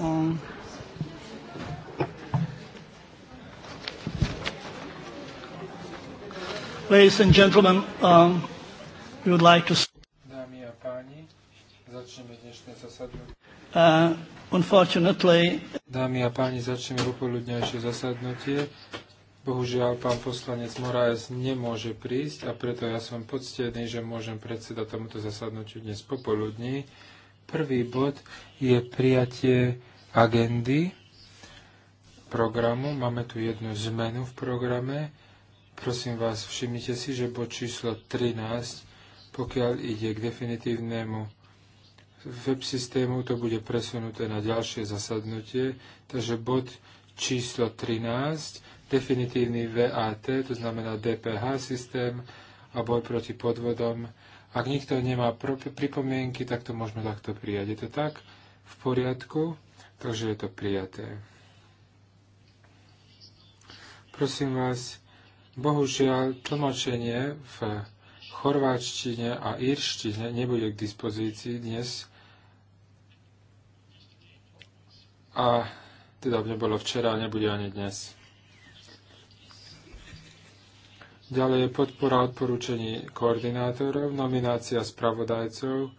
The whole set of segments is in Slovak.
on. Hm. Ladies and gentlemen, um, we would like to... Dámy a páni, začneme dnešné zasadnutie. Uh, popoludňajšie zasadnutie. Bohužiaľ, pán poslanec Moraes nemôže prísť a preto ja som poctený, že môžem predsedať tomuto zasadnutiu dnes popoludní. Prvý bod je prijatie agendy programu. Máme tu jednu zmenu v programe. Prosím vás, všimnite si, že bod číslo 13, pokiaľ ide k definitívnemu web systému, to bude presunuté na ďalšie zasadnutie. Takže bod číslo 13, definitívny VAT, to znamená DPH systém a boj proti podvodom. Ak nikto nemá pripomienky, tak to môžeme takto prijať. Je to tak? V poriadku? Takže je to prijaté. Prosím vás, bohužiaľ tlmočenie v chorváčtine a írštine nebude k dispozícii dnes. A teda nebolo včera a nebude ani dnes. Ďalej je podpora odporúčení koordinátorov, nominácia spravodajcov,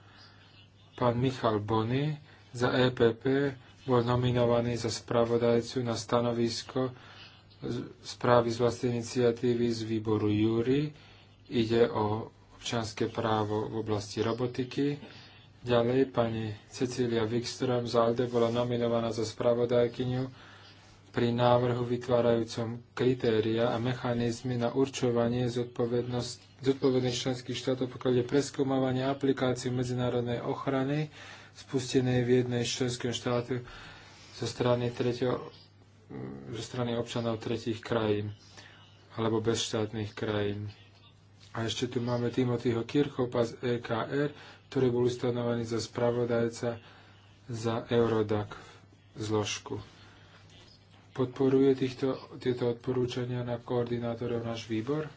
pán Michal Bony za EPP bol nominovaný za spravodajcu na stanovisko správy z vlastnej iniciatívy z výboru Júri. Ide o občanské právo v oblasti robotiky. Ďalej pani Cecília Wikström z ALDE bola nominovaná za spravodajkyňu pri návrhu vytvárajúcom kritéria a mechanizmy na určovanie zodpovednosť, zodpovedných členských štátov pokiaľ je preskúmavanie aplikáciu medzinárodnej ochrany spustené v jednej z členského štátu zo strany, tretio, zo strany občanov tretích krajín alebo bezštátnych krajín. A ešte tu máme Timothyho Kirchhoffa z EKR, ktorý bol ustanovený za spravodajca za Eurodac zložku. Podporuje týchto, tieto odporúčania na koordinátorov náš výbor?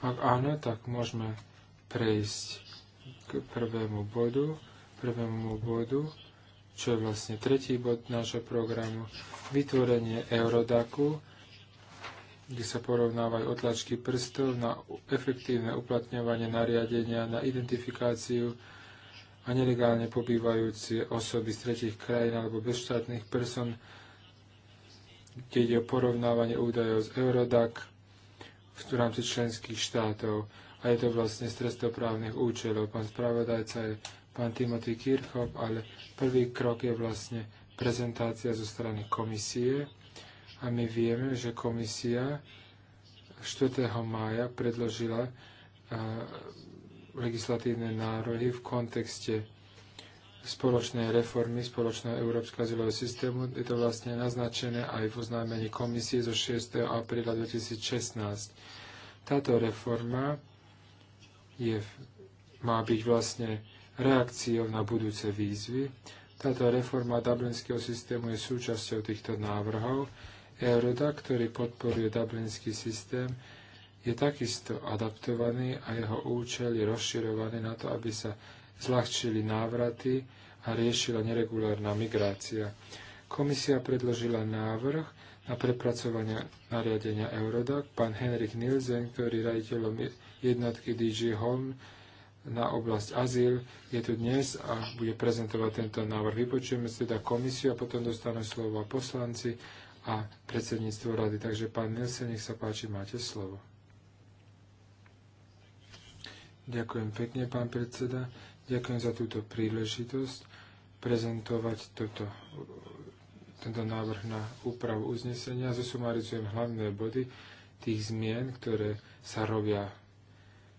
Ak áno, tak môžeme prejsť k prvému bodu, prvému bodu, čo je vlastne tretí bod nášho programu, vytvorenie Eurodaku, kde sa porovnávajú otlačky prstov na efektívne uplatňovanie nariadenia na identifikáciu a nelegálne pobývajúce osoby z tretich krajín alebo bezštátnych person, kde ide o porovnávanie údajov z Eurodac v rámci členských štátov a je to vlastne z trestoprávnych účelov. Pán spravodajca je pán Timothy Kirchhoff, ale prvý krok je vlastne prezentácia zo strany komisie a my vieme, že komisia 4. mája predložila legislatívne nárohy v kontexte spoločnej reformy spoločného európskeho azylového systému. Je to vlastne naznačené aj v oznámení komisie zo 6. apríla 2016. Táto reforma je, má byť vlastne reakciou na budúce výzvy. Táto reforma dublinského systému je súčasťou týchto návrhov. Euroda, ktorý podporuje dublinský systém, je takisto adaptovaný a jeho účel je rozširovaný na to, aby sa zľahčili návraty a riešila neregulárna migrácia. Komisia predložila návrh na prepracovanie nariadenia Eurodac. Pán Henrik Nielsen, ktorý raditeľom jednotky DG Home na oblasť azyl je tu dnes a bude prezentovať tento návrh. Vypočujeme si teda komisiu a potom dostanú slovo poslanci a predsedníctvo rady. Takže pán Nielsen, nech sa páči, máte slovo. Ďakujem pekne, pán predseda. Ďakujem za túto príležitosť prezentovať toto, tento návrh na úpravu uznesenia. Zosumarizujem hlavné body tých zmien, ktoré sa robia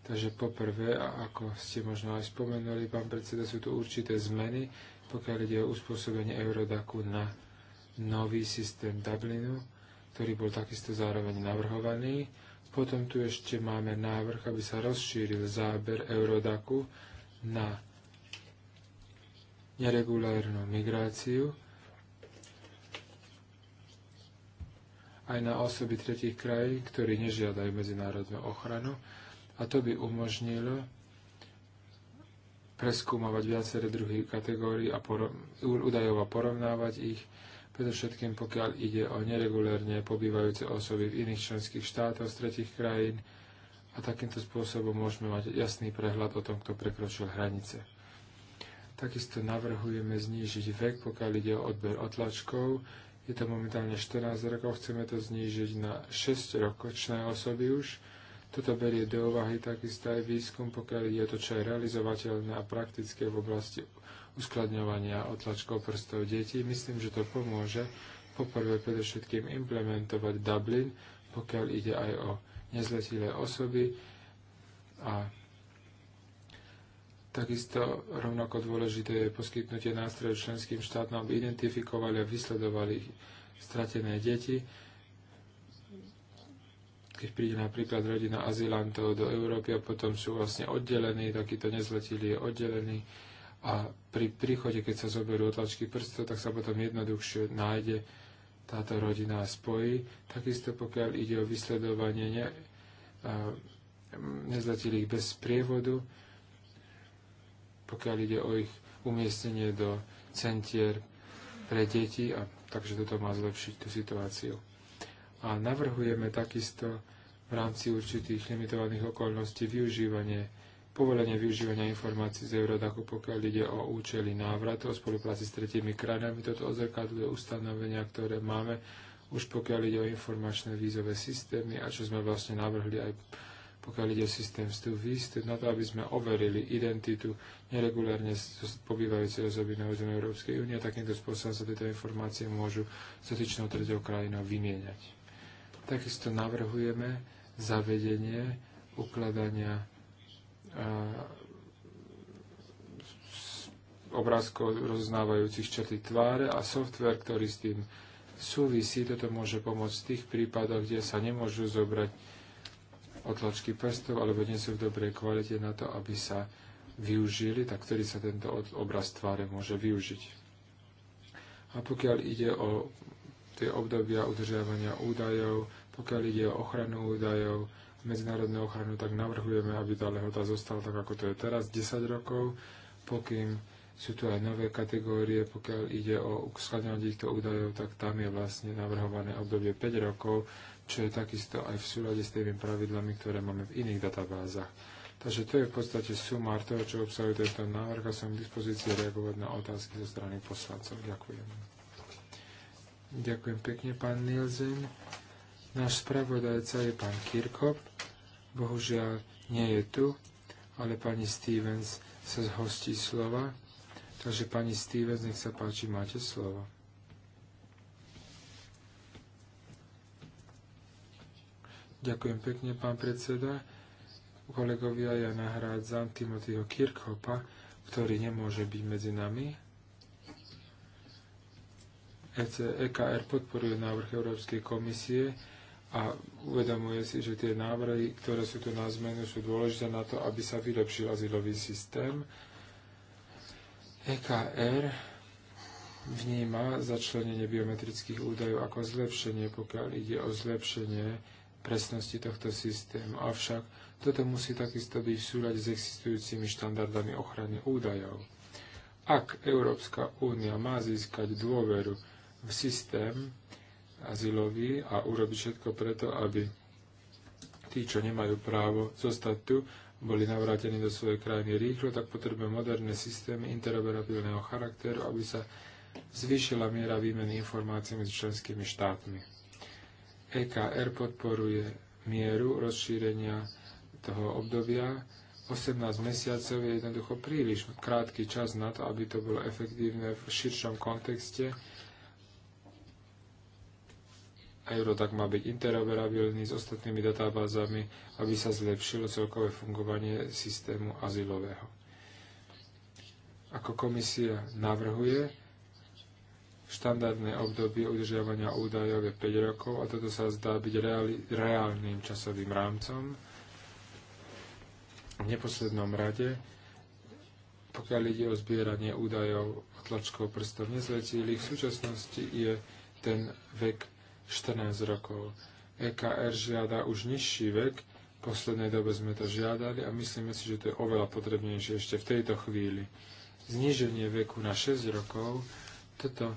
Takže poprvé, a ako ste možno aj spomenuli, pán predseda, sú tu určité zmeny, pokiaľ ide o uspôsobenie Eurodaku na nový systém Dublinu, ktorý bol takisto zároveň navrhovaný. Potom tu ešte máme návrh, aby sa rozšíril záber Eurodaku na neregulárnu migráciu aj na osoby tretich krajín, ktorí nežiadajú medzinárodnú ochranu a to by umožnilo preskúmovať viaceré druhy kategórií a údajov a porovnávať ich, predovšetkým pokiaľ ide o neregulérne pobývajúce osoby v iných členských štátoch z tretich krajín a takýmto spôsobom môžeme mať jasný prehľad o tom, kto prekročil hranice. Takisto navrhujeme znížiť vek, pokiaľ ide o odber otlačkov. Je to momentálne 14 rokov, chceme to znížiť na 6 rokočné osoby už toto berie do úvahy takisto aj výskum, pokiaľ je to, čo aj realizovateľné a praktické v oblasti uskladňovania otlačkov prstov detí. Myslím, že to pomôže poprvé predovšetkým implementovať Dublin, pokiaľ ide aj o nezletilé osoby a Takisto rovnako dôležité je poskytnutie nástrojov členským štátom, aby identifikovali a vysledovali stratené deti keď príde napríklad rodina azylantov do Európy a potom sú vlastne oddelení, takýto nezletilý je oddelený a pri príchode, keď sa zoberú otlačky prstov, tak sa potom jednoduchšie nájde táto rodina a spojí. Takisto pokiaľ ide o vysledovanie ne, nezletilých bez prievodu, pokiaľ ide o ich umiestnenie do centier pre deti, a takže toto má zlepšiť tú situáciu a navrhujeme takisto v rámci určitých limitovaných okolností využívanie, povolenie využívania informácií z Eurodaku, pokiaľ ide o účely návratu, o spolupráci s tretími krajinami. Toto odzrkadľuje ustanovenia, ktoré máme už pokiaľ ide o informačné vízové systémy a čo sme vlastne navrhli aj pokiaľ ide o systém vstup výstup, na to, aby sme overili identitu neregulárne pobývajúcej osoby na území Európskej únie. Takýmto spôsobom sa tieto informácie môžu s dotyčnou tretou krajinou vymieňať. Takisto navrhujeme zavedenie ukladania obrázkov roznávajúcich črty tváre a software, ktorý s tým súvisí. Toto môže pomôcť v tých prípadoch, kde sa nemôžu zobrať otlačky prstov alebo nie sú v dobrej kvalite na to, aby sa využili, tak ktorý sa tento obraz tváre môže využiť. A pokiaľ ide o tie obdobia udržiavania údajov, pokiaľ ide o ochranu údajov, medzinárodnú ochranu, tak navrhujeme, aby tá lehota zostala tak, ako to je teraz, 10 rokov, pokým sú tu aj nové kategórie, pokiaľ ide o uskladňovanie týchto údajov, tak tam je vlastne navrhované obdobie 5 rokov, čo je takisto aj v súlade s tými pravidlami, ktoré máme v iných databázach. Takže to je v podstate sumár toho, čo obsahuje tento návrh a som v dispozícii reagovať na otázky zo strany poslancov. Ďakujem. Ďakujem pekne, pán Nielsen. Náš spravodajca je pán Kirkop. Bohužiaľ nie je tu, ale pani Stevens sa zhostí slova. Takže pani Stevens, nech sa páči, máte slovo. Ďakujem pekne, pán predseda. Kolegovia, ja nahrádzam Timothyho Kirkhopa, ktorý nemôže byť medzi nami. EKR e podporuje návrh Európskej komisie a uvedomuje si, že tie návrhy, ktoré sú tu na zmenu, sú dôležité na to, aby sa vylepšil azylový systém. EKR vníma začlenenie biometrických údajov ako zlepšenie, pokiaľ ide o zlepšenie presnosti tohto systému. Avšak toto musí takisto byť v súľade s existujúcimi štandardami ochrany údajov. Ak Európska únia má získať dôveru v systém azylový a urobiť všetko preto, aby tí, čo nemajú právo zostať tu, boli navrátení do svojej krajiny rýchlo, tak potrebujeme moderné systémy interoperabilného charakteru, aby sa zvýšila miera výmeny informácií medzi členskými štátmi. EKR podporuje mieru rozšírenia toho obdobia. 18 mesiacov je jednoducho príliš krátky čas na to, aby to bolo efektívne v širšom kontexte Eurodac má byť interoperabilný s ostatnými databázami, aby sa zlepšilo celkové fungovanie systému azylového. Ako komisia navrhuje, štandardné obdobie udržiavania údajov je 5 rokov a toto sa zdá byť reali- reálnym časovým rámcom. V neposlednom rade, pokiaľ ide o zbieranie údajov otlačkov prstov nezletilých, v súčasnosti je ten vek 14 rokov. EKR žiada už nižší vek, v poslednej dobe sme to žiadali a myslíme si, že to je oveľa potrebnejšie ešte v tejto chvíli. Zníženie veku na 6 rokov, toto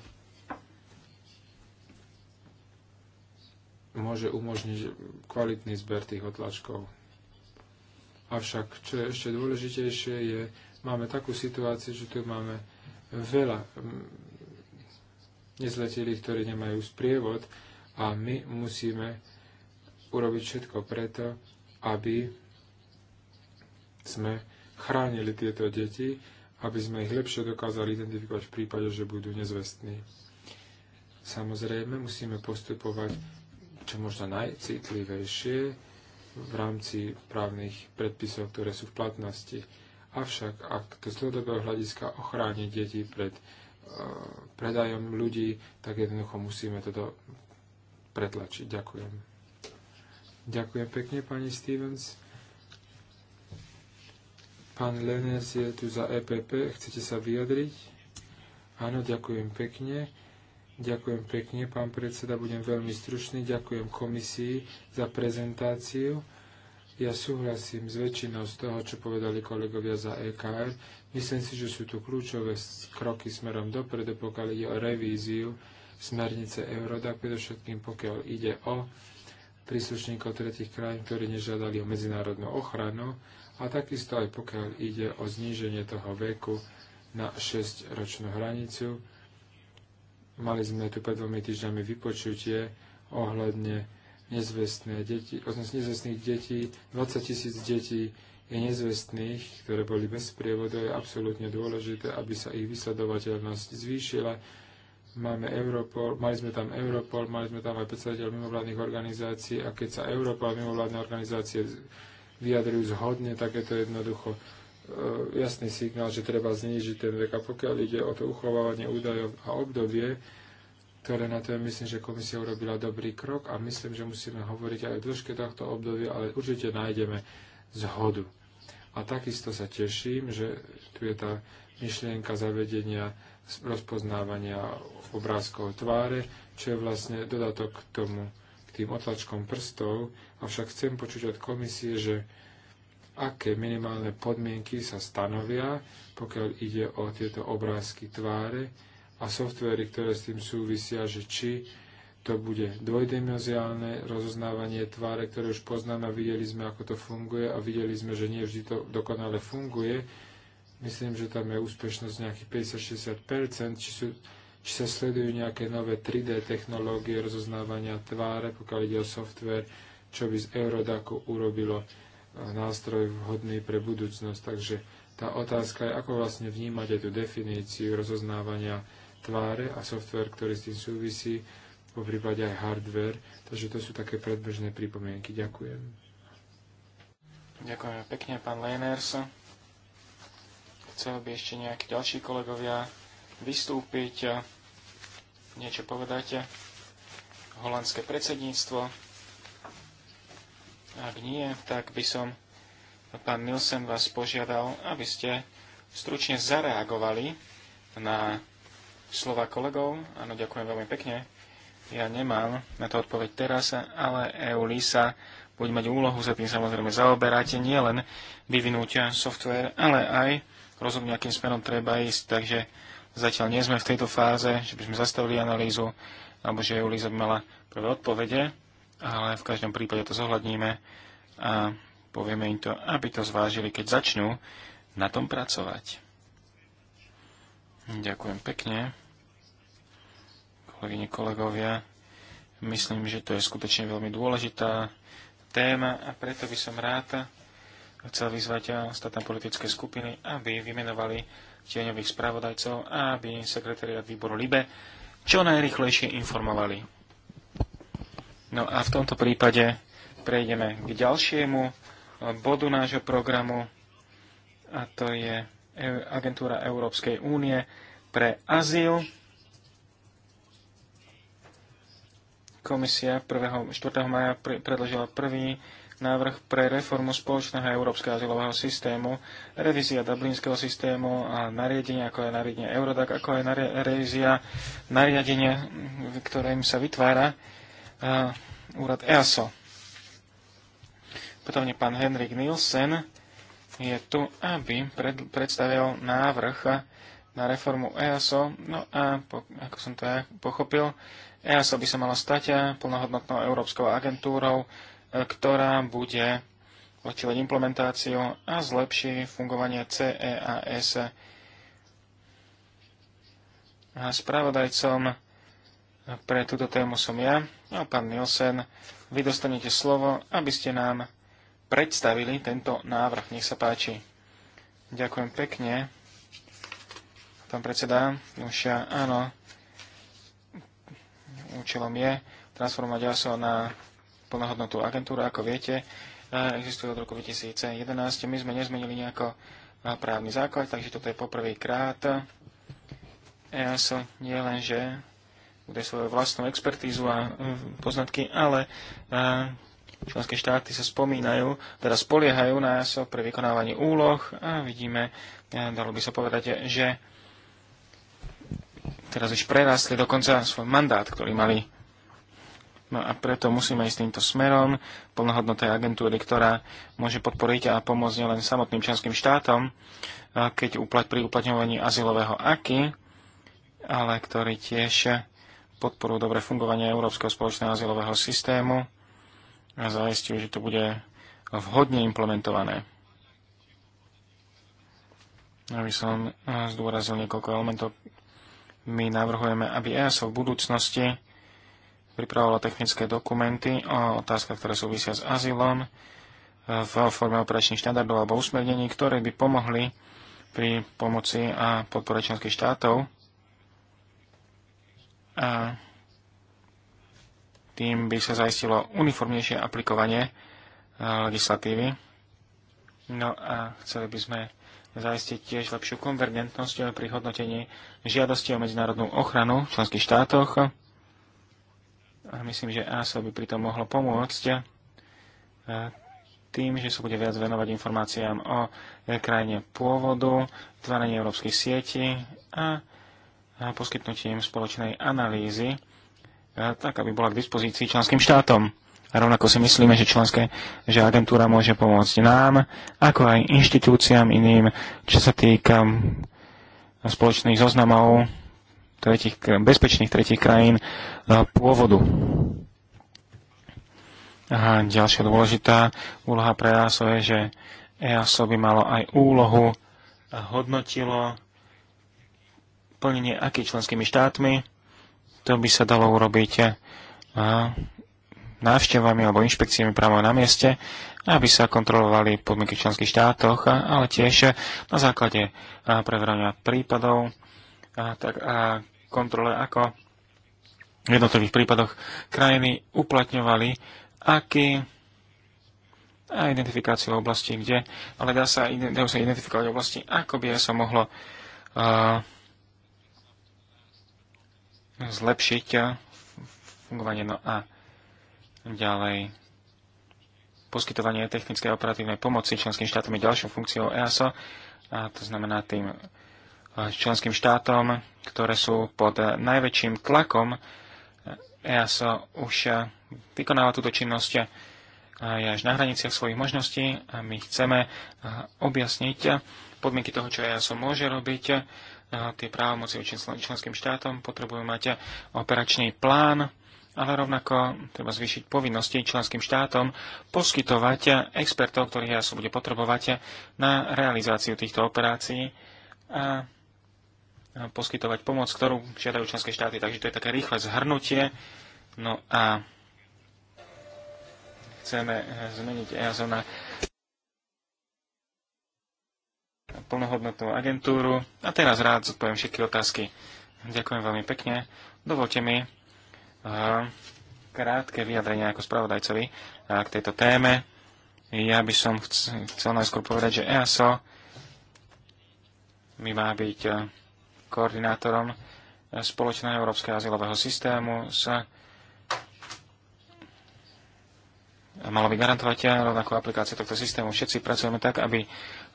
môže umožniť kvalitný zber tých otlačkov. Avšak, čo je ešte dôležitejšie, je, máme takú situáciu, že tu máme veľa mm, nezletilých, ktorí nemajú sprievod a my musíme urobiť všetko preto, aby sme chránili tieto deti, aby sme ich lepšie dokázali identifikovať v prípade, že budú nezvestní. Samozrejme, musíme postupovať čo možno najcitlivejšie v rámci právnych predpisov, ktoré sú v platnosti. Avšak, ak to z dlhodobého hľadiska ochráni deti pred eh, predajom ľudí, tak jednoducho musíme toto pretlačiť. Ďakujem. Ďakujem pekne, pani Stevens. Pán Lenes je tu za EPP. Chcete sa vyjadriť? Áno, ďakujem pekne. Ďakujem pekne, pán predseda. Budem veľmi stručný. Ďakujem komisii za prezentáciu. Ja súhlasím s väčšinou z toho, čo povedali kolegovia za EKR. Myslím si, že sú tu kľúčové kroky smerom dopredu, pokiaľ ide o revíziu smernice Eurodac, predovšetkým pokiaľ ide o príslušníkov tretich krajín, ktorí nežiadali o medzinárodnú ochranu a takisto aj pokiaľ ide o zníženie toho veku na 6-ročnú hranicu. Mali sme tu pred dvomi týždňami vypočutie ohľadne nezvestné deti, nezvestných detí, 20 tisíc detí je nezvestných, ktoré boli bez prievodu, je absolútne dôležité, aby sa ich vysledovateľnosť zvýšila, máme Europol, mali sme tam Europol, mali sme tam aj predstaviteľ mimovládnych organizácií a keď sa Europol a mimovládne organizácie vyjadrujú zhodne, tak je to jednoducho e, jasný signál, že treba znížiť ten vek. A pokiaľ ide o to uchovávanie údajov a obdobie, ktoré na to je, myslím, že komisia urobila dobrý krok a myslím, že musíme hovoriť aj o dĺžke tohto obdobia, ale určite nájdeme zhodu. A takisto sa teším, že tu je tá myšlienka zavedenia rozpoznávania obrázkov tváre, čo je vlastne dodatok k tomu, k tým otlačkom prstov. Avšak chcem počuť od komisie, že aké minimálne podmienky sa stanovia, pokiaľ ide o tieto obrázky tváre a softvery, ktoré s tým súvisia, že či to bude dvojdimenziálne rozoznávanie tváre, ktoré už poznáme a videli sme, ako to funguje a videli sme, že nie vždy to dokonale funguje Myslím, že tam je úspešnosť nejakých 50-60%, či, sú, či sa sledujú nejaké nové 3D technológie rozoznávania tváre, pokiaľ ide o software, čo by z Eurodaku urobilo e, nástroj vhodný pre budúcnosť. Takže tá otázka je, ako vlastne vnímať aj tú definíciu rozoznávania tváre a software, ktorý s tým súvisí, po prípade aj hardware. Takže to sú také predbežné pripomienky. Ďakujem. Ďakujeme pekne, pán Leners. Chcel by ešte nejakí ďalší kolegovia vystúpiť, niečo povedať. Holandské predsedníctvo. Ak nie, tak by som, pán Nilsen, vás požiadal, aby ste stručne zareagovali na slova kolegov. Áno, ďakujem veľmi pekne. Ja nemám na to odpoveď teraz, ale EULISA bude mať úlohu sa tým samozrejme zaoberať, nielen vyvinúť software, ale aj rozumne, akým smerom treba ísť, takže zatiaľ nie sme v tejto fáze, že by sme zastavili analýzu, alebo že Eulíza by mala prvé odpovede, ale v každom prípade to zohľadníme a povieme im to, aby to zvážili, keď začnú na tom pracovať. Ďakujem pekne. Kolegyne, kolegovia, myslím, že to je skutočne veľmi dôležitá téma a preto by som rád chcel vyzvať ostatné politické skupiny, aby vymenovali tieňových spravodajcov a aby sekretariat výboru LIBE čo najrychlejšie informovali. No a v tomto prípade prejdeme k ďalšiemu eh, bodu nášho programu a to je e- Agentúra Európskej únie pre azyl. Komisia 1. 4. maja predložila prvý návrh pre reformu spoločného európskeho azylového systému, revízia dublinského systému a nariadenia, ako je nariadenie Eurodac, ako je nari- revízia nariadenia, ktorým sa vytvára uh, úrad EASO. Potom pán Henrik Nielsen je tu, aby pred- predstavil návrh na reformu EASO. No a po, ako som to ja pochopil, EASO by sa mala stať plnohodnotnou európskou agentúrou ktorá bude odtiaľ implementáciu a zlepší fungovanie CEAS. A spravodajcom pre túto tému som ja a pán Nielsen. Vy dostanete slovo, aby ste nám predstavili tento návrh. Nech sa páči. Ďakujem pekne. Pán predseda, už áno, účelom je transformovať ASO na plnohodnotú agentúru. Ako viete, eh, existuje od roku 2011. My sme nezmenili nejako eh, právny základ, takže toto je poprvýkrát. EASO nie len, že bude svoju vlastnú expertízu a eh, poznatky, ale členské štáty sa spomínajú, teda spoliehajú na EASO pri vykonávaní úloh a vidíme, dalo by sa povedať, že teraz už prerastli dokonca svoj mandát, ktorý mali No a preto musíme ísť týmto smerom plnohodnotej agentúry, ktorá môže podporiť a pomôcť nielen samotným členským štátom, keď uplať pri uplatňovaní azylového aky, ale ktorý tiež podporujú dobre fungovanie Európskeho spoločného azylového systému a zaistujú, že to bude vhodne implementované. Aby som zdôrazil niekoľko elementov, my navrhujeme, aby EASO v budúcnosti pripravovala technické dokumenty o otázkach, ktoré súvisia s azylom v forme operačných štandardov alebo usmernení, ktoré by pomohli pri pomoci a podpore členských štátov. A tým by sa zaistilo uniformnejšie aplikovanie e, legislatívy. No a chceli by sme zaistiť tiež lepšiu konvergentnosť pri hodnotení žiadosti o medzinárodnú ochranu v členských štátoch a myslím, že ASO by pritom mohlo pomôcť eh, tým, že sa bude viac venovať informáciám o eh, krajine pôvodu, tvárenie európskej sietí a poskytnutím spoločnej analýzy, eh, tak aby bola k dispozícii členským štátom. A rovnako si myslíme, že, členské, že agentúra môže pomôcť nám, ako aj inštitúciám iným, čo sa týka mm, spoločných zoznamov tretich, bezpečných tretich krajín e, pôvodu. A ďalšia dôležitá úloha pre EASO je, že EASO by malo aj úlohu a e, hodnotilo plnenie aký členskými štátmi. To by sa dalo urobiť e, návštevami alebo inšpekciami práve na mieste, aby sa kontrolovali podmienky v členských štátoch, ale tiež na základe preverovania prípadov a, tak, a kontrole, ako v jednotlivých prípadoch krajiny uplatňovali, aký a identifikáciu oblasti, kde, ale dá sa, dá sa identifikovať oblasti, ako by sa mohlo uh, zlepšiť fungovanie. No a ďalej poskytovanie technickej operatívnej pomoci členským štátom je ďalšou funkciou EASO, a to znamená tým členským štátom, ktoré sú pod najväčším tlakom. EASO už e, vykonáva túto činnosť je až na hraniciach svojich možností a my chceme e, objasniť e, podmienky toho, čo EASO môže robiť. Tie právomoci voči členským štátom potrebujú mať operačný plán, ale rovnako treba zvýšiť povinnosti členským štátom poskytovať expertov, ktorých ja som bude potrebovať na realizáciu týchto operácií a poskytovať pomoc, ktorú žiadajú členské štáty. Takže to je také rýchle zhrnutie. No a chceme eh, zmeniť EASO na plnohodnotnú agentúru. A teraz rád zodpoviem všetky otázky. Ďakujem veľmi pekne. Dovolte mi eh, krátke vyjadrenie ako spravodajcovi eh, k tejto téme. Ja by som chcel najskôr povedať, že EASO mi má byť koordinátorom spoločného európskeho azylového systému sa malo by garantovať rovnakú aplikácie tohto systému. Všetci pracujeme tak, aby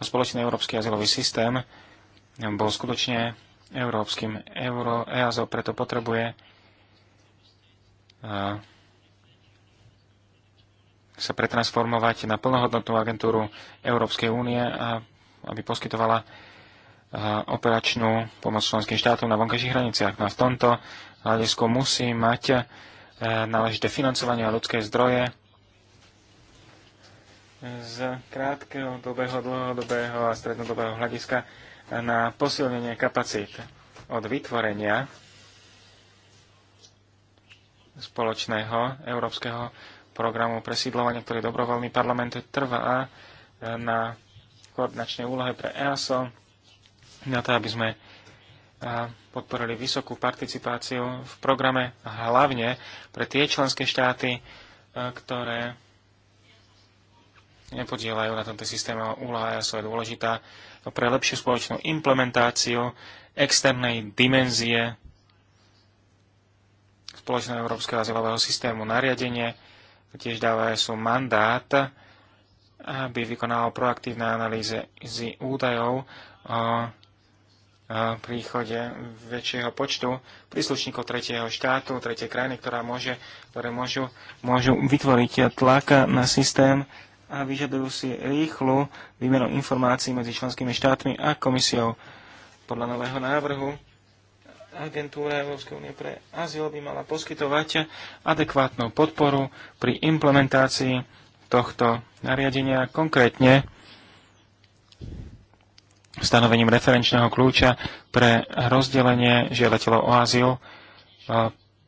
spoločný európsky azylový systém bol skutočne európskym. Euro, EASO preto potrebuje sa pretransformovať na plnohodnotnú agentúru Európskej únie a aby poskytovala operačnú pomoc členským štátom na vonkajších hraniciach. No a v tomto hľadisku musí mať e, náležité financovanie a ľudské zdroje z krátkeho, dobého, dlhodobého a strednodobého hľadiska na posilnenie kapacít od vytvorenia spoločného európskeho programu presídlovania, ktorý dobrovoľný parlament trvá na koordinačnej úlohe pre EASO, na to, aby sme podporili vysokú participáciu v programe hlavne pre tie členské štáty, ktoré nepodielajú na tomto systéme. Úloha sú je dôležitá pre lepšiu spoločnú implementáciu externej dimenzie spoločného európskeho azylového systému nariadenie, tiež dáva sú mandát, aby vykonalo proaktívne analýzy údajov o E, príchode väčšieho počtu príslušníkov tretieho štátu, tretej krajiny, ktorá môže, ktoré môžu, môžu vytvoriť tlak na systém a vyžadujú si rýchlu výmenu informácií medzi členskými štátmi a komisiou. Podľa nového návrhu agentúra Európskej únie pre azyl by mala poskytovať adekvátnu podporu pri implementácii tohto nariadenia konkrétne stanovením referenčného kľúča pre rozdelenie žiadateľov o azyl e,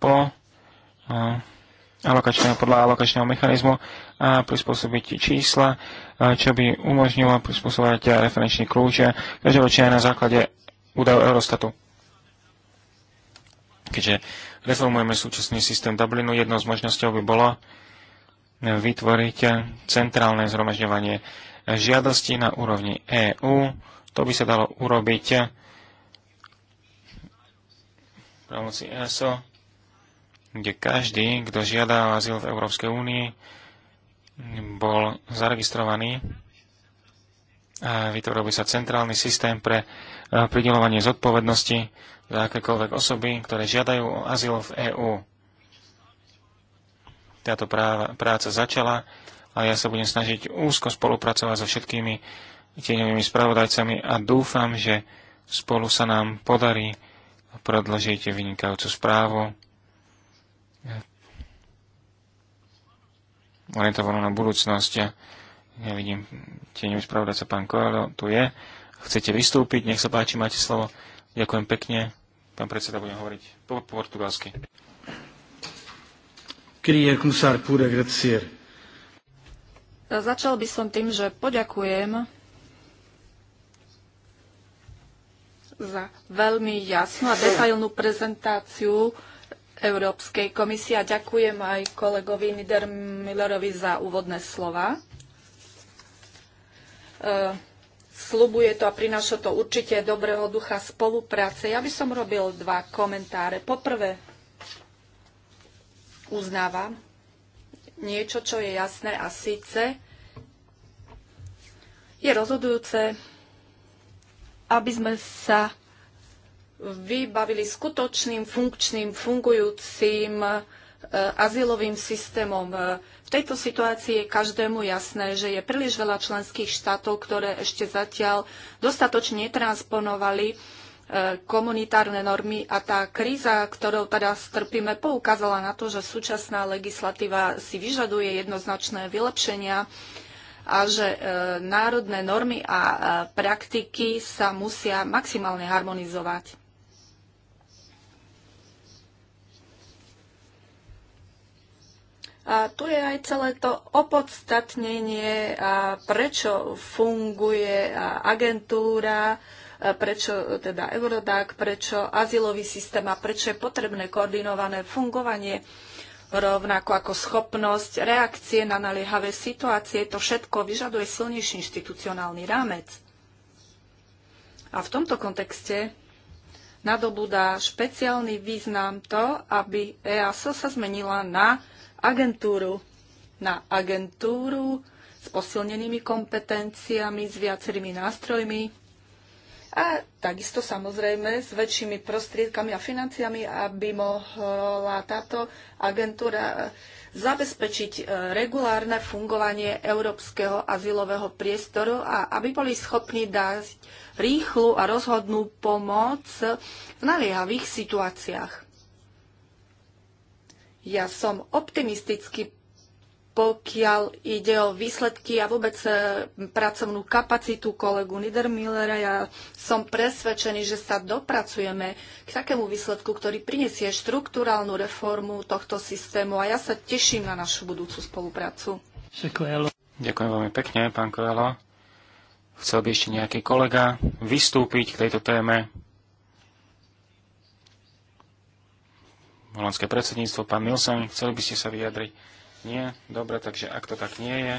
po e, alokačného, podľa alokačného mechanizmu a prispôsobiť čísla, e, čo by umožnilo prispôsobovať referenčný kľúč každoročne aj na základe údajov Eurostatu. Keďže reformujeme súčasný systém Dublinu, jednou z možnosťou by bolo vytvoriť centrálne zhromažďovanie žiadosti na úrovni EÚ, to by sa dalo urobiť v rámci ESO, kde každý, kto žiada o azyl v Európskej únii, bol zaregistrovaný a vytvoril by sa centrálny systém pre eh, pridelovanie zodpovednosti za akékoľvek osoby, ktoré žiadajú o azyl v EÚ. Táto práva, práca začala a ja sa budem snažiť úzko spolupracovať so všetkými tieňovými spravodajcami a dúfam, že spolu sa nám podarí predložiť vynikajúcu správu orientovanú na budúcnosť. Ja nevidím tieňový spravodajca pán Koelo, tu je. Chcete vystúpiť? Nech sa páči, máte slovo. Ďakujem pekne. Pán predseda, budem hovoriť po portugalsky. Začal by som tým, že poďakujem za veľmi jasnú a detailnú prezentáciu Európskej komisie a ďakujem aj kolegovi Millerovi za úvodné slova. E, slubuje to a prináša to určite dobrého ducha spolupráce. Ja by som robil dva komentáre. Poprvé, uznávam niečo, čo je jasné a síce je rozhodujúce aby sme sa vybavili skutočným, funkčným, fungujúcim e, azylovým systémom. E, v tejto situácii je každému jasné, že je príliš veľa členských štátov, ktoré ešte zatiaľ dostatočne netransponovali e, komunitárne normy a tá kríza, ktorou teda strpíme, poukázala na to, že súčasná legislatíva si vyžaduje jednoznačné vylepšenia a že e, národné normy a e, praktiky sa musia maximálne harmonizovať. A tu je aj celé to opodstatnenie, a prečo funguje agentúra, prečo teda Eurodac, prečo azylový systém a prečo je potrebné koordinované fungovanie rovnako ako schopnosť reakcie na naliehavé situácie. To všetko vyžaduje silnejší inštitucionálny rámec. A v tomto kontexte nadobúda špeciálny význam to, aby EASO sa zmenila na agentúru. Na agentúru s posilnenými kompetenciami, s viacerými nástrojmi, a takisto samozrejme s väčšími prostriedkami a financiami, aby mohla táto agentúra e, zabezpečiť e, regulárne fungovanie európskeho azylového priestoru a aby boli schopní dať rýchlu a rozhodnú pomoc v naliehavých situáciách. Ja som optimisticky pokiaľ ide o výsledky a vôbec e, pracovnú kapacitu kolegu Niedermillera, ja som presvedčený, že sa dopracujeme k takému výsledku, ktorý prinesie štruktúrálnu reformu tohto systému a ja sa teším na našu budúcu spoluprácu. Ďakujem veľmi pekne, pán Koelo. Chcel by ešte nejaký kolega vystúpiť k tejto téme? Holandské predsedníctvo, pán Milsen, chceli by ste sa vyjadriť? Nie? Dobre, takže ak to tak nie je,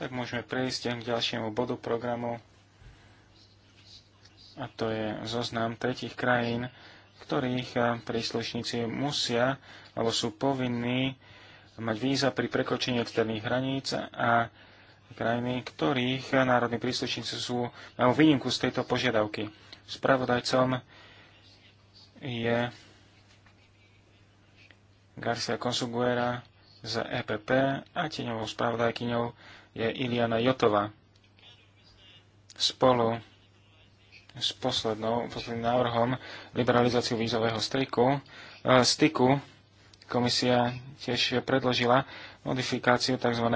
tak môžeme prejsť k ďalšiemu bodu programu. A to je zoznam tretich krajín, ktorých eh, príslušníci musia alebo sú povinní mať víza pri prekočení externých hraníc a krajiny, ktorých eh, národní príslušníci sú, majú výnimku z tejto požiadavky. Spravodajcom je Garcia Consuguera z EPP a tieňovou spravodajkyňou je Iliana Jotová. Spolu s poslednou, posledným návrhom liberalizáciu vízového styku, eh, styku komisia tiež predložila modifikáciu tzv.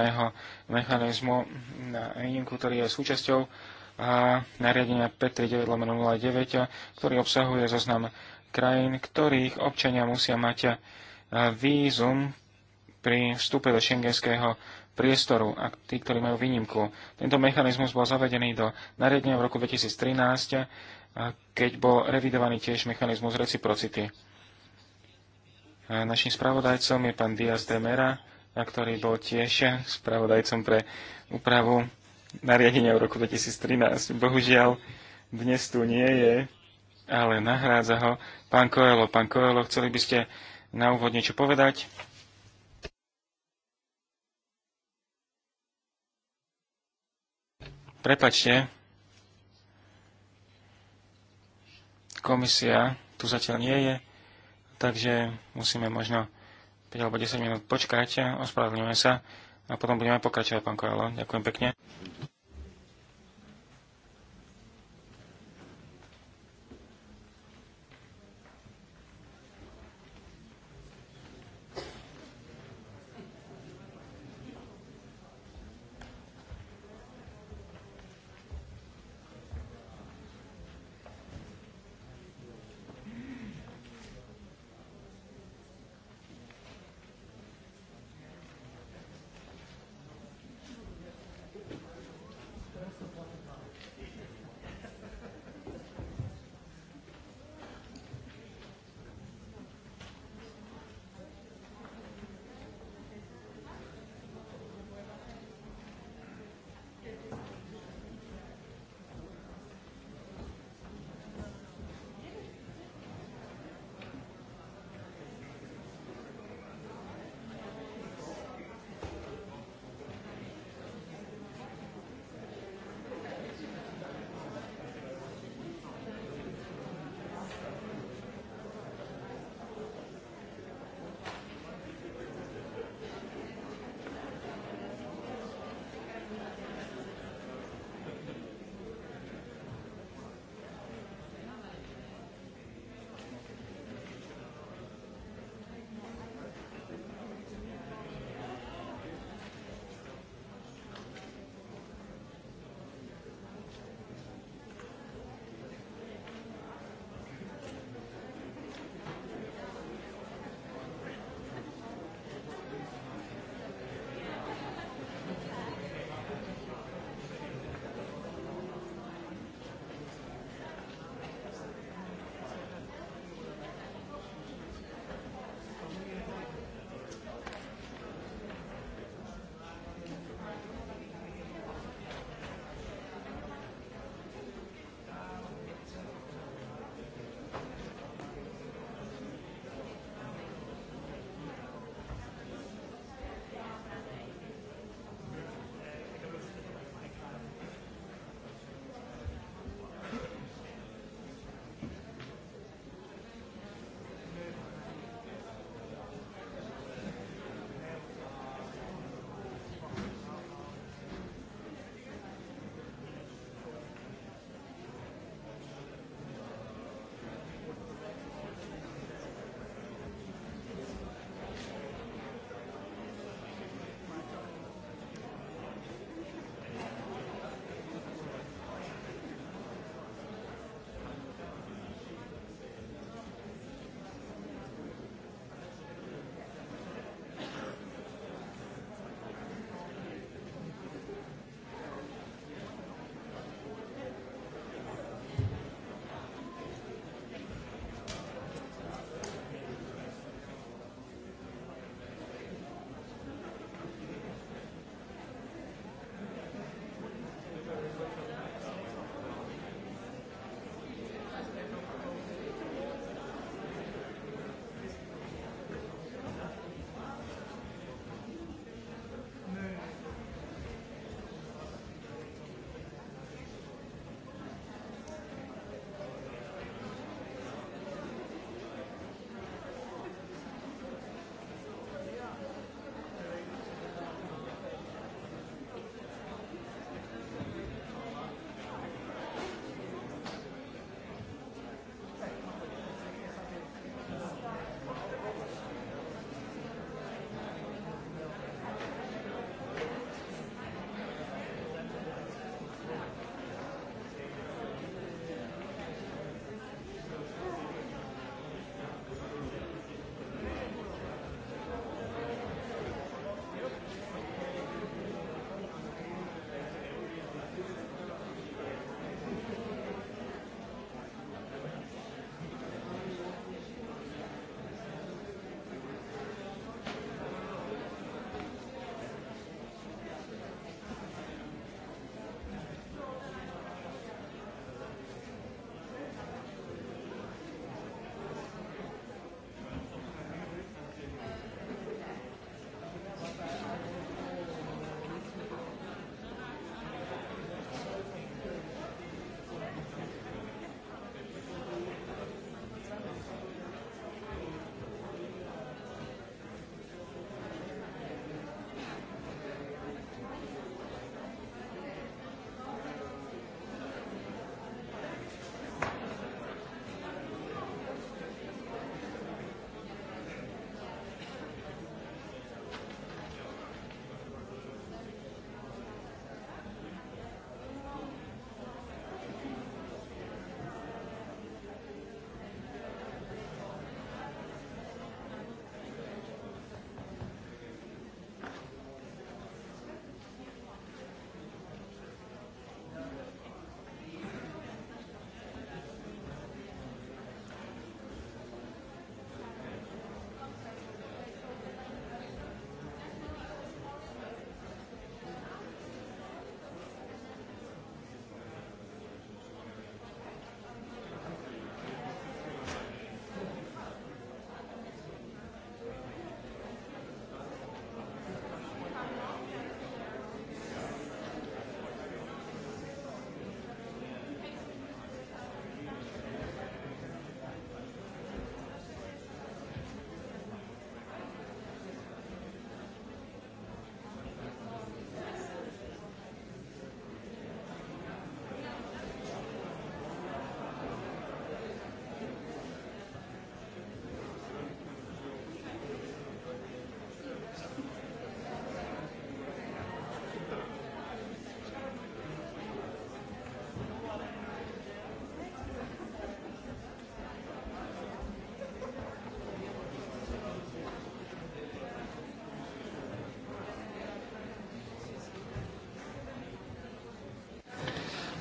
mechanizmu na výnimku, ktorý je súčasťou a eh, nariadenia 539-09, ktorý obsahuje zoznam krajín, ktorých občania musia mať eh, vízum pri vstupe do šengenského priestoru a tí, ktorí majú výnimku. Tento mechanizmus bol zavedený do nariadenia v roku 2013, keď bol revidovaný tiež mechanizmus reciprocity. Našim spravodajcom je pán Diaz de Mera, ktorý bol tiež spravodajcom pre úpravu nariadenia v roku 2013. Bohužiaľ, dnes tu nie je, ale nahrádza ho pán Koelo. Pán Koelo, chceli by ste na úvod niečo povedať? Prepačte, komisia tu zatiaľ nie je, takže musíme možno 5 alebo 10 minút počkať a ospravedlňujeme sa a potom budeme pokračovať, pán Korelo. Ďakujem pekne.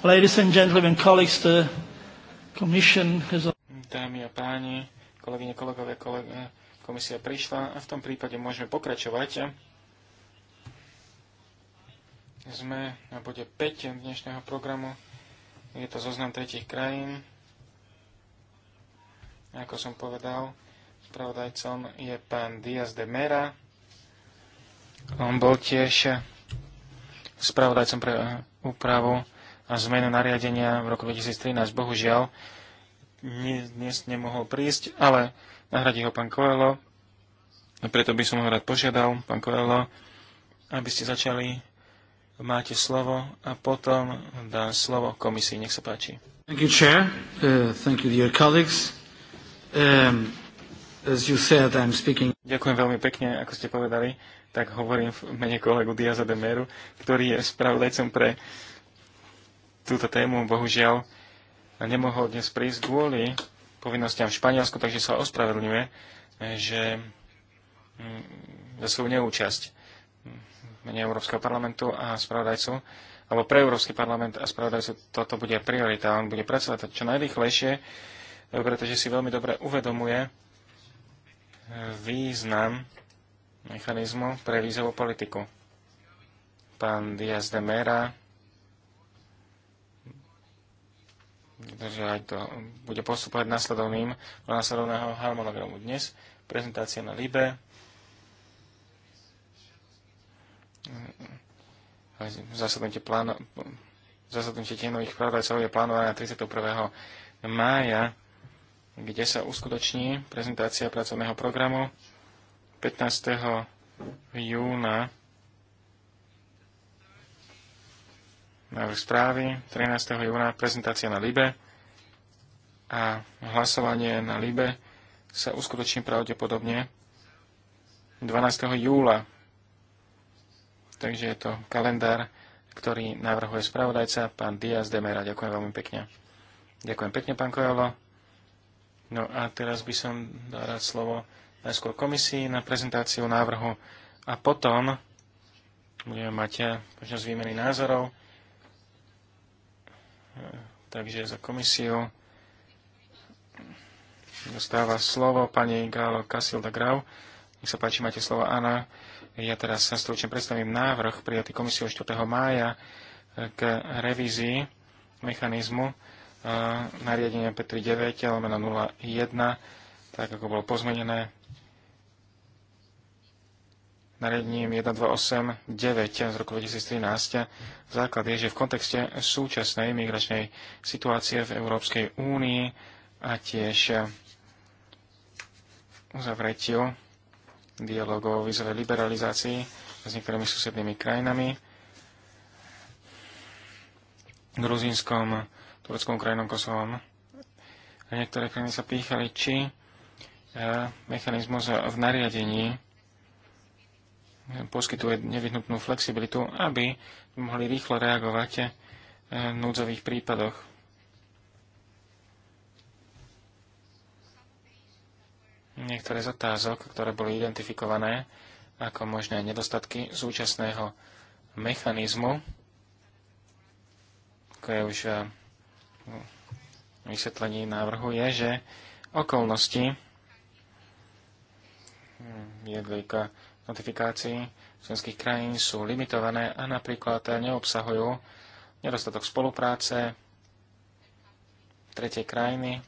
Ladies and gentlemen, colleagues, the commission has... Dámy a páni, kolegyne, kolegové, kolega, komisia prišla a v tom prípade môžeme pokračovať. Sme na bode 5 dnešného programu. Je to zoznam tretich krajín. Ako som povedal, spravodajcom je pán Diaz de Mera. On bol tiež spravodajcom pre eh, úpravu zmenu nariadenia v roku 2013. Bohužiaľ, dnes nemohol prísť, ale nahradí ho pán Koelo. Preto by som ho rád požiadal, pán Koelo, aby ste začali. Máte slovo a potom dá slovo komisii. Nech sa páči. Thank you, Chair. Uh, thank you, dear colleagues. Um, as you said, I'm speaking... Ďakujem veľmi pekne, ako ste povedali. Tak hovorím v mene kolegu Diaza de Meru, ktorý je spravodajcom pre uh, túto tému bohužiaľ nemohol dnes prísť kvôli povinnostiam v Španielsku, takže sa ospravedlňuje, že mm, za svoju neúčasť mene Európskeho parlamentu a spravodajcu, alebo pre Európsky parlament a spravodajcu toto bude priorita. On bude pracovať čo najrychlejšie, pretože si veľmi dobre uvedomuje eh, význam mechanizmu pre vízovú politiku. Pán Diaz de Mera Takže aj to bude postupovať následovným, následovného harmonogramu dnes. Prezentácia na Libe. Zasadnutie, pláno, zasadnutie pravdajcov je plánované na 31. mája, kde sa uskutoční prezentácia pracovného programu 15. júna návrh správy 13. júna, prezentácia na Libe a hlasovanie na Libe sa uskutoční pravdepodobne 12. júla. Takže je to kalendár, ktorý navrhuje spravodajca pán Diaz Demera. Ďakujem veľmi pekne. Ďakujem pekne, pán Kojalo. No a teraz by som dal rád slovo najskôr komisii na prezentáciu návrhu a potom budeme mať eh, možnosť výmeny názorov. Takže za komisiu dostáva slovo pani Gálo Kasilda Grau. Nech sa páči, máte slovo Anna. Ja teraz sa stručne predstavím návrh prijatý komisiou 4. mája eh, k revízii mechanizmu eh, nariadenia P39 01, tak ako bolo pozmenené nariadením 1289 z roku 2013. Základ je, že v kontexte súčasnej migračnej situácie v Európskej únii a tiež uzavretiu dialogov o vizovej liberalizácii s niektorými susednými krajinami, Gruzínskom, Tureckom, Ukrajinom, Kosovom. A niektoré krajiny sa pýchali, či eh, mechanizmus v nariadení poskytuje nevyhnutnú flexibilitu, aby mohli rýchlo reagovať eh, v núdzových prípadoch. Niektoré z otázok, ktoré boli identifikované ako možné nedostatky súčasného mechanizmu, ako je už eh, vysvetlení návrhu, je, že okolnosti hm, jedlíka, notifikácií členských krajín sú limitované a napríklad neobsahujú nedostatok spolupráce tretej krajiny,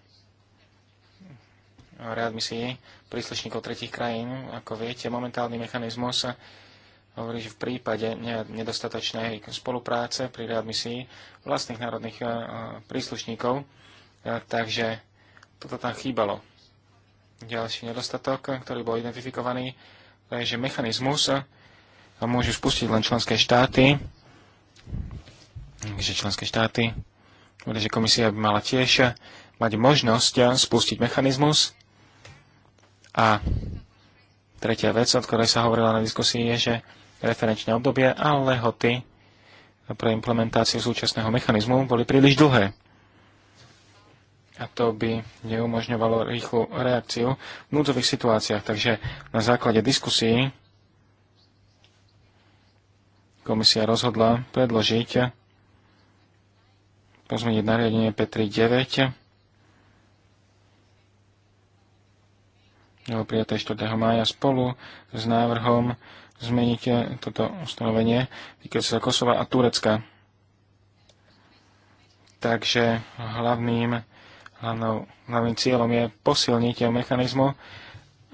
readmisií príslušníkov tretich krajín. Ako viete, momentálny mechanizmus hovorí, že v prípade nedostatočnej spolupráce pri readmisii vlastných národných eh, príslušníkov, eh, takže toto tam chýbalo. Ďalší nedostatok, ktorý bol identifikovaný, Takže mechanizmus eh, môžu spustiť len členské štáty. Takže členské štáty, teda, že komisia by mala tiež eh, mať možnosť eh, spustiť mechanizmus. A tretia vec, od ktorej sa hovorila na diskusii, je, že referenčné obdobie a lehoty pre implementáciu súčasného mechanizmu boli príliš dlhé a to by neumožňovalo rýchlu reakciu v núdzových situáciách. Takže na základe diskusí komisia rozhodla predložiť pozmeniť nariadenie P39 jeho prijaté 4. mája spolu s návrhom zmeniť toto ustanovenie týkajúce sa Kosova a Turecka. Takže hlavným Hlavnou, hlavným cieľom je posilniť mechanizmu,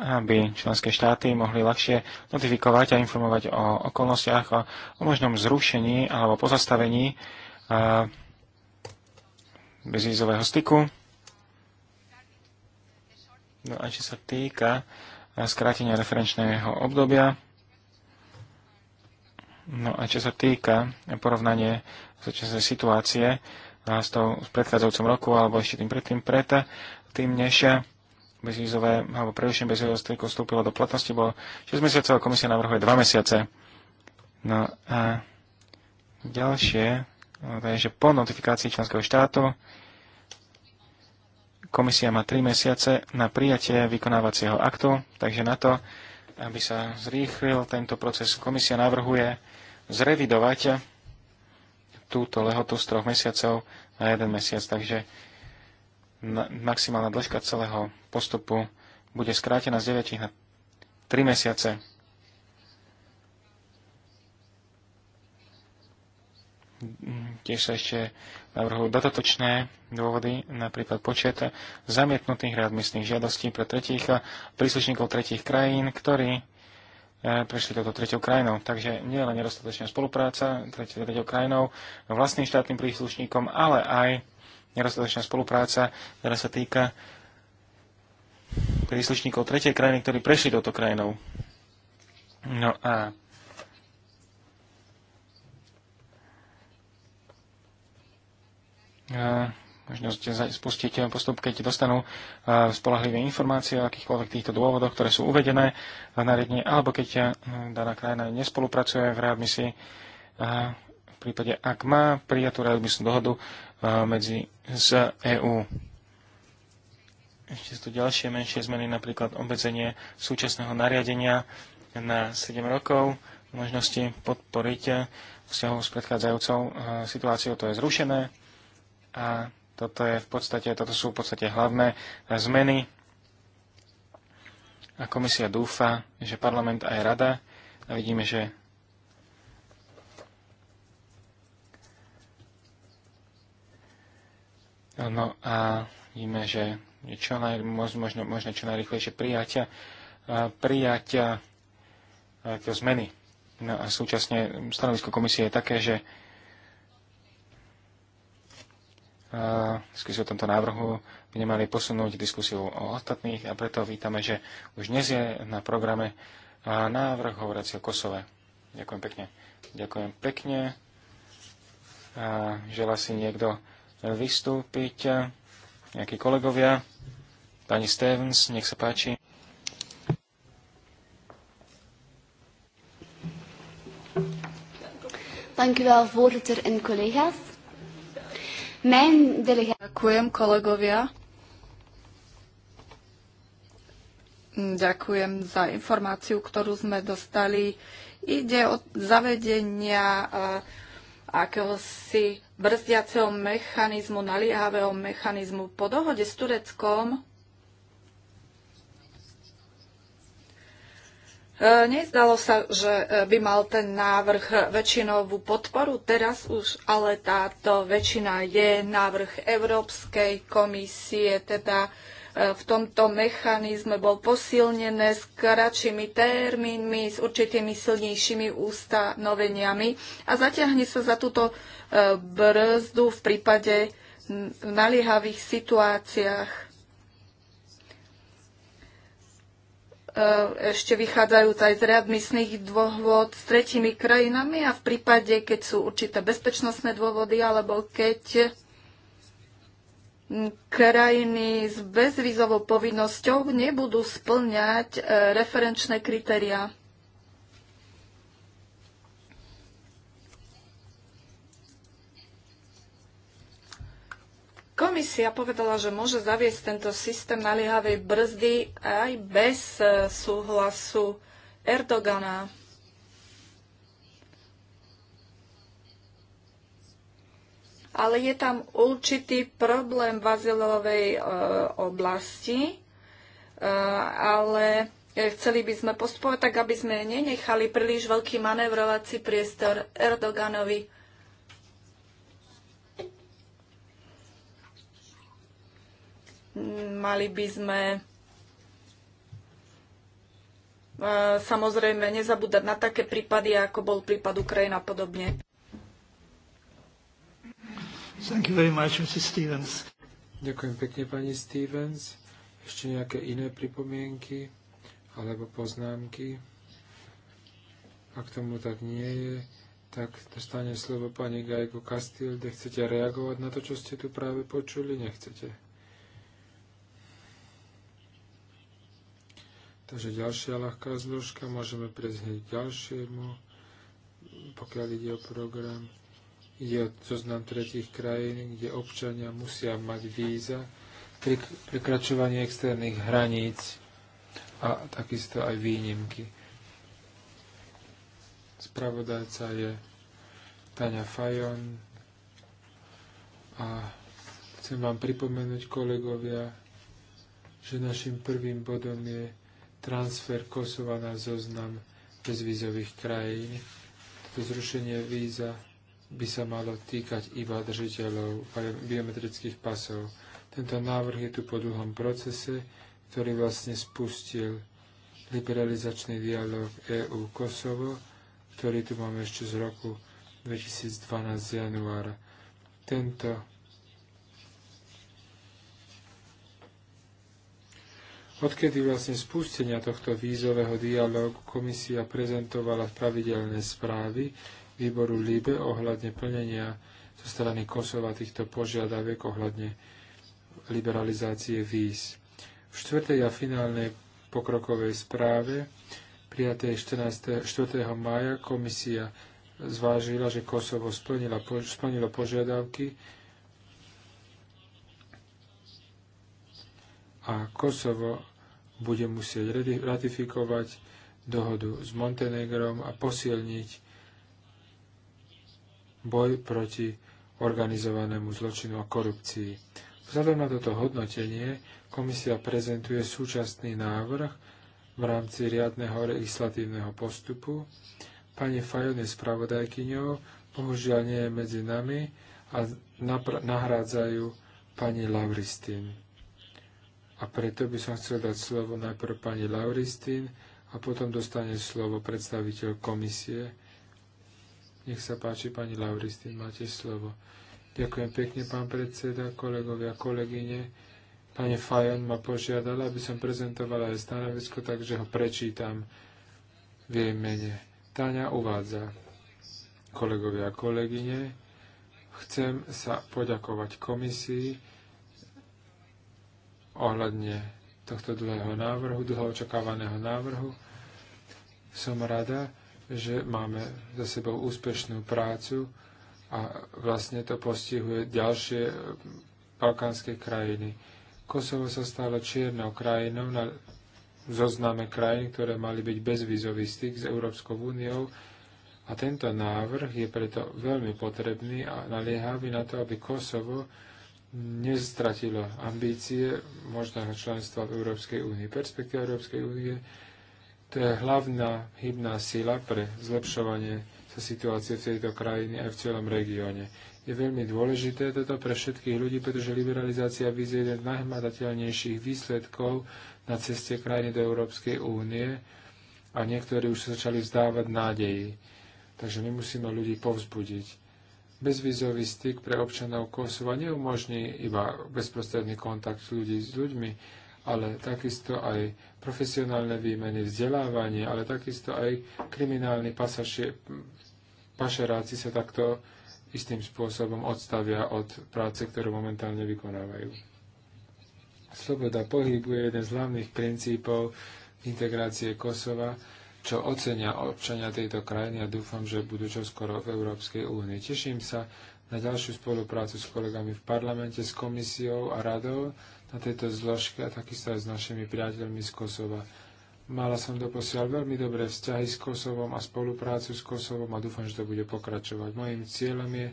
aby členské štáty mohli ľahšie notifikovať a informovať o okolnostiach, o, o možnom zrušení alebo pozastavení a, bezvízového styku. No a čo sa týka skrátenia referenčného obdobia, no a čo sa týka porovnanie súčasnej situácie, nástov v predchádzajúcom roku alebo ešte tým predtým preto tým než bezvízové, alebo prerušenie bezvízového styku vstúpilo do platnosti, bolo 6 mesiacov a komisia navrhuje 2 mesiace. No a ďalšie, no, to je, že po notifikácii členského štátu komisia má 3 mesiace na prijatie vykonávacieho aktu, takže na to, aby sa zrýchlil tento proces, komisia navrhuje zrevidovať túto lehotu z troch mesiacov na jeden mesiac. Takže maximálna dĺžka celého postupu bude skrátená z 9 na 3 mesiace. Tiež sa ešte navrhujú dodatočné dôvody, napríklad počet zamietnutých readmisných žiadostí pre tretích príslušníkov tretích krajín, ktorí E, prešli toto tretou krajinou. Takže nie len nedostatočná spolupráca tretou krajinou, vlastným štátnym príslušníkom, ale aj nedostatočná spolupráca, ktorá sa týka príslušníkov tretej krajiny, ktorí prešli touto krajinou. No a uh, možnosť spustiť eh, postup, keď dostanú eh, spolahlivé informácie o akýchkoľvek týchto dôvodoch, ktoré sú uvedené v nariadení, alebo keď eh, daná krajina nespolupracuje v readmisii, v prípade, ak má prijatú readmisnú dohodu medzi z EÚ. Ešte sú tu ďalšie menšie zmeny, napríklad obmedzenie súčasného nariadenia na 7 rokov, možnosti podporiť vzťahov s predchádzajúcou situáciou, to je zrušené a toto, je v podstate, toto sú v podstate hlavné zmeny a komisia dúfa, že parlament aj rada a vidíme, že No a vidíme, že je čo naj, možno, možno čo najrychlejšie prijatia, prijatia zmeny. No a súčasne stanovisko komisie je také, že diskusiu o tomto návrhu by nemali posunúť diskusiu o ostatných a preto vítame, že už dnes je na programe návrh hovoriaci o Kosove. Ďakujem pekne. Ďakujem pekne. A žela si niekto vystúpiť? Nejakí kolegovia? Pani Stevens, nech sa páči. Dank u wel, voorzitter en collega's. Ďakujem, kolegovia. Mm, ďakujem za informáciu, ktorú sme dostali. Ide o zavedenia eh, akéhosi brzdiaceho mechanizmu, naliehavého mechanizmu po dohode s Tureckom E, nezdalo sa, že e, by mal ten návrh väčšinovú podporu, teraz už ale táto väčšina je návrh Európskej komisie, teda e, v tomto mechanizme bol posilnené s kratšími termínmi, s určitými silnejšími ustanoveniami a zaťahne sa za túto brzdu v prípade v naliehavých situáciách. E, ešte vychádzajú aj z readmisných dôvod s tretimi krajinami a v prípade, keď sú určité bezpečnostné dôvody alebo keď krajiny s bezvízovou povinnosťou nebudú splňať e, referenčné kritériá. Komisia povedala, že môže zaviesť tento systém naliehavej brzdy aj bez e, súhlasu Erdogana. Ale je tam určitý problém v azylovej e, oblasti, e, ale e, chceli by sme postupovať tak, aby sme nenechali príliš veľký manevrovací priestor Erdoganovi. Mali by sme e, samozrejme nezabúdať na také prípady, ako bol prípad Ukrajina a podobne. Thank you very much, Stevens. Ďakujem pekne, pani Stevens. Ešte nejaké iné pripomienky alebo poznámky? Ak tomu tak nie je, tak dostane slovo pani Gajko Kastil, kde chcete reagovať na to, čo ste tu práve počuli? Nechcete. Takže ďalšia ľahká zložka, môžeme prejsť hneď ďalšiemu, pokiaľ ide o program. Ide o zoznam tretich krajín, kde občania musia mať víza pri prekračovaní externých hraníc a takisto aj výnimky. Spravodajca je Tania Fajon a chcem vám pripomenúť kolegovia, že našim prvým bodom je transfer Kosova na zoznam bezvízových krajín. Toto zrušenie víza by sa malo týkať iba držiteľov biometrických pasov. Tento návrh je tu po dlhom procese, ktorý vlastne spustil liberalizačný dialog EU-Kosovo, ktorý tu máme ešte z roku 2012 januára. Tento Odkedy vlastne spustenia tohto vízového dialógu komisia prezentovala pravidelné správy výboru LIBE ohľadne plnenia zo strany Kosova týchto požiadaviek ohľadne liberalizácie víz. V štvrtej a finálnej pokrokovej správe prijaté 14. 4. maja, komisia zvážila, že Kosovo splnila, splnilo požiadavky a Kosovo bude musieť ratifikovať dohodu s Montenegrom a posilniť boj proti organizovanému zločinu a korupcii. Vzhľadom na toto hodnotenie komisia prezentuje súčasný návrh v rámci riadneho legislatívneho postupu. Pani Fajon je spravodajkyňou, bohužiaľ nie je medzi nami a nahrádzajú pani Lauristin. A preto by som chcel dať slovo najprv pani Lauristín a potom dostane slovo predstaviteľ komisie. Nech sa páči, pani Lauristín, máte slovo. Ďakujem pekne, pán predseda, kolegovia, kolegyne. Pani Fajon ma požiadala, aby som prezentovala aj stanovisko, takže ho prečítam v jej mene. Táňa uvádza, kolegovia a kolegyne, chcem sa poďakovať komisii, ohľadne tohto dlhého návrhu, dlho očakávaného návrhu. Som rada, že máme za sebou úspešnú prácu a vlastne to postihuje ďalšie balkánske krajiny. Kosovo sa stalo čiernou krajinou na zozname krajín, ktoré mali byť bezvizový styk s Európskou úniou a tento návrh je preto veľmi potrebný a naliehavý na to, aby Kosovo nestratilo ambície možného členstva v Európskej únii. Perspektíva Európskej únie to je hlavná hybná sila pre zlepšovanie sa situácie v tejto krajine aj v celom regióne. Je veľmi dôležité toto pre všetkých ľudí, pretože liberalizácia víz je jeden z najhmatateľnejších výsledkov na ceste krajiny do Európskej únie a niektorí už sa začali vzdávať nádeji. Takže my musíme ľudí povzbudiť bezvizový styk pre občanov Kosova neumožní iba bezprostredný kontakt ľudí s ľuďmi, ale takisto aj profesionálne výmeny, vzdelávanie, ale takisto aj kriminálni pasaši, pašeráci sa takto istým spôsobom odstavia od práce, ktorú momentálne vykonávajú. Sloboda pohybu je jeden z hlavných princípov integrácie Kosova, čo ocenia občania tejto krajiny a dúfam, že budú čoskoro v Európskej únii. Teším sa na ďalšiu spoluprácu s kolegami v parlamente, s komisiou a radou na tejto zložke a takisto aj s našimi priateľmi z Kosova. Mala som doposiaľ veľmi dobré vzťahy s Kosovom a spoluprácu s Kosovom a dúfam, že to bude pokračovať. Mojím cieľom je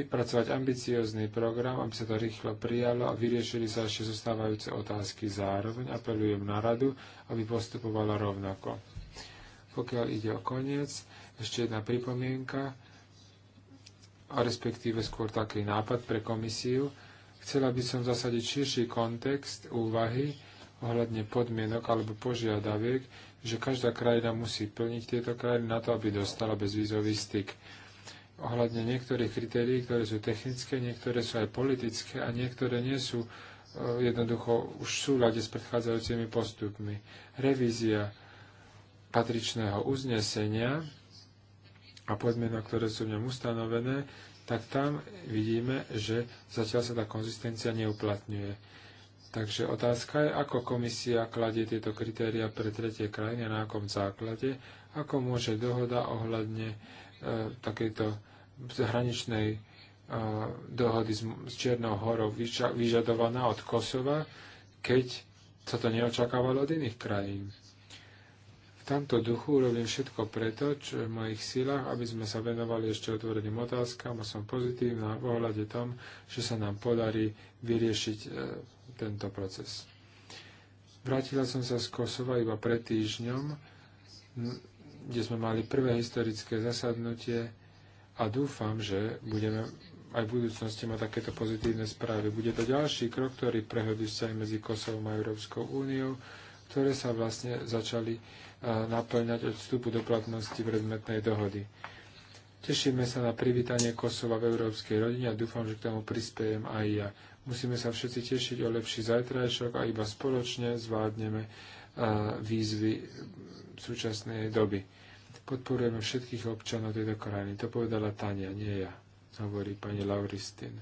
vypracovať ambiciózny program, aby sa to rýchlo prijalo a vyriešili sa ešte zostávajúce otázky zároveň. Apelujem na radu, aby postupovala rovnako. Pokiaľ ide o koniec, ešte jedna pripomienka, a respektíve skôr taký nápad pre komisiu. Chcela by som zasadiť širší kontext úvahy ohľadne podmienok alebo požiadaviek, že každá krajina musí plniť tieto krajiny na to, aby dostala bezvízový styk ohľadne niektorých kritérií, ktoré sú technické, niektoré sú aj politické a niektoré nie sú e, jednoducho už v súľade s predchádzajúcimi postupmi. Revízia patričného uznesenia a podmienok, ktoré sú v ňom ustanovené, tak tam vidíme, že zatiaľ sa tá konzistencia neuplatňuje. Takže otázka je, ako komisia kladie tieto kritéria pre tretie krajiny a na akom základe, ako môže dohoda ohľadne e, takejto zahraničnej e, dohody s, s Čiernou horou vyžadovaná od Kosova, keď sa to neočakávalo od iných krajín. V tomto duchu urobím všetko preto, čo je v mojich silách, aby sme sa venovali ešte otvoreným otázkam a som pozitívna v ohľade tom, že sa nám podarí vyriešiť e, tento proces. Vrátila som sa z Kosova iba pred týždňom, kde sme mali prvé historické zasadnutie a dúfam, že budeme aj v budúcnosti mať takéto pozitívne správy. Bude to ďalší krok, ktorý prehodí aj medzi Kosovom a Európskou úniou ktoré sa vlastne začali naplňať od vstupu do platnosti predmetnej dohody. Tešíme sa na privítanie Kosova v európskej rodine a dúfam, že k tomu prispiejem aj ja. Musíme sa všetci tešiť o lepší zajtrajšok a iba spoločne zvládneme výzvy súčasnej doby. Podporujeme všetkých občanov tejto krajiny. To povedala Tania, nie ja, hovorí pani Lauristin.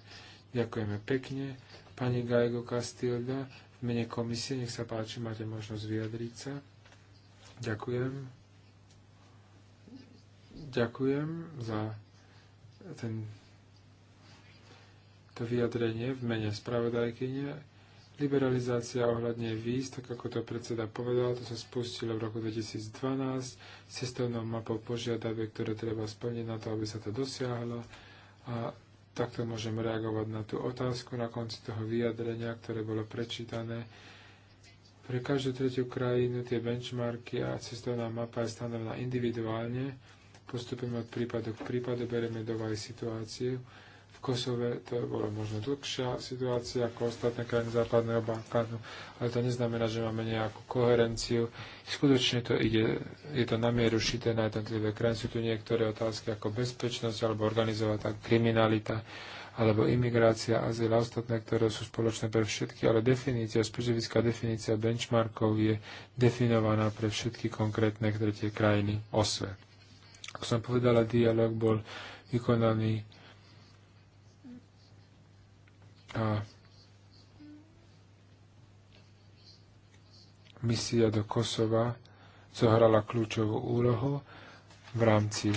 Ďakujeme pekne. Pani Gajgo Castilda, mene komisie. Nech sa páči, máte možnosť vyjadriť sa. Ďakujem. Ďakujem za ten, to vyjadrenie v mene spravodajkyne. Liberalizácia ohľadne víz, tak ako to predseda povedal, to sa spustilo v roku 2012 s cestovnou mapou požiadaviek, ktoré treba splniť na to, aby sa to dosiahlo. A takto môžem reagovať na tú otázku na konci toho vyjadrenia, ktoré bolo prečítané. Pre každú tretiu krajinu tie benchmarky a cestovná mapa je stanovená individuálne. Postupujeme od prípadu k prípadu, bereme do aj situáciu Kosove to bola možno dlhšia situácia ako ostatné krajiny Západného Balkánu, ale to neznamená, že máme nejakú koherenciu. Skutočne to ide, je to na šité na jednotlivé krajiny. Sú tu niektoré otázky ako bezpečnosť alebo organizovaná kriminalita alebo imigrácia, azyl a ostatné, ktoré sú spoločné pre všetky, ale definícia, špecifická definícia benchmarkov je definovaná pre všetky konkrétne tretie krajiny OSVE. Ako som povedala, dialog bol vykonaný a misia do Kosova zohrala kľúčovú úlohu v rámci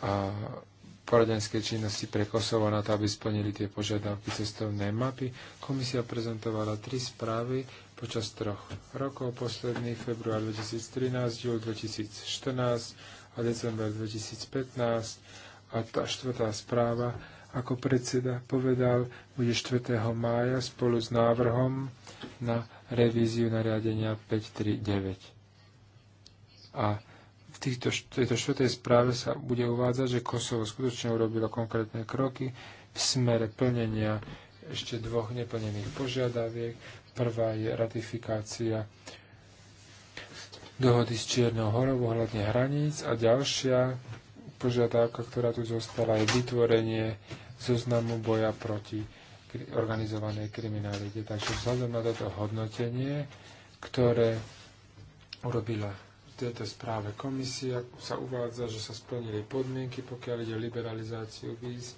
a, poradenskej činnosti pre Kosovo na to, aby splnili tie požiadavky cestovnej mapy. Komisia prezentovala tri správy počas troch rokov posledný február 2013, júl 2014 a december 2015. A tá štvrtá správa ako predseda povedal, bude 4. mája spolu s návrhom na revíziu nariadenia 539. A v týchto, tejto štvrtej správe sa bude uvádzať, že Kosovo skutočne urobilo konkrétne kroky v smere plnenia ešte dvoch neplnených požiadaviek. Prvá je ratifikácia dohody s Čiernou horou ohľadne hraníc a ďalšia požiadavka, ktorá tu zostala, je vytvorenie zoznamu boja proti organizovanej kriminalite. Takže vzhľadom na toto hodnotenie, ktoré urobila v tejto správe komisia, sa uvádza, že sa splnili podmienky, pokiaľ ide o liberalizáciu víz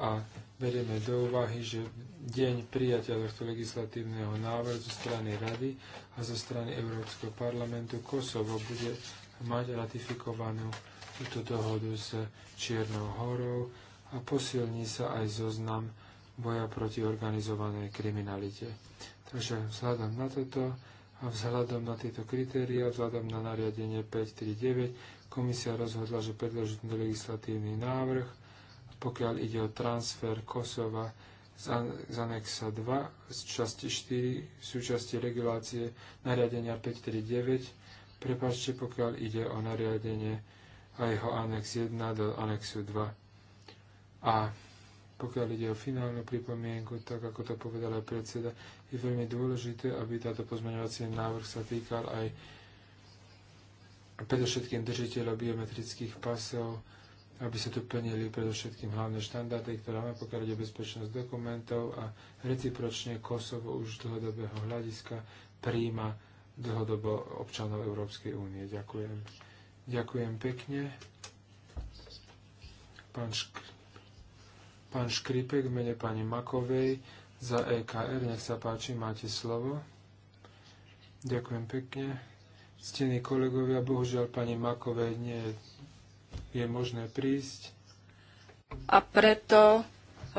a berieme do úvahy, že deň prijatia tohto legislatívneho návrhu zo strany Rady a zo strany Európskeho parlamentu Kosovo bude mať ratifikovanú túto dohodu s Čiernou horou a posilní sa aj zoznam boja proti organizovanej kriminalite. Takže vzhľadom na toto a vzhľadom na tieto kritéria, vzhľadom na nariadenie 539, komisia rozhodla, že predložiť legislatívny návrh, pokiaľ ide o transfer Kosova z anexa 2 z časti 4 v súčasti regulácie nariadenia 539, prepáčte, pokiaľ ide o nariadenie a jeho anex 1 do anexu 2 a pokiaľ ide o finálnu pripomienku, tak ako to povedal aj predseda, je veľmi dôležité, aby táto pozmeňovací návrh sa týkal aj predovšetkým držiteľov biometrických pasov, aby sa tu plnili predovšetkým hlavné štandardy, ktoré máme, pokiaľ ide o bezpečnosť dokumentov a recipročne Kosovo už z dlhodobého hľadiska príjma dlhodobo občanov Európskej únie. Ďakujem. Ďakujem pekne. Pán Škr Pán Škripek v mene pani Makovej za EKR. Nech sa páči, máte slovo. Ďakujem pekne. Stení kolegovia, bohužiaľ pani Makovej nie je možné prísť. A preto e,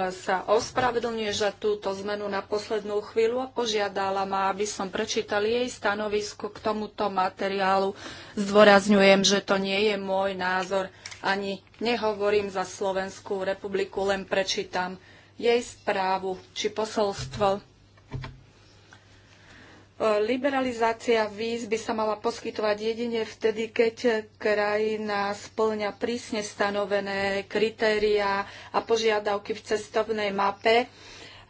sa ospravedlňuje za túto zmenu na poslednú chvíľu a požiadala ma, aby som prečítal jej stanovisko k tomuto materiálu. Zdôrazňujem, že to nie je môj názor ani nehovorím za Slovenskú republiku, len prečítam jej správu či posolstvo. E, liberalizácia víz by sa mala poskytovať jedine vtedy, keď krajina splňa prísne stanovené kritériá a požiadavky v cestovnej mape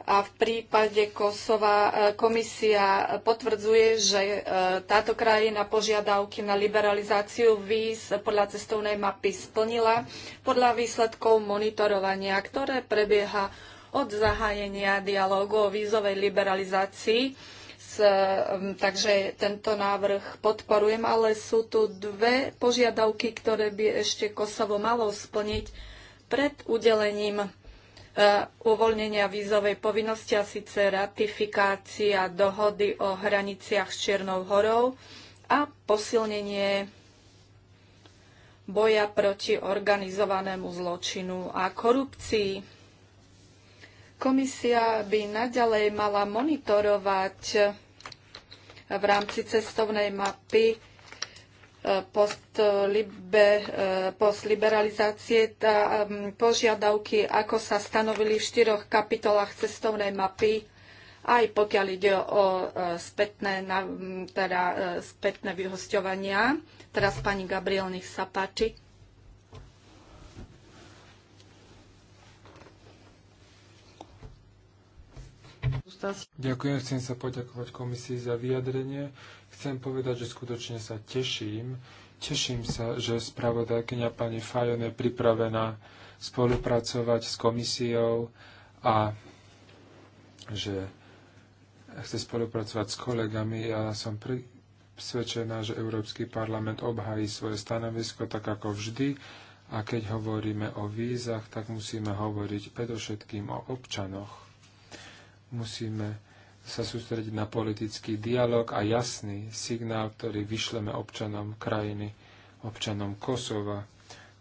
a v prípade Kosova e, komisia potvrdzuje, že e, táto krajina požiadavky na liberalizáciu víz podľa cestovnej mapy splnila podľa výsledkov monitorovania, ktoré prebieha od zahájenia dialógu o vízovej liberalizácii. E, takže tento návrh podporujem, ale sú tu dve požiadavky, ktoré by ešte Kosovo malo splniť pred udelením Eh, uvoľnenia vízovej povinnosti a síce ratifikácia dohody o hraniciach s Čiernou horou a posilnenie boja proti organizovanému zločinu a korupcii. Komisia by naďalej mala monitorovať v rámci cestovnej mapy postliberalizácie post tá, um, požiadavky, ako sa stanovili v štyroch kapitolách cestovnej mapy, aj pokiaľ ide o e, spätné, teda e, spätné vyhosťovania. Teraz pani Gabriel, nech sa páči. Ďakujem, chcem sa poďakovať komisii za vyjadrenie. Chcem povedať, že skutočne sa teším. Teším sa, že spravodajkynia pani Fajon je pripravená spolupracovať s komisiou a že chce spolupracovať s kolegami. Ja som presvedčená, že Európsky parlament obhají svoje stanovisko tak ako vždy a keď hovoríme o vízach, tak musíme hovoriť predovšetkým o občanoch. Musíme sa sústrediť na politický dialog a jasný signál, ktorý vyšleme občanom krajiny, občanom Kosova.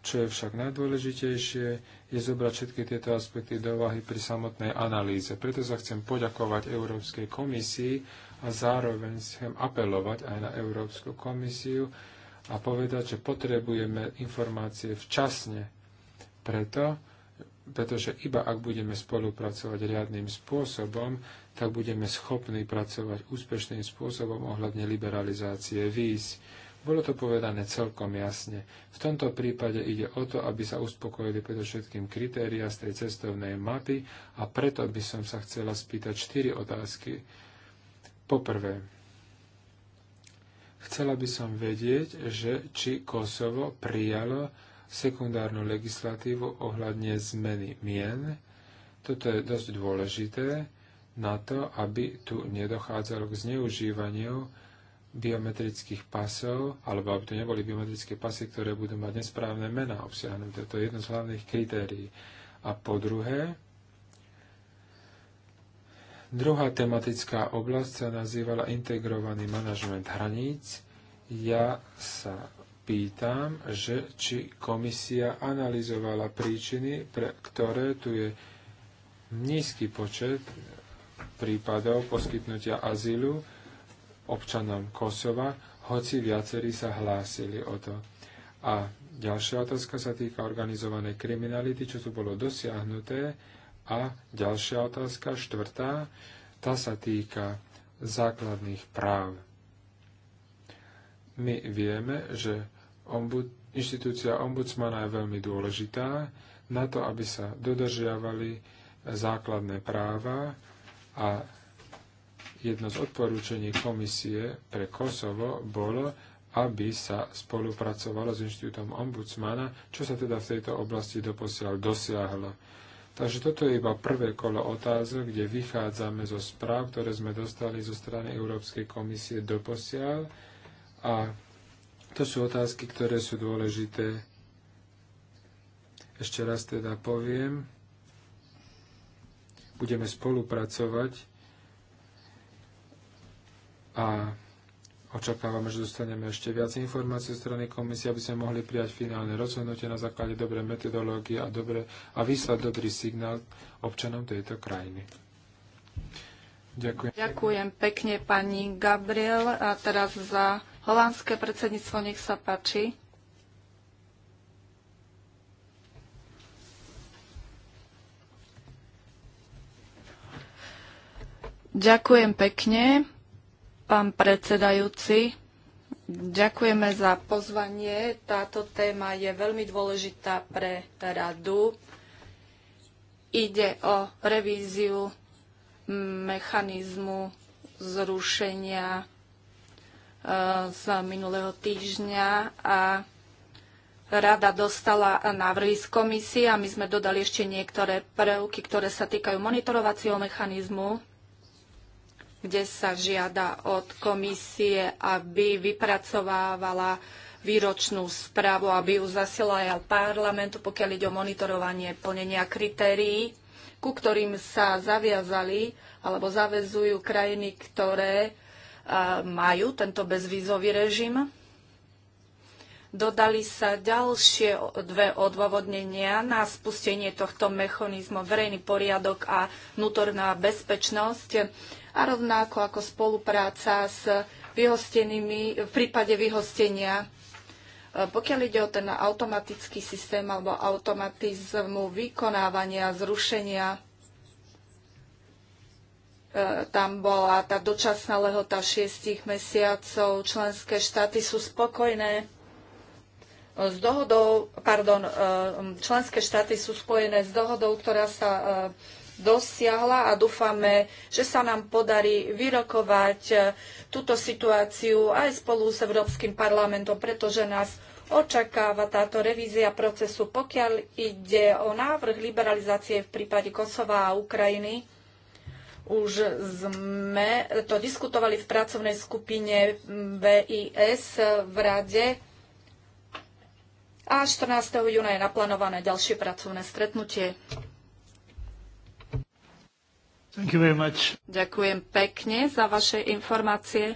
Čo je však najdôležitejšie, je zobrať všetky tieto aspekty do váhy pri samotnej analýze. Preto sa chcem poďakovať Európskej komisii a zároveň chcem apelovať aj na Európsku komisiu a povedať, že potrebujeme informácie včasne. Preto, pretože iba ak budeme spolupracovať riadným spôsobom, tak budeme schopní pracovať úspešným spôsobom ohľadne liberalizácie víz. Bolo to povedané celkom jasne. V tomto prípade ide o to, aby sa uspokojili predovšetkým kritéria z tej cestovnej mapy a preto by som sa chcela spýtať štyri otázky. Poprvé, chcela by som vedieť, že či Kosovo prijalo sekundárnu legislatívu ohľadne zmeny mien. Toto je dosť dôležité na to, aby tu nedochádzalo k zneužívaniu biometrických pasov, alebo aby to neboli biometrické pasy, ktoré budú mať nesprávne mená obsiahnuté. To je jedno z hlavných kritérií. A po druhé, druhá tematická oblasť sa nazývala integrovaný manažment hraníc. Ja sa pýtam, že či komisia analyzovala príčiny, pre ktoré tu je nízky počet prípadov poskytnutia azylu občanom Kosova, hoci viacerí sa hlásili o to. A ďalšia otázka sa týka organizovanej kriminality, čo tu bolo dosiahnuté. A ďalšia otázka, štvrtá, tá sa týka základných práv. My vieme, že ombud, inštitúcia ombudsmana je veľmi dôležitá na to, aby sa dodržiavali základné práva a jedno z odporúčení komisie pre Kosovo bolo, aby sa spolupracovalo s Inštitútom ombudsmana, čo sa teda v tejto oblasti doposiaľ dosiahlo. Takže toto je iba prvé kolo otázok, kde vychádzame zo správ, ktoré sme dostali zo strany Európskej komisie doposiaľ a to sú otázky, ktoré sú dôležité. Ešte raz teda poviem, budeme spolupracovať a očakávame, že dostaneme ešte viac informácií zo strany komisie, aby sme mohli prijať finálne rozhodnutie na základe dobrej metodológie a, dobre, a vyslať dobrý signál občanom tejto krajiny. Ďakujem. Ďakujem pekne pani Gabriel a teraz za Holandské predsedníctvo, nech sa páči. Ďakujem pekne, pán predsedajúci. Ďakujeme za pozvanie. Táto téma je veľmi dôležitá pre radu. Ide o revíziu mechanizmu zrušenia z minulého týždňa a rada dostala návrhy z komisie a my sme dodali ešte niektoré prvky, ktoré sa týkajú monitorovacieho mechanizmu, kde sa žiada od komisie, aby vypracovávala výročnú správu, aby ju zasiela aj parlamentu, pokiaľ ide o monitorovanie plnenia kritérií, ku ktorým sa zaviazali alebo zavezujú krajiny, ktoré majú tento bezvízový režim. Dodali sa ďalšie dve odôvodnenia na spustenie tohto mechanizmu verejný poriadok a vnútorná bezpečnosť a rovnako ako spolupráca s vyhostenými v prípade vyhostenia. E, pokiaľ ide o ten automatický systém alebo automatizmu vykonávania, zrušenia E, tam bola tá dočasná lehota šiestich mesiacov. Členské štáty sú spokojné e, s dohodou, pardon, e, členské štáty sú spojené s dohodou, ktorá sa dosiahla a dúfame, že sa nám podarí vyrokovať túto situáciu aj spolu s Európskym parlamentom, pretože nás očakáva táto revízia procesu, pokiaľ ide o návrh liberalizácie v prípade Kosova a Ukrajiny už sme to diskutovali v pracovnej skupine VIS v Rade a 14. júna je naplánované ďalšie pracovné stretnutie. Ďakujem pekne za vaše informácie.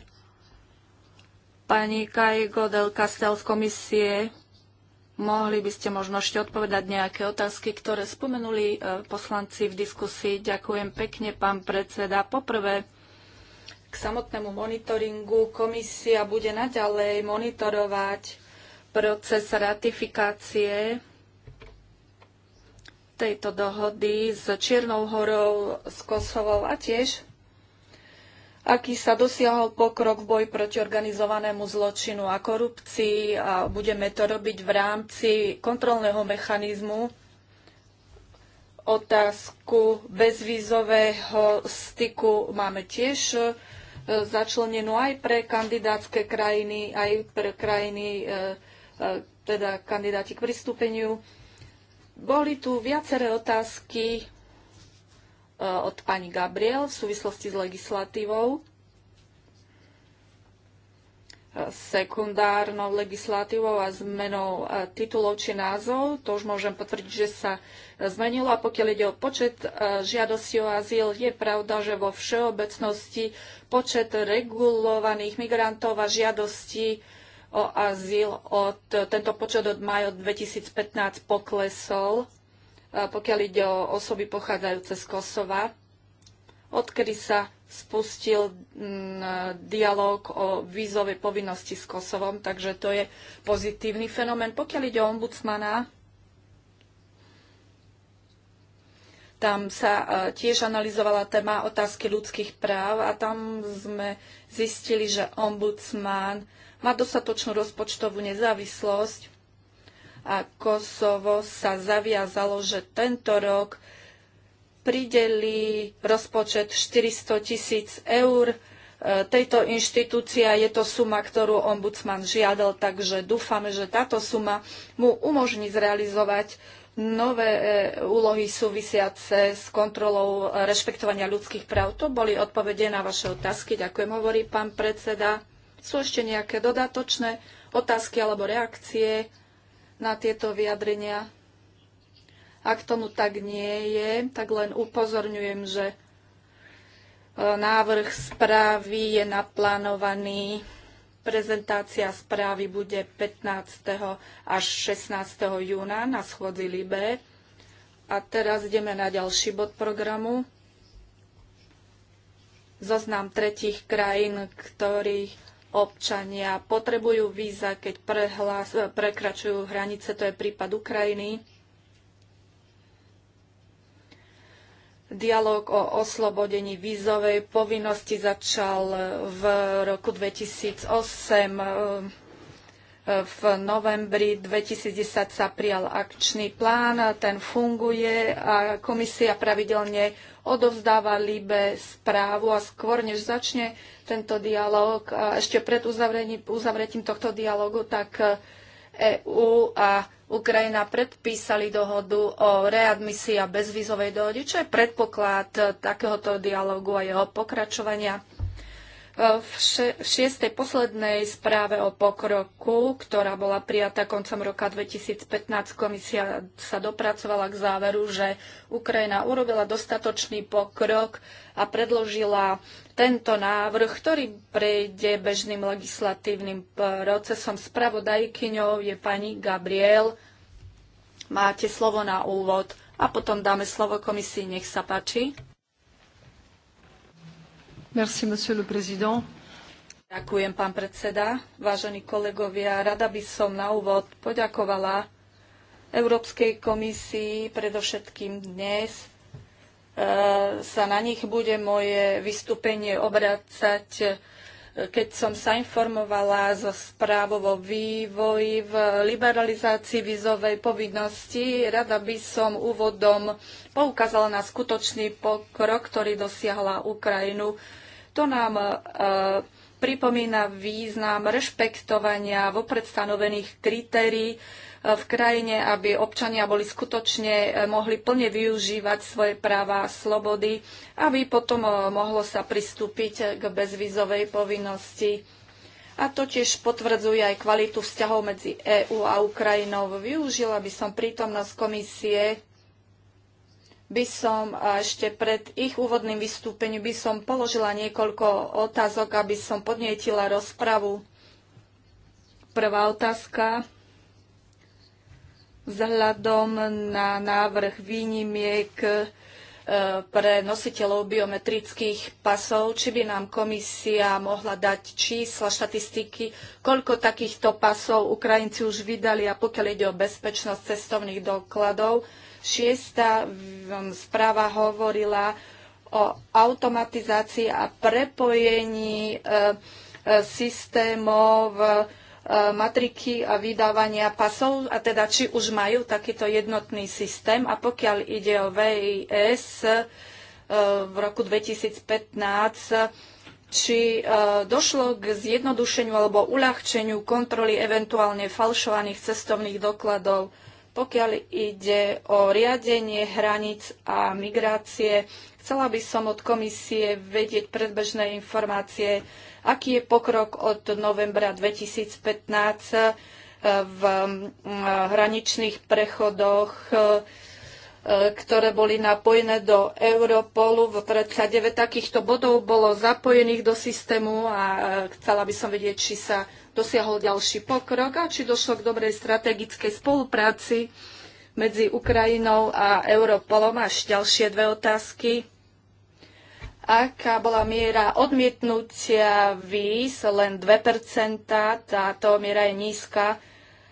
Pani Kaj Godel Kastel z komisie Mohli by ste možno ešte odpovedať nejaké otázky, ktoré spomenuli e, poslanci v diskusii. Ďakujem pekne, pán predseda. Poprvé, k samotnému monitoringu komisia bude naďalej monitorovať proces ratifikácie tejto dohody s Čiernou horou, s Kosovou a tiež aký sa dosiahol pokrok v boji proti organizovanému zločinu a korupcii a budeme to robiť v rámci kontrolného mechanizmu otázku bezvízového styku máme tiež e, začlenenú aj pre kandidátske krajiny, aj pre krajiny, e, e, teda kandidáti k pristúpeniu. Boli tu viaceré otázky Eh, od pani Gabriel v súvislosti s legislatívou, eh, sekundárnou legislatívou a zmenou eh, titulov či názov. To už môžem potvrdiť, že sa zmenilo. A pokiaľ ide o počet žiadosti o azyl, je pravda, že vo všeobecnosti počet regulovaných migrantov a žiadostí o azyl od tento počet od maja 2015 poklesol pokiaľ ide o osoby pochádzajúce z Kosova, odkedy sa spustil mm, dialog o vízovej povinnosti s Kosovom, takže to je pozitívny fenomén. Pokiaľ ide o ombudsmana, tam sa e, tiež analyzovala téma otázky ľudských práv a tam sme zistili, že ombudsman má dostatočnú rozpočtovú nezávislosť a Kosovo sa zaviazalo, že tento rok pridelí rozpočet 400 tisíc eur e, tejto inštitúcia. Je to suma, ktorú ombudsman žiadal, takže dúfame, že táto suma mu umožní zrealizovať nové e, úlohy súvisiace s kontrolou e, rešpektovania ľudských práv. To boli odpovede na vaše otázky. Ďakujem, hovorí pán predseda. Sú ešte nejaké dodatočné otázky alebo reakcie? na tieto vyjadrenia. Ak tomu tak nie je, tak len upozorňujem, že e, návrh správy je naplánovaný. Prezentácia správy bude 15. až 16. júna na schôdzi Libé. A teraz ideme na ďalší bod programu. Zoznam tretich krajín, ktorých občania potrebujú víza, keď prehlas, eh, prekračujú hranice, to je prípad Ukrajiny. Dialóg o oslobodení vízovej povinnosti začal v roku 2008 v novembri 2010 sa prijal akčný plán, ten funguje a komisia pravidelne odovzdáva Libe správu a skôr, než začne tento dialog, a ešte pred uzavretím tohto dialogu, tak EÚ a Ukrajina predpísali dohodu o readmisii a bezvizovej dohode, čo je predpoklad takéhoto dialogu a jeho pokračovania. E, v šiestej poslednej správe o pokroku, ktorá bola prijatá koncom roka 2015, komisia sa dopracovala k záveru, že Ukrajina urobila dostatočný pokrok a predložila tento návrh, ktorý prejde bežným legislatívnym procesom. Spravodajkyňou je pani Gabriel. Máte slovo na úvod a potom dáme slovo komisii. Nech sa páči. Merci, monsieur le président. Ďakujem, pán predseda. Vážení kolegovia, rada by som na úvod poďakovala Európskej komisii, predovšetkým dnes. E, sa na nich bude moje vystúpenie obracať, e, keď som sa informovala zo správu o vývoji v liberalizácii vízovej povinnosti. Rada by som úvodom poukázala na skutočný pokrok, ktorý dosiahla Ukrajinu to nám e, pripomína význam rešpektovania vopred stanovených kritérií e, v krajine, aby občania boli skutočne e, mohli plne využívať svoje práva a slobody, aby potom e, mohlo sa pristúpiť k bezvizovej povinnosti. A to tiež potvrdzuje aj kvalitu vzťahov medzi EÚ a Ukrajinou. Využila by som prítomnosť komisie by som ešte pred ich úvodným vystúpením by som položila niekoľko otázok, aby som podnietila rozpravu. Prvá otázka vzhľadom na návrh výnimiek e, pre nositeľov biometrických pasov, či by nám komisia mohla dať čísla, štatistiky, koľko takýchto pasov Ukrajinci už vydali a pokiaľ ide o bezpečnosť cestovných dokladov, Šiesta mm, správa hovorila o automatizácii a prepojení e, e, systémov e, matriky a vydávania pasov, a teda či už majú takýto jednotný systém. A pokiaľ ide o VIS v roku 2015, či došlo k zjednodušeniu alebo uľahčeniu kontroly eventuálne falšovaných cestovných dokladov pokiaľ ide o riadenie hraníc a migrácie, chcela by som od komisie vedieť predbežné informácie, aký je pokrok od novembra 2015 eh, v mm, eh, hraničných prechodoch, eh, ktoré boli napojené do Europolu. V 39 takýchto bodov bolo zapojených do systému a chcela by som vedieť, či sa dosiahol ďalší pokrok a či došlo k dobrej strategickej spolupráci medzi Ukrajinou a Europolom. Až ďalšie dve otázky. Aká bola miera odmietnutia víz, len 2%, táto miera je nízka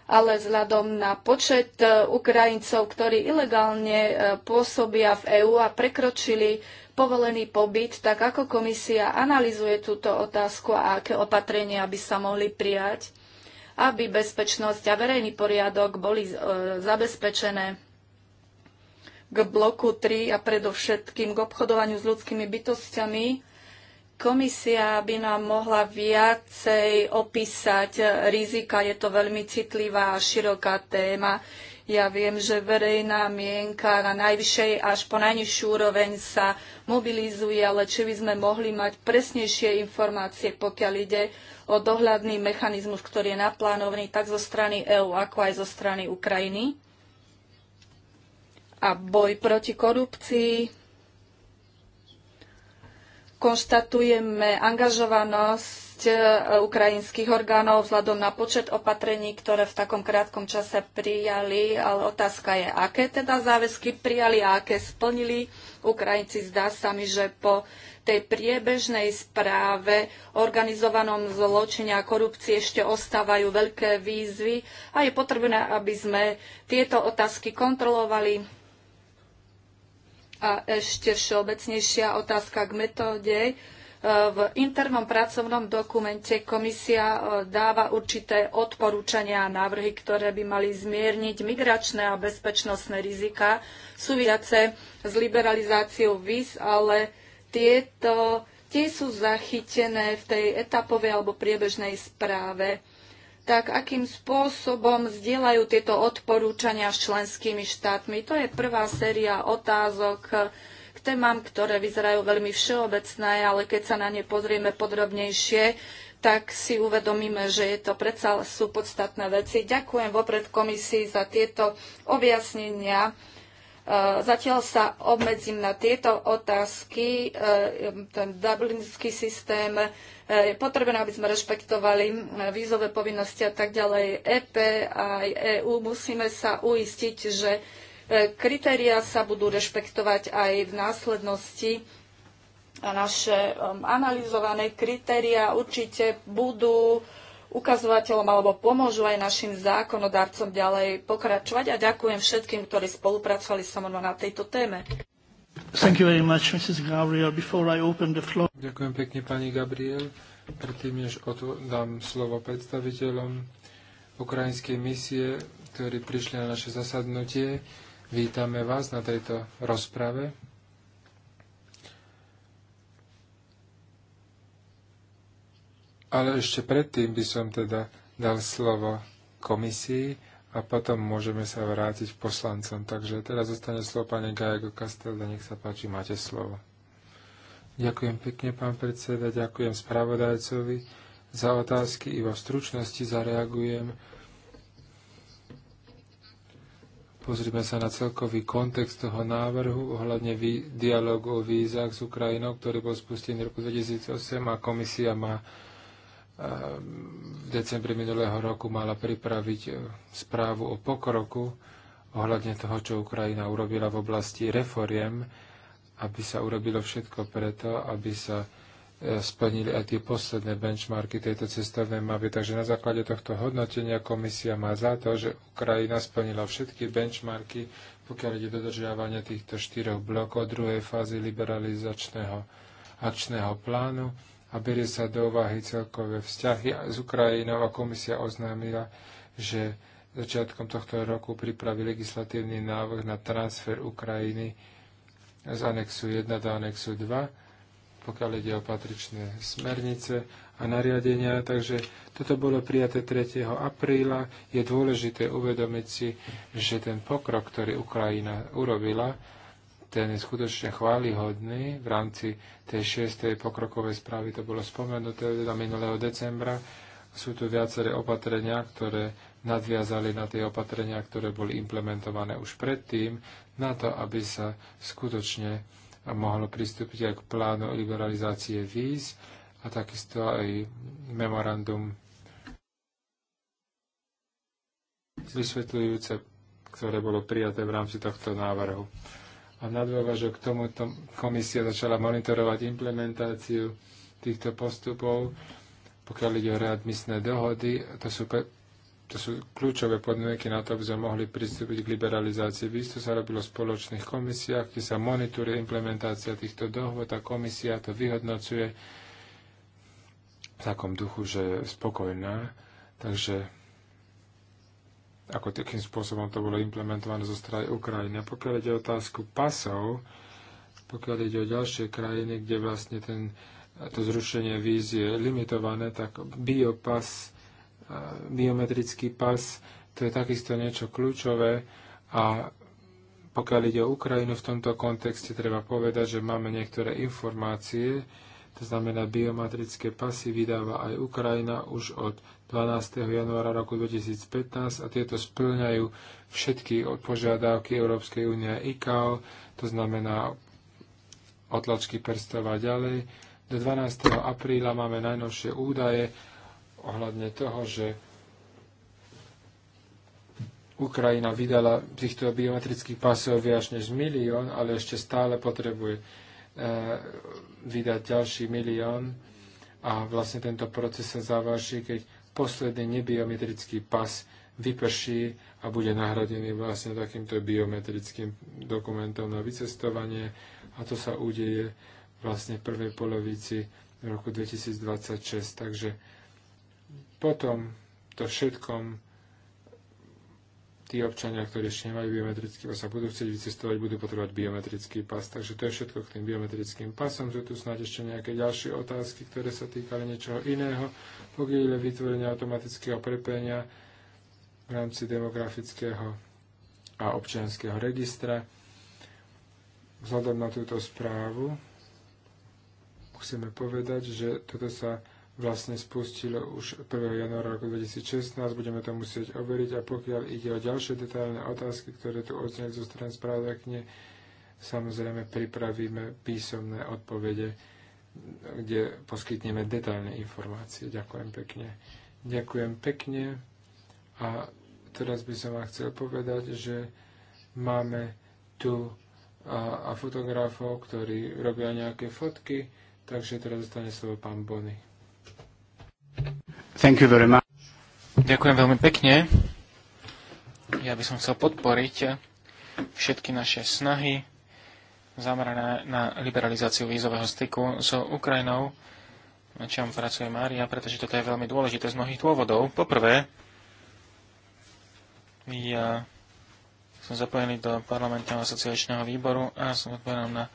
ale vzhľadom na počet eh, Ukrajincov, ktorí ilegálne eh, pôsobia v EÚ a prekročili povolený pobyt, tak ako komisia analizuje túto otázku a aké opatrenia by sa mohli prijať, aby bezpečnosť a verejný poriadok boli e, zabezpečené k bloku 3 a predovšetkým k obchodovaniu s ľudskými bytostiami. Komisia by nám mohla viacej opísať rizika. Je to veľmi citlivá a široká téma. Ja viem, že verejná mienka na najvyššej až po najnižšiu úroveň sa mobilizuje, ale či by sme mohli mať presnejšie informácie, pokiaľ ide o dohľadný mechanizmus, ktorý je naplánovaný tak zo strany EÚ, ako aj zo strany Ukrajiny. A boj proti korupcii, konštatujeme angažovanosť účasť e, ukrajinských orgánov vzhľadom na počet opatrení, ktoré v takom krátkom čase prijali, ale otázka je, aké teda záväzky prijali a aké splnili Ukrajinci. Zdá sa mi, že po tej priebežnej správe organizovanom zločine a korupcii ešte ostávajú veľké výzvy a je potrebné, aby sme tieto otázky kontrolovali. A ešte všeobecnejšia otázka k metóde v internom pracovnom dokumente komisia e, dáva určité odporúčania a návrhy, ktoré by mali zmierniť migračné a bezpečnostné rizika súviace s liberalizáciou víz, ale tieto tie sú zachytené v tej etapovej alebo priebežnej správe. Tak akým spôsobom zdieľajú tieto odporúčania s členskými štátmi? To je prvá séria otázok, témam, ktoré vyzerajú veľmi všeobecné, ale keď sa na ne pozrieme podrobnejšie, tak si uvedomíme, že je to predsa sú podstatné veci. Ďakujem vopred komisii za tieto objasnenia. E, zatiaľ sa obmedzím na tieto otázky. E, ten dublinský systém e, je potrebné, aby sme rešpektovali vízové povinnosti a tak ďalej. EP a aj EÚ musíme sa uistiť, že Kritéria sa budú rešpektovať aj v následnosti a naše um, analyzované kritéria určite budú ukazovateľom alebo pomôžu aj našim zákonodarcom ďalej pokračovať a ďakujem všetkým, ktorí spolupracovali so mnou na tejto téme. Ďakujem pekne, pani Gabriel. Predtým, než dám slovo predstaviteľom ukrajinskej misie, ktorí prišli na naše zasadnutie, Vítame vás na tejto rozprave. Ale ešte predtým by som teda dal slovo komisii a potom môžeme sa vrátiť poslancom. Takže teraz zostane slovo pani Gajego Castelda. Nech sa páči, máte slovo. Ďakujem pekne, pán predseda. Ďakujem spravodajcovi za otázky. Iba v stručnosti zareagujem Pozrime sa na celkový kontext toho návrhu ohľadne vý, dialogu o vízach s Ukrajinou, ktorý bol spustený v roku 2008 a komisia má ehm, v decembri minulého roku mala pripraviť ehm, správu o pokroku ohľadne toho, čo Ukrajina urobila v oblasti reforiem, aby sa urobilo všetko preto, aby sa E, splnili aj tie posledné benchmarky tejto cestovnej mapy. Takže na základe tohto hodnotenia komisia má za to, že Ukrajina splnila všetky benchmarky, pokiaľ ide dodržiavanie týchto štyroch blokov druhej fázy liberalizačného akčného plánu a berie sa do úvahy celkové vzťahy s Ukrajinou a komisia oznámila, že začiatkom tohto roku pripraví legislatívny návrh na transfer Ukrajiny z anexu 1 do anexu 2 pokiaľ ide o patričné smernice a nariadenia. Takže toto bolo prijaté 3. apríla. Je dôležité uvedomiť si, že ten pokrok, ktorý Ukrajina urobila, ten je skutočne chválihodný v rámci tej 6. pokrokovej správy, to bolo spomenuté teda minulého decembra. Sú tu viaceré opatrenia, ktoré nadviazali na tie opatrenia, ktoré boli implementované už predtým, na to, aby sa skutočne a mohlo pristúpiť aj k plánu liberalizácie víz a takisto aj memorandum vysvetľujúce, ktoré bolo prijaté v rámci tohto návrhu. A nadôvažok k tomuto komisia začala monitorovať implementáciu týchto postupov, pokiaľ ide o readmisné dohody. To sú to sú kľúčové podmienky na to, aby sme mohli pristúpiť k liberalizácii víz. To sa robilo v spoločných komisiách, kde sa monitoruje implementácia týchto dohôd a komisia to vyhodnocuje v takom duchu, že je spokojná. Takže ako takým spôsobom to bolo implementované zo strany Ukrajiny. A pokiaľ ide o otázku pasov, pokiaľ ide o ďalšie krajiny, kde vlastne ten, to zrušenie víz je limitované, tak biopas biometrický pas, to je takisto niečo kľúčové a pokiaľ ide o Ukrajinu v tomto kontexte, treba povedať, že máme niektoré informácie, to znamená biometrické pasy vydáva aj Ukrajina už od 12. januára roku 2015 a tieto splňajú všetky požiadavky Európskej únie ICAO, to znamená otlačky prstov a ďalej. Do 12. apríla máme najnovšie údaje ohľadne toho, že Ukrajina vydala týchto biometrických pasov viac než milión, ale ešte stále potrebuje e, vydať ďalší milión a vlastne tento proces sa završí, keď posledný nebiometrický pas vyprší a bude nahradený vlastne takýmto biometrickým dokumentom na vycestovanie a to sa udeje vlastne v prvej polovici roku 2026. Takže potom to všetkom tí občania, ktorí ešte nemajú biometrický pas a budú chcieť vycestovať, budú potrebovať biometrický pas. Takže to je všetko k tým biometrickým pasom. Sú tu snáď ešte nejaké ďalšie otázky, ktoré sa týkali niečoho iného. Pokiaľ je vytvorenie automatického prepenia v rámci demografického a občianského registra. Vzhľadom na túto správu musíme povedať, že toto sa vlastne spustilo už 1. januára roku 2016. Budeme to musieť overiť a pokiaľ ide o ďalšie detailné otázky, ktoré tu odzneli zo strany správdakne, samozrejme pripravíme písomné odpovede, kde poskytneme detailné informácie. Ďakujem pekne. Ďakujem pekne a teraz by som vám chcel povedať, že máme tu a, a fotografov, ktorí robia nejaké fotky, takže teraz dostane slovo pán Bony. Thank you very much. Ďakujem veľmi pekne. Ja by som chcel podporiť všetky naše snahy zamerané na liberalizáciu vízového styku s so Ukrajinou, na čom pracuje Mária, pretože toto je veľmi dôležité z mnohých dôvodov. Poprvé, ja som zapojený do parlamentného asociačného výboru a som odpovedal na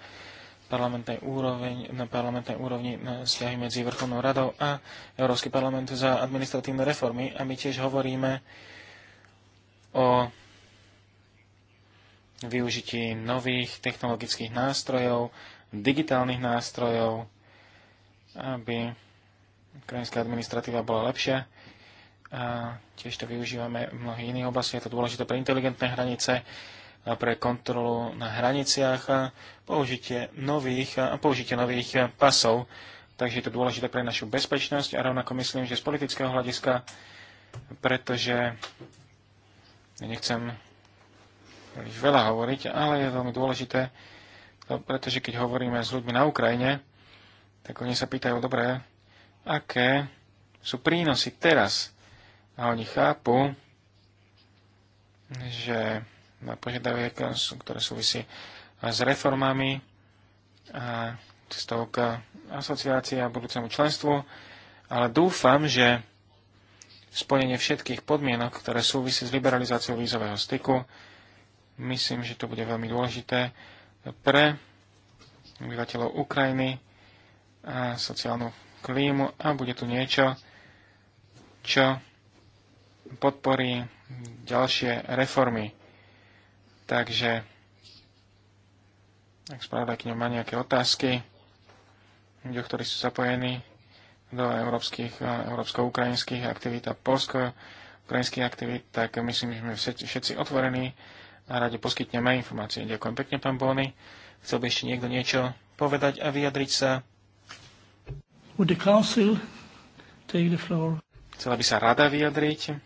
parlamentnej úroveň, na parlamentnej úrovni na vzťahy medzi Vrchovnou radou a Európsky parlament za administratívne reformy a my tiež hovoríme o využití nových technologických nástrojov, digitálnych nástrojov, aby krajinská administratíva bola lepšia. A tiež to využívame v mnohých iných oblastiach. Je to dôležité pre inteligentné hranice, pre kontrolu na hraniciach a použitie nových, a použitie nových pasov. Takže je to dôležité pre našu bezpečnosť a rovnako myslím, že z politického hľadiska, pretože nechcem príliš veľa hovoriť, ale je veľmi dôležité, no, pretože keď hovoríme s ľuďmi na Ukrajine, tak oni sa pýtajú, dobre, aké sú prínosy teraz. A oni chápu, že na požiadaviek, ktoré súvisí s reformami a cestou k asociácii a budúcemu členstvu, ale dúfam, že spojenie všetkých podmienok, ktoré súvisí s liberalizáciou vízového styku, myslím, že to bude veľmi dôležité pre obyvateľov Ukrajiny a sociálnu klímu a bude tu niečo, čo podporí ďalšie reformy. Takže, ak ňom má nejaké otázky, ľudia, ktorí sú zapojení do európskych, európsko-ukrajinských aktivít a polsko-ukrajinských aktivít, tak myslím, že sme všetci otvorení a radi poskytneme informácie. Ďakujem pekne, pán Bóny. Chcel by ešte niekto niečo povedať a vyjadriť sa? Would the council take the floor? Chcela by sa rada vyjadriť.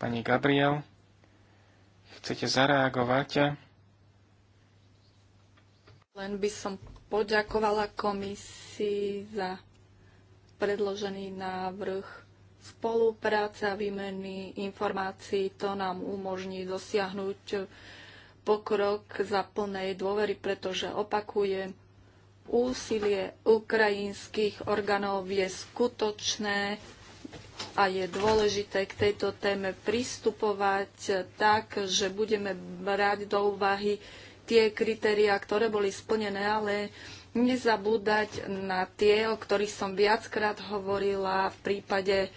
Pani Gabriel chcete zareagovať? Len by som poďakovala komisii za predložený návrh spolupráca, výmeny informácií. To nám umožní dosiahnuť pokrok za plnej dôvery, pretože opakuje úsilie ukrajinských orgánov je skutočné a je dôležité k tejto téme pristupovať tak, že budeme brať do úvahy tie kritériá, ktoré boli splnené, ale nezabúdať na tie, o ktorých som viackrát hovorila v prípade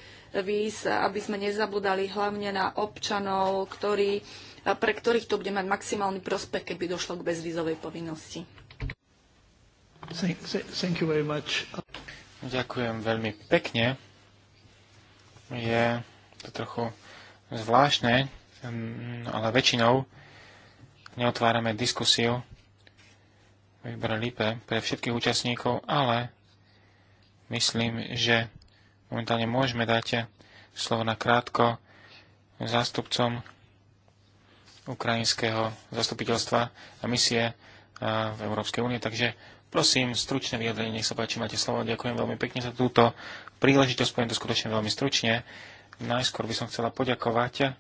víz, aby sme nezabúdali hlavne na občanov, ktorí, pre ktorých to bude mať maximálny prospech, keby došlo k bezvízovej povinnosti. Thank, thank you very much. Ďakujem veľmi pekne je to trochu zvláštne, ale väčšinou neotvárame diskusiu výbor LIPE pre všetkých účastníkov, ale myslím, že momentálne môžeme dať slovo na krátko zástupcom ukrajinského zastupiteľstva a misie v Európskej únie. Takže prosím, stručné vyjadrenie, nech sa páči, máte slovo. Ďakujem veľmi pekne za túto príležitosť, poviem to skutočne veľmi stručne. Najskôr by som chcela poďakovať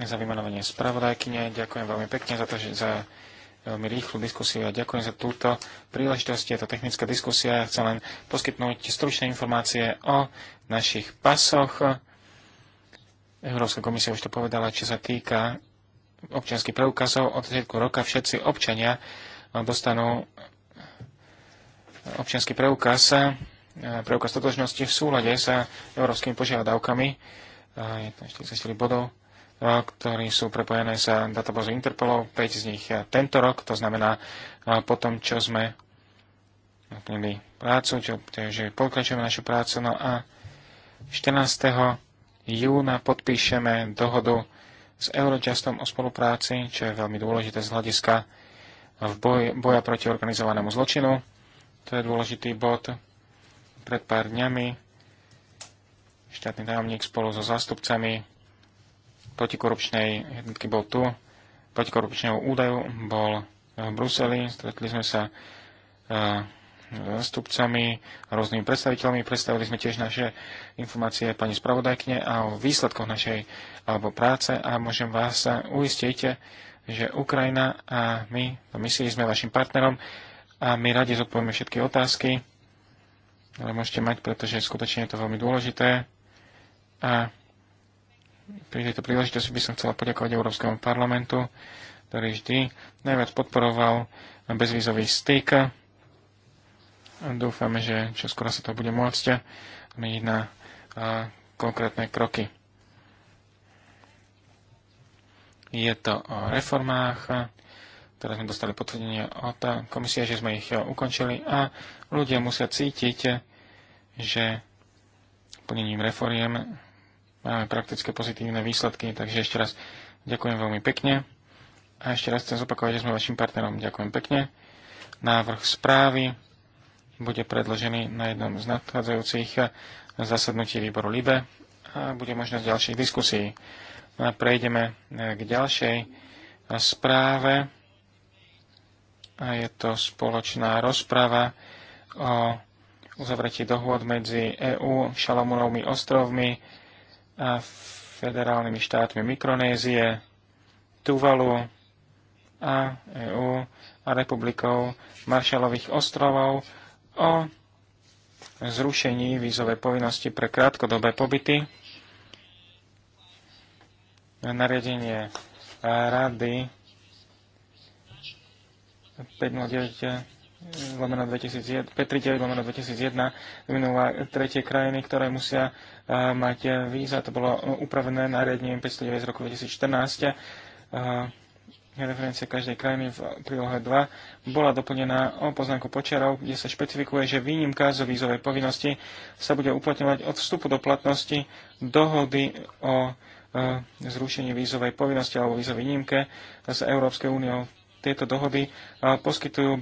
za vymenovanie spravodajkyne. Ďakujem veľmi pekne za to, že za veľmi rýchlu diskusiu a ďakujem za túto príležitosť. Je to technická diskusia. Ja chcem len poskytnúť stručné informácie o našich pasoch. Európska komisia už to povedala, čo sa týka občianských preukazov. Od začiatku roka všetci občania dostanú občianský preukaz Eh, preukaz totožnosti v súlade s európskymi požiadavkami. Je tam 44 bodov, eh, ktorí sú prepojené s databázou Interpolov, 5 z nich eh, tento rok, to znamená po tom, čo sme naplnili prácu, čo, takže pokračujeme našu prácu. No a 14. júna podpíšeme dohodu s Eurojustom o spolupráci, čo je veľmi dôležité z hľadiska v boji, boja proti organizovanému zločinu. To je dôležitý bod pred pár dňami štátny tajomník spolu so zástupcami protikorupčnej jednotky bol tu, protikorupčného údaju bol v Bruseli, stretli sme sa eh, zástupcami, rôznymi predstaviteľmi. Predstavili sme tiež naše informácie pani spravodajkne a o výsledkoch našej alebo práce a môžem vás uistiť, že Ukrajina a my to misii sme vašim partnerom a my radi zodpovieme všetky otázky ale môžete mať, pretože skutočne je to veľmi dôležité. A pri tejto príležitosti by som chcela poďakovať Európskemu parlamentu, ktorý vždy najviac podporoval bezvízový styk. Dúfame, že čoskoro sa to bude môcť meniť na konkrétne kroky. Je to o reformách, ktoré sme dostali potvrdenie od komisie, že sme ich eh, ukončili a ľudia musia cítiť, že plnením reforiem máme praktické pozitívne výsledky. Takže ešte raz ďakujem veľmi pekne a ešte raz chcem zopakovať, že sme vašim partnerom. Ďakujem pekne. Návrh správy bude predložený na jednom z nadchádzajúcich eh, zasadnutí výboru LIBE a bude možnosť ďalších diskusí. prejdeme eh, k ďalšej správe a je to spoločná rozprava o uzavretí dohôd medzi EÚ, Šalamunovými ostrovmi a federálnymi štátmi Mikronézie, Tuvalu a EÚ a republikou Maršalových ostrovov o zrušení vízovej povinnosti pre krátkodobé pobyty. Nariadenie Rady 2001, 539 tretie krajiny, ktoré musia eh, mať eh, víza. To bolo eh, upravené nariadením 509 z roku 2014. Referencia každej krajiny v prílohe 2 bola doplnená o poznámku počiarov, kde sa špecifikuje, že výnimka zo vízovej povinnosti sa bude uplatňovať od vstupu do platnosti dohody o zrušení vízovej povinnosti alebo vízovej výnimke z Európskej úniou tieto dohody poskytujú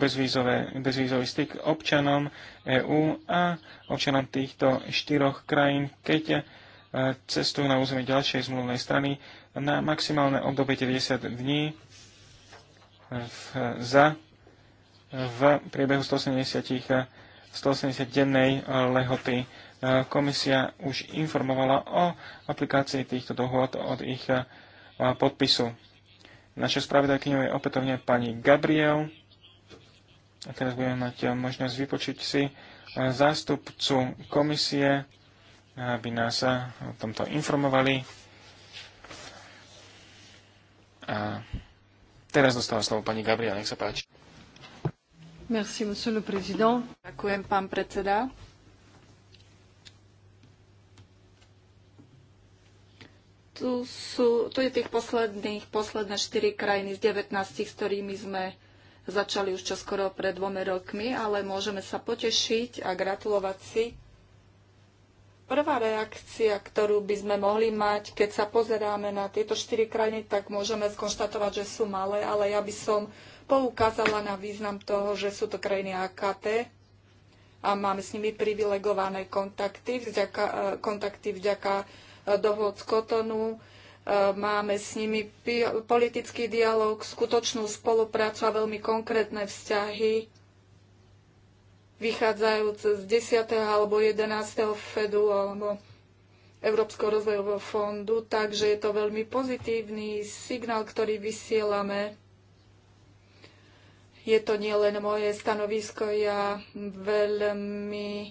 bezvízový styk občanom EÚ a občanom týchto štyroch krajín, keď e, cestujú na územie ďalšej zmluvnej strany na maximálne obdobie 90 dní e, v, za v priebehu 180, 180 e, dennej lehoty. Komisia už informovala o aplikácii týchto dohod od ich podpisu. Naša spravodajkyňou je opätovne pani Gabriel. A teraz budeme mať možnosť vypočuť si e, zástupcu komisie, aby nás e, o tomto informovali. A teraz dostáva slovo pani Gabriel, nech sa páči. Merci, monsieur le président. Ďakujem, pán predseda. Tu, sú, tu je tých posledných, posledné 4 krajiny z 19, s ktorými sme začali už čoskoro pred dvome rokmi, ale môžeme sa potešiť a gratulovať si. Prvá reakcia, ktorú by sme mohli mať, keď sa pozeráme na tieto štyri krajiny, tak môžeme skonštatovať, že sú malé, ale ja by som poukázala na význam toho, že sú to krajiny AKT, a máme s nimi privilegované kontakty vďaka, eh, kontakty vďaka dohod z Kotonu, e, máme s nimi politický dialog, skutočnú spoluprácu a veľmi konkrétne vzťahy, vychádzajúce z 10. alebo 11. Fedu alebo Európskeho rozvojového fondu, takže je to veľmi pozitívny signál, ktorý vysielame. Je to nielen moje stanovisko, ja veľmi uh,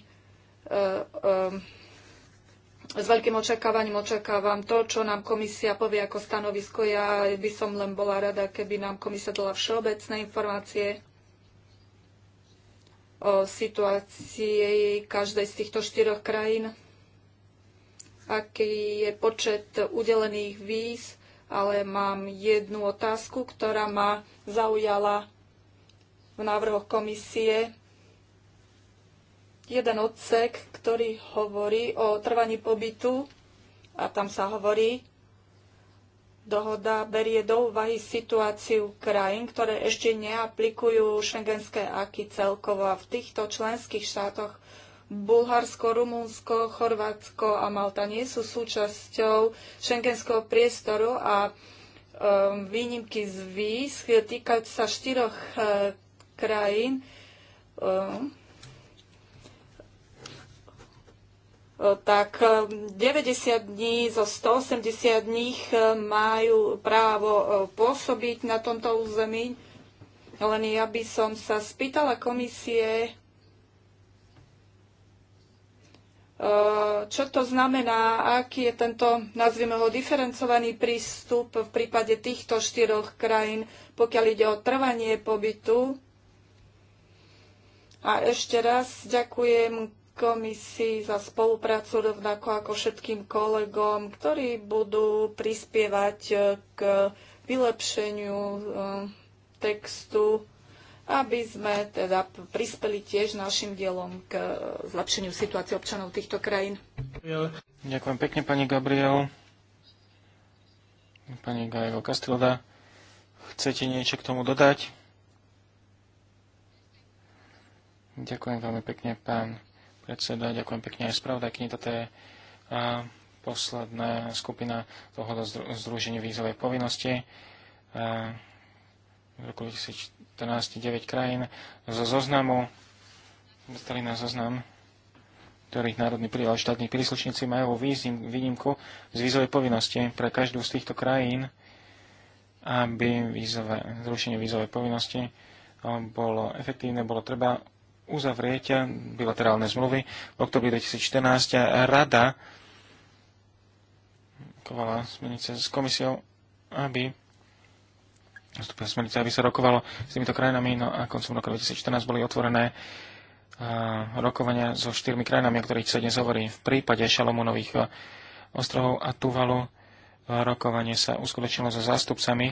uh, s veľkým očakávaním očakávam to, čo nám komisia povie ako stanovisko. Ja by som len bola rada, keby nám komisia dala všeobecné informácie o situácii každej z týchto štyroch krajín, aký je počet udelených víz, ale mám jednu otázku, ktorá ma zaujala v návrhoch komisie jeden odsek, ktorý hovorí o trvaní pobytu a tam sa hovorí, dohoda berie do úvahy situáciu krajín, ktoré ešte neaplikujú šengenské aky celkovo a v týchto členských štátoch Bulharsko, Rumunsko, Chorvátsko a Malta nie sú súčasťou šengenského priestoru a um, výnimky z výsk týkajú sa štyroch uh, krajín. Um, tak 90 ehm, dní zo 180 dní ehm, majú právo ehm, pôsobiť na tomto území. Len ja by som sa spýtala komisie, čo to znamená, aký je tento, nazvime ho, diferencovaný prístup v prípade týchto štyroch krajín, pokiaľ ide o trvanie pobytu. A ešte raz ďakujem komisii za spoluprácu, rovnako ako všetkým kolegom, ktorí budú prispievať e, k vylepšeniu e, textu, aby sme teda prispeli tiež našim dielom k e, zlepšeniu situácie občanov týchto krajín. Ďakujem pekne, pani Gabriel. Pani Gajego Castilda, chcete niečo k tomu dodať? Ďakujem veľmi pekne, pán predseda, ďakujem pekne aj spravodajkyni. Toto je a, posledná skupina toho združenia vízovej povinnosti. A, v roku 2014 9 krajín zo zoznamu dostali na zoznam ktorých národní príval štátni príslušníci majú výnimku z vízovej povinnosti pre každú z týchto krajín, aby vízové, zrušenie vízovej povinnosti bolo efektívne, bolo treba uzavrieť bilaterálne zmluvy. V oktobri 2014 rada kovala smernice s komisiou, aby vstúpila smernice, aby sa rokovalo s týmito krajinami. No a koncom roku 2014 boli otvorené rokovania so štyrmi krajinami, o ktorých sa dnes hovorí. V prípade Šalomunových e, ostrovov a Tuvalu e, rokovanie sa uskutočnilo so zástupcami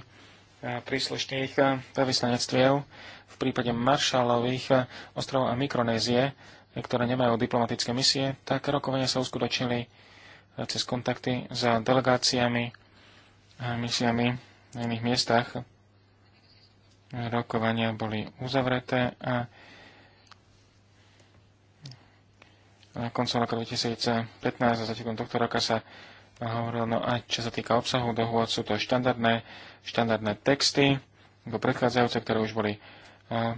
Eh, príslušných eh, veľvyslanectiev v prípade maršálových eh, ostrovov a Mikronézie, ktoré nemajú diplomatické misie, tak rokovania sa uskutočnili cez kontakty za delegáciami a misiami na iných miestach. Rokovania boli uzavreté a na koncu roku 2015 a začiatkom tohto roka sa hovoril, no a čo sa týka obsahu dohôd, sú to štandardné, štandardné texty, ako predchádzajúce, ktoré už boli uh,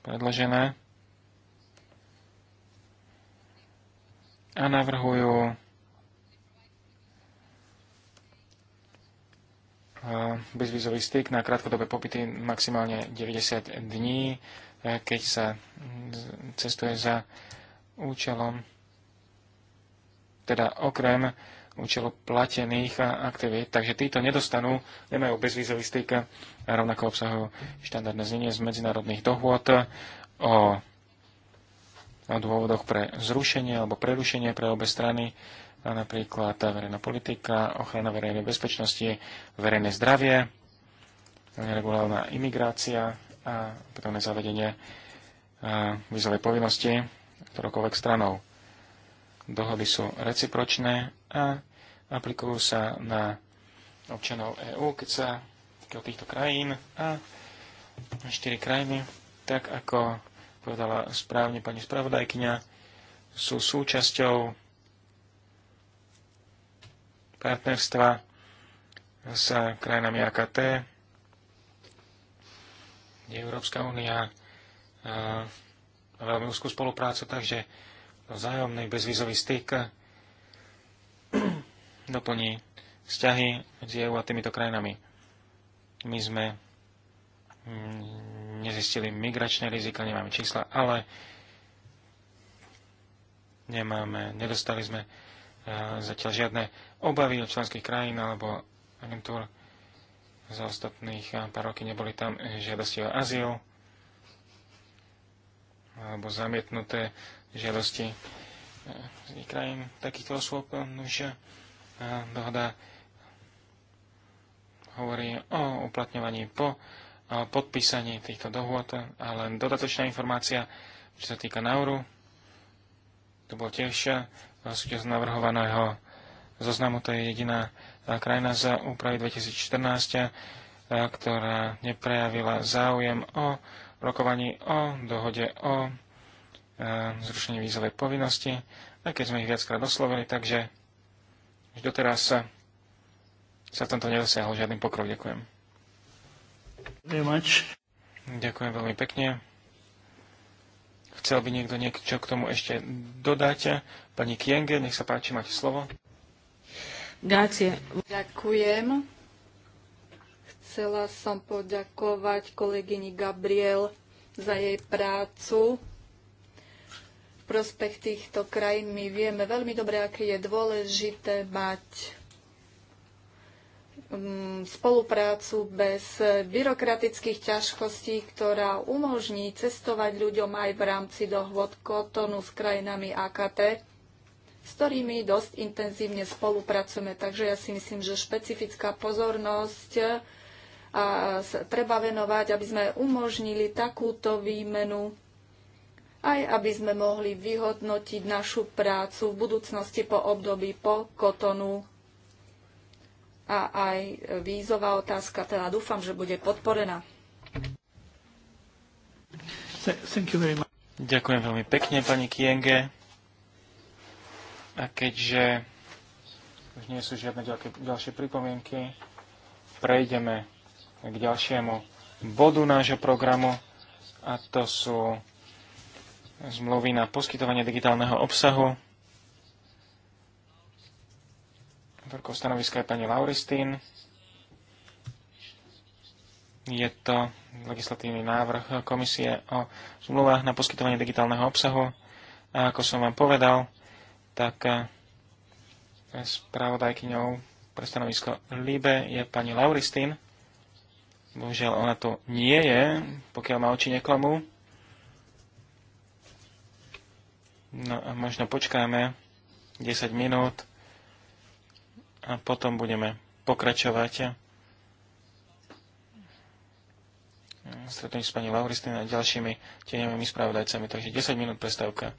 predložené. A navrhujú uh, bezvizový styk na krátkodobé popyty maximálne 90 dní, uh, keď sa cestuje za účelom, teda okrem účelu platených aktivít, takže títo nedostanú, nemajú bezvízový styk a rovnako obsahujú štandardné znenie z medzinárodných dohôd o, o dôvodoch pre zrušenie alebo prerušenie pre obe strany, a napríklad verejná politika, ochrana verejnej bezpečnosti, verejné zdravie, neregulárna imigrácia a potom zavedenie vízovej povinnosti ktoroukoľvek stranou. Dohody sú recipročné a aplikujú sa na občanov EÚ, keď sa do týchto krajín a štyri krajiny, tak ako povedala správne pani spravodajkňa, sú súčasťou partnerstva s krajinami AKT, kde Európska únia veľmi úzkú spoluprácu, takže vzájomný bezvizový styk doplní vzťahy medzi EU a týmito krajinami. My sme mm, nezistili migračné rizika, nemáme čísla, ale nemáme, nedostali sme e, zatiaľ žiadne obavy od členských krajín alebo agentúr za ostatných e, pár roky neboli tam žiadosti o azyl alebo zamietnuté žiadosti e, z krajín takýchto osôb. že dohoda hovorí o uplatňovaní po podpísaní týchto dohôd ale len dodatočná informácia, čo sa týka Nauru. To bolo tiež súčasť navrhovaného zoznamu. To je jediná krajina za úpravy 2014, ktorá neprejavila záujem o rokovaní o dohode o zrušení vízovej povinnosti, aj keď sme ich viackrát oslovili, takže až doteraz sa, sa v tomto nedosiahol žiadny pokrok. Ďakujem. Ďakujem veľmi pekne. Chcel by niekto niečo k tomu ešte dodať? Pani Kienge, nech sa páči, máte slovo. Grazie. Ďakujem. Chcela som poďakovať kolegyni Gabriel za jej prácu prospech týchto krajín. My vieme veľmi dobre, aké je dôležité mať mm, spoluprácu bez byrokratických ťažkostí, ktorá umožní cestovať ľuďom aj v rámci dohôd Kotonu s krajinami AKT, s ktorými dosť intenzívne spolupracujeme. Takže ja si myslím, že špecifická pozornosť a treba venovať, aby sme umožnili takúto výmenu aj aby sme mohli vyhodnotiť našu prácu v budúcnosti po období po kotonu a aj vízová otázka, teda dúfam, že bude podporená. Ďakujem veľmi pekne, pani Kienge. A keďže už nie sú žiadne ďalšie pripomienky, prejdeme k ďalšiemu bodu nášho programu a to sú zmluvy na poskytovanie digitálneho obsahu. Autorkou stanoviska je pani Lauristín. Je to legislatívny návrh komisie o zmluvách na poskytovanie digitálneho obsahu. A ako som vám povedal, tak eh, spravodajkyňou pre stanovisko LIBE je pani Lauristín. Bohužiaľ, ona tu nie je, pokiaľ ma oči neklamú. No a možno počkáme 10 minút a potom budeme pokračovať. Stretnúť s pani Lauristinou a ďalšími tieňovými spravodajcami. Takže 10 minút prestávka.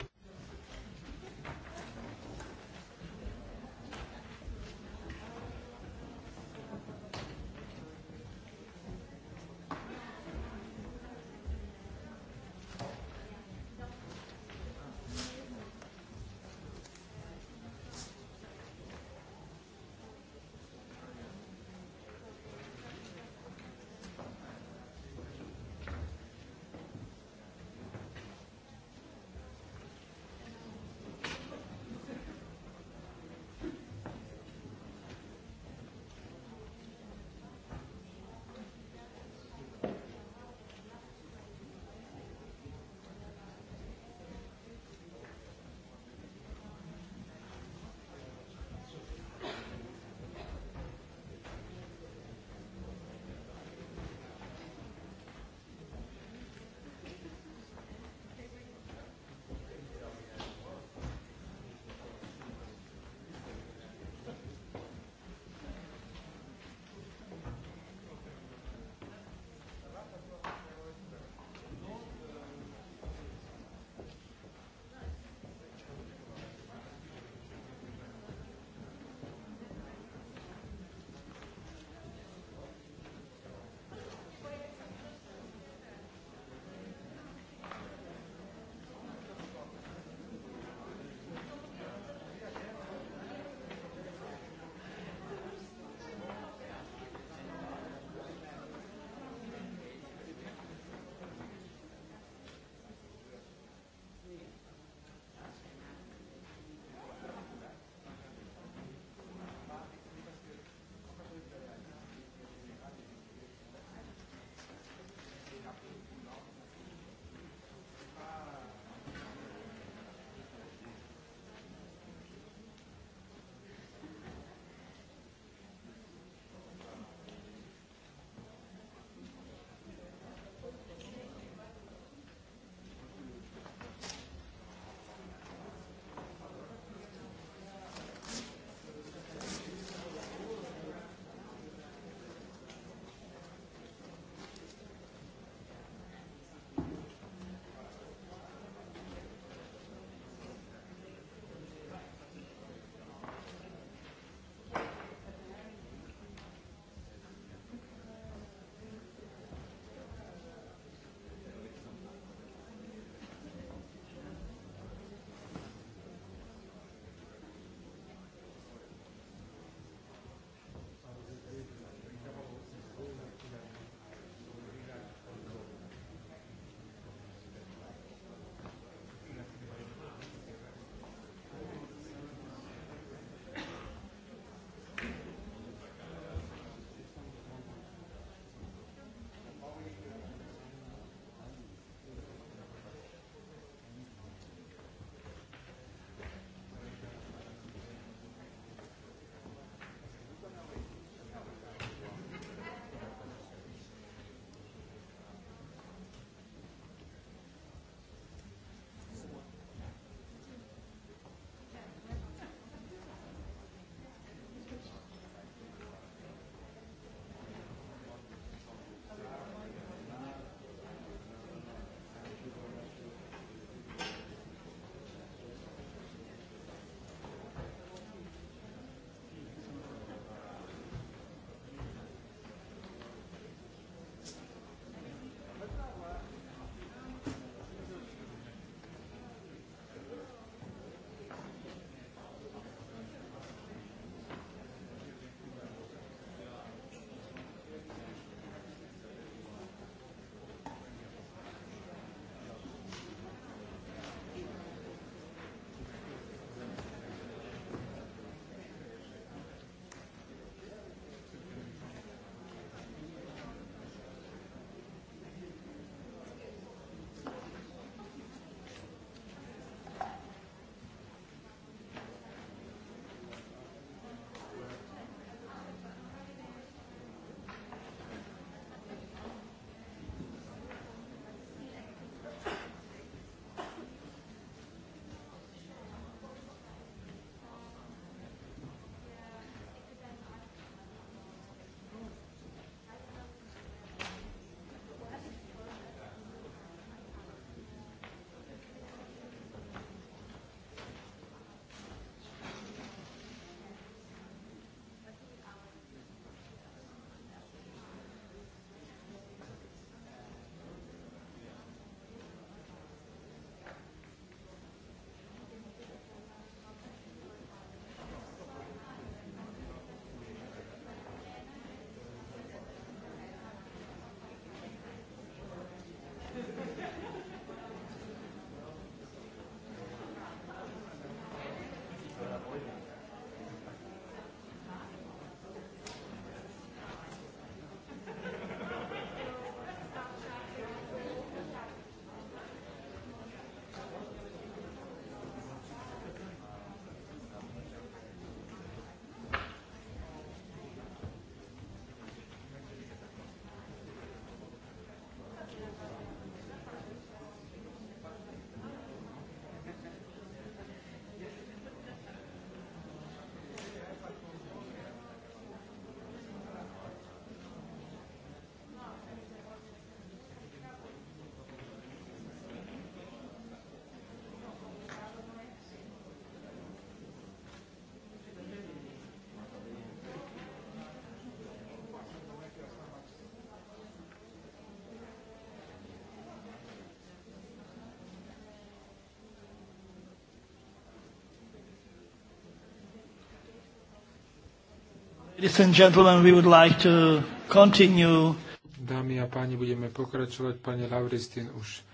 Dámy a páni, budeme pokračovať. Pani Lauristin už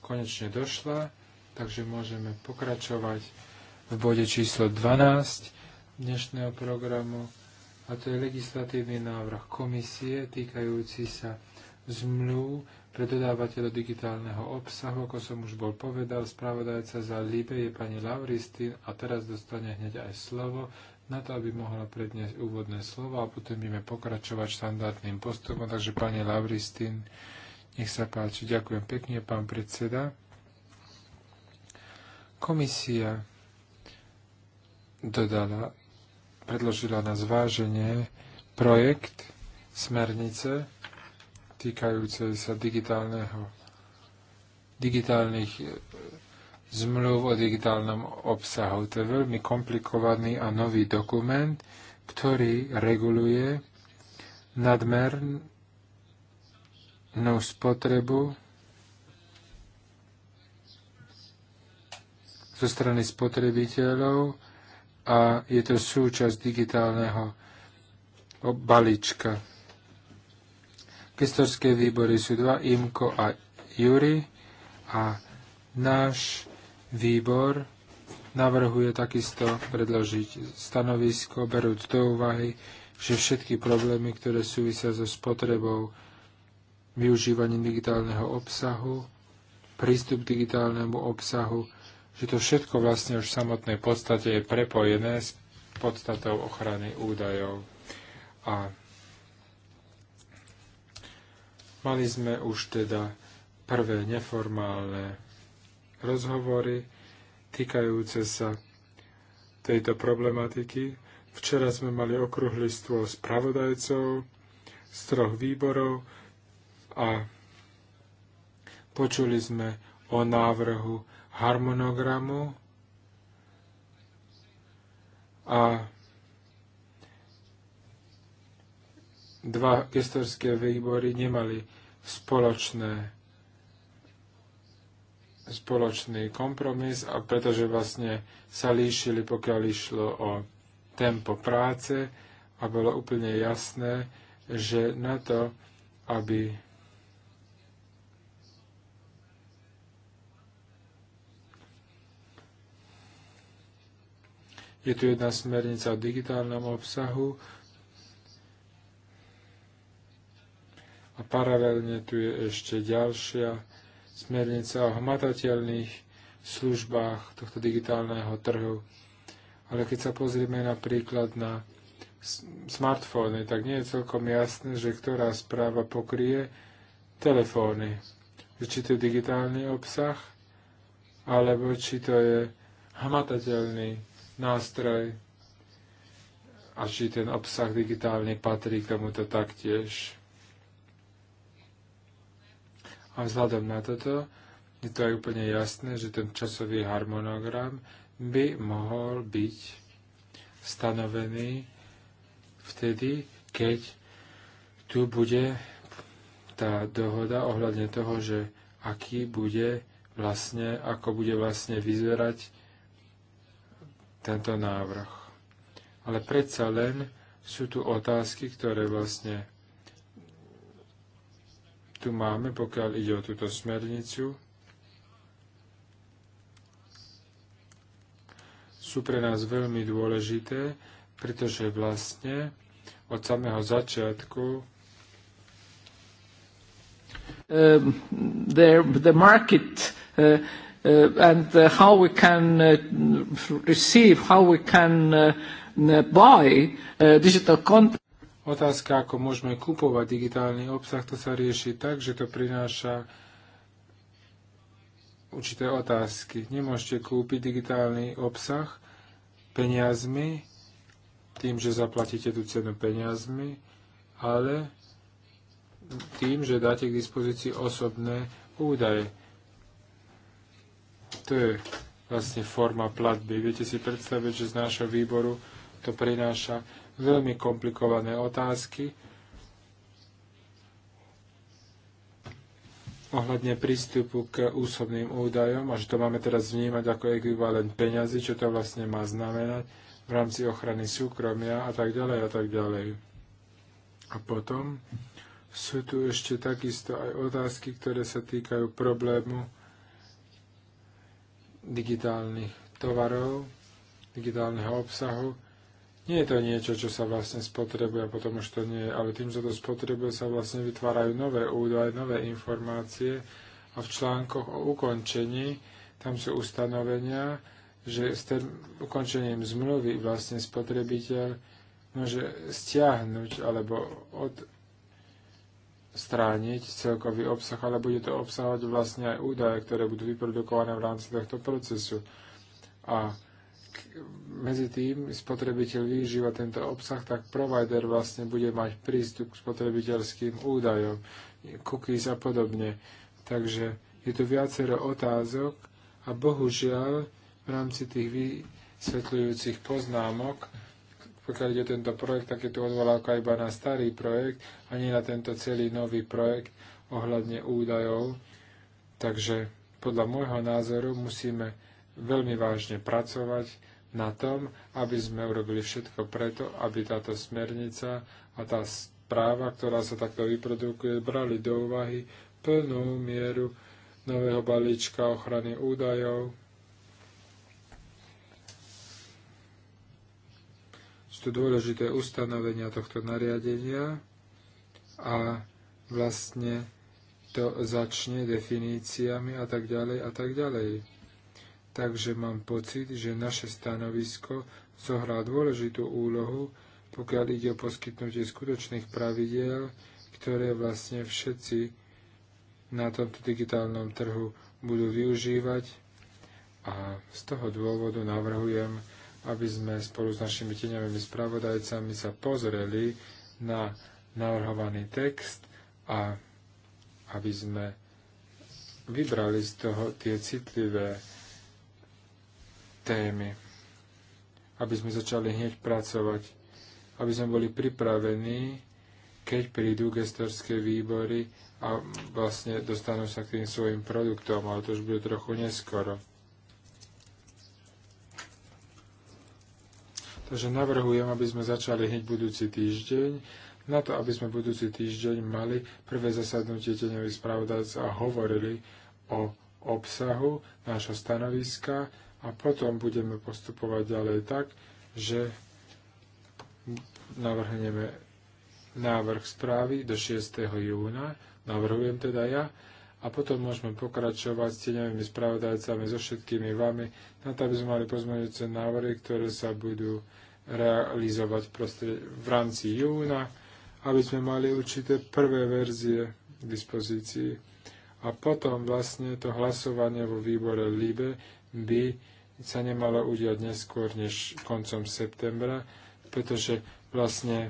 konečne došla, takže môžeme pokračovať v bode číslo 12 dnešného programu a to je legislatívny návrh komisie týkajúci sa zmluv pre dodávateľa digitálneho obsahu, ako som už bol povedal, spravodajca za Libe je pani Lauristin a teraz dostane hneď aj slovo na to, aby mohla predniesť úvodné slovo a potom budeme pokračovať štandardným postupom. Takže pani Lauristin, nech sa páči. Ďakujem pekne, pán predseda. Komisia dodala, predložila na zváženie projekt smernice týkajúce sa digitálneho, digitálnych e, zmluv o digitálnom obsahu. To je veľmi komplikovaný a nový dokument, ktorý reguluje nadmernú spotrebu zo strany spotrebiteľov a je to súčasť digitálneho balíčka. Pistorské výbory sú dva, IMKO a Juri. A náš výbor navrhuje takisto predložiť stanovisko, berúť do úvahy, že všetky problémy, ktoré súvisia so spotrebou, využívaním digitálneho obsahu, prístup k digitálnemu obsahu, že to všetko vlastne už v samotnej podstate je prepojené s podstatou ochrany údajov. A Mali sme už teda prvé neformálne rozhovory týkajúce sa tejto problematiky. Včera sme mali okrúhly stôl spravodajcov z troch výborov a počuli sme o návrhu harmonogramu a dva gestorské výbory nemali spoločné spoločný kompromis a pretože vlastne sa líšili, pokiaľ išlo o tempo práce a bolo úplne jasné, že na to, aby je tu jedna smernica o digitálnom obsahu, A paralelne tu je ešte ďalšia smernica o hmatateľných službách tohto digitálneho trhu. Ale keď sa pozrieme napríklad na smartfóny, tak nie je celkom jasné, že ktorá správa pokrie telefóny. Či to je digitálny obsah, alebo či to je hmatateľný nástroj a či ten obsah digitálny patrí k tomuto taktiež. A vzhľadom na toto je to aj úplne jasné, že ten časový harmonogram by mohol byť stanovený vtedy, keď tu bude tá dohoda ohľadne toho, že aký bude vlastne, ako bude vlastne vyzerať tento návrh. Ale predsa len sú tu otázky, ktoré vlastne tu máme, pokiaľ ide o túto smernicu, sú pre nás veľmi dôležité, pretože vlastne od samého začiatku uh, the, the market uh, uh, and uh, how we can uh, receive, how we can uh, buy uh, digital content Otázka, ako môžeme kupovať digitálny obsah, to sa rieši tak, že to prináša určité otázky. Nemôžete kúpiť digitálny obsah peniazmi, tým, že zaplatíte tú cenu peniazmi, ale tým, že dáte k dispozícii osobné údaje. To je vlastne forma platby. Viete si predstaviť, že z nášho výboru to prináša veľmi komplikované otázky ohľadne prístupu k úsobným údajom a že to máme teraz vnímať ako ekvivalent peňazí, čo to vlastne má znamenať v rámci ochrany súkromia a tak ďalej a tak ďalej. A potom sú tu ešte takisto aj otázky, ktoré sa týkajú problému digitálnych tovarov, digitálneho obsahu. Nie je to niečo, čo sa vlastne spotrebuje a potom už to nie je, ale tým, že to spotrebuje, sa vlastne vytvárajú nové údaje, nové informácie a v článkoch o ukončení tam sú ustanovenia, že s tým ukončením zmluvy vlastne spotrebiteľ môže stiahnuť alebo odstrániť celkový obsah, ale bude to obsahovať vlastne aj údaje, ktoré budú vyprodukované v rámci tohto procesu. A medzi tým spotrebiteľ využíva tento obsah, tak provider vlastne bude mať prístup k spotrebiteľským údajom, cookies a podobne. Takže je tu viacero otázok a bohužiaľ v rámci tých vysvetľujúcich poznámok, pokiaľ ide tento projekt, tak je tu odvolávka iba na starý projekt a nie na tento celý nový projekt ohľadne údajov. Takže podľa môjho názoru musíme veľmi vážne pracovať na tom, aby sme urobili všetko preto, aby táto smernica a tá správa, ktorá sa takto vyprodukuje, brali do úvahy plnú mieru nového balíčka ochrany údajov. Sú tu dôležité ustanovenia tohto nariadenia a vlastne to začne definíciami a tak ďalej a tak ďalej takže mám pocit, že naše stanovisko zohrá dôležitú úlohu, pokiaľ ide o poskytnutie skutočných pravidiel, ktoré vlastne všetci na tomto digitálnom trhu budú využívať. A z toho dôvodu navrhujem, aby sme spolu s našimi teňovými spravodajcami sa pozreli na navrhovaný text a aby sme vybrali z toho tie citlivé témy, aby sme začali hneď pracovať, aby sme boli pripravení, keď prídu gestorské výbory a vlastne dostanú sa k tým svojim produktom, ale to už bude trochu neskoro. Takže navrhujem, aby sme začali hneď budúci týždeň, na to, aby sme budúci týždeň mali prvé zasadnutie teňových spravodajcov a hovorili o obsahu nášho stanoviska, a potom budeme postupovať ďalej tak, že navrhneme návrh správy do 6. júna, navrhujem teda ja, a potom môžeme pokračovať s tieňovými spravodajcami, so všetkými vami, na to, aby sme mali pozmeňujúce návrhy, ktoré sa budú realizovať v rámci júna, aby sme mali určité prvé verzie k dispozícii. A potom vlastne to hlasovanie vo výbore LIBE by sa nemala udiať neskôr než koncom septembra, pretože vlastne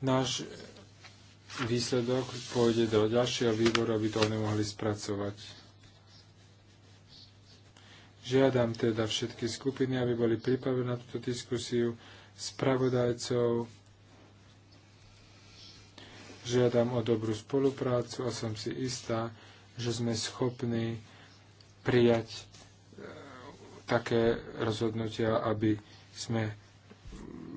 náš výsledok pôjde do ďalšieho výboru, aby to nemohli spracovať. Žiadam teda všetky skupiny, aby boli pripravené na túto diskusiu, spravodajcov, žiadam o dobrú spoluprácu a som si istá, že sme schopní prijať e, také rozhodnutia, aby sme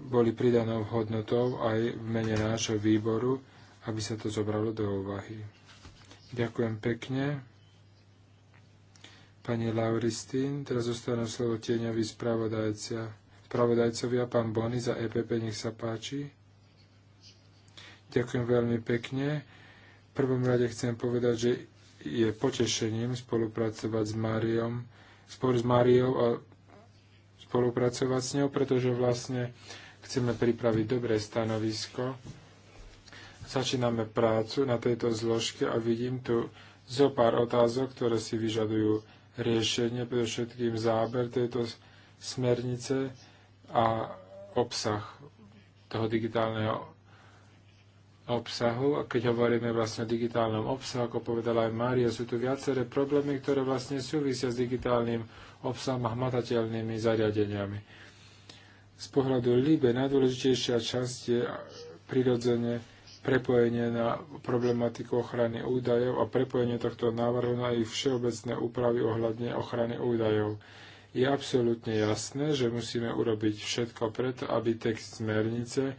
boli pridanou hodnotou aj v mene nášho výboru, aby sa to zobralo do úvahy. Ďakujem pekne. Pani Lauristín, teraz zostanú slovo tieňový spravodajca. Spravodajcovia, pán Bony za EPP, nech sa páči. Ďakujem veľmi pekne. V prvom rade chcem povedať, že je potešením spolupracovať s Máriom, spolu s Máriou a spolupracovať s ňou, pretože vlastne chceme pripraviť dobré stanovisko. Začíname prácu na tejto zložke a vidím tu zo pár otázok, ktoré si vyžadujú riešenie, predovšetkým záber tejto smernice a obsah toho digitálneho obsahu. A keď hovoríme vlastne o digitálnom obsahu, ako povedala aj Mária, sú tu viaceré problémy, ktoré vlastne súvisia s digitálnym obsahom a hmatateľnými zariadeniami. Z pohľadu Líbe najdôležitejšia časť je prirodzene prepojenie na problematiku ochrany údajov a prepojenie tohto návrhu na ich všeobecné úpravy ohľadne ochrany údajov. Je absolútne jasné, že musíme urobiť všetko preto, aby text smernice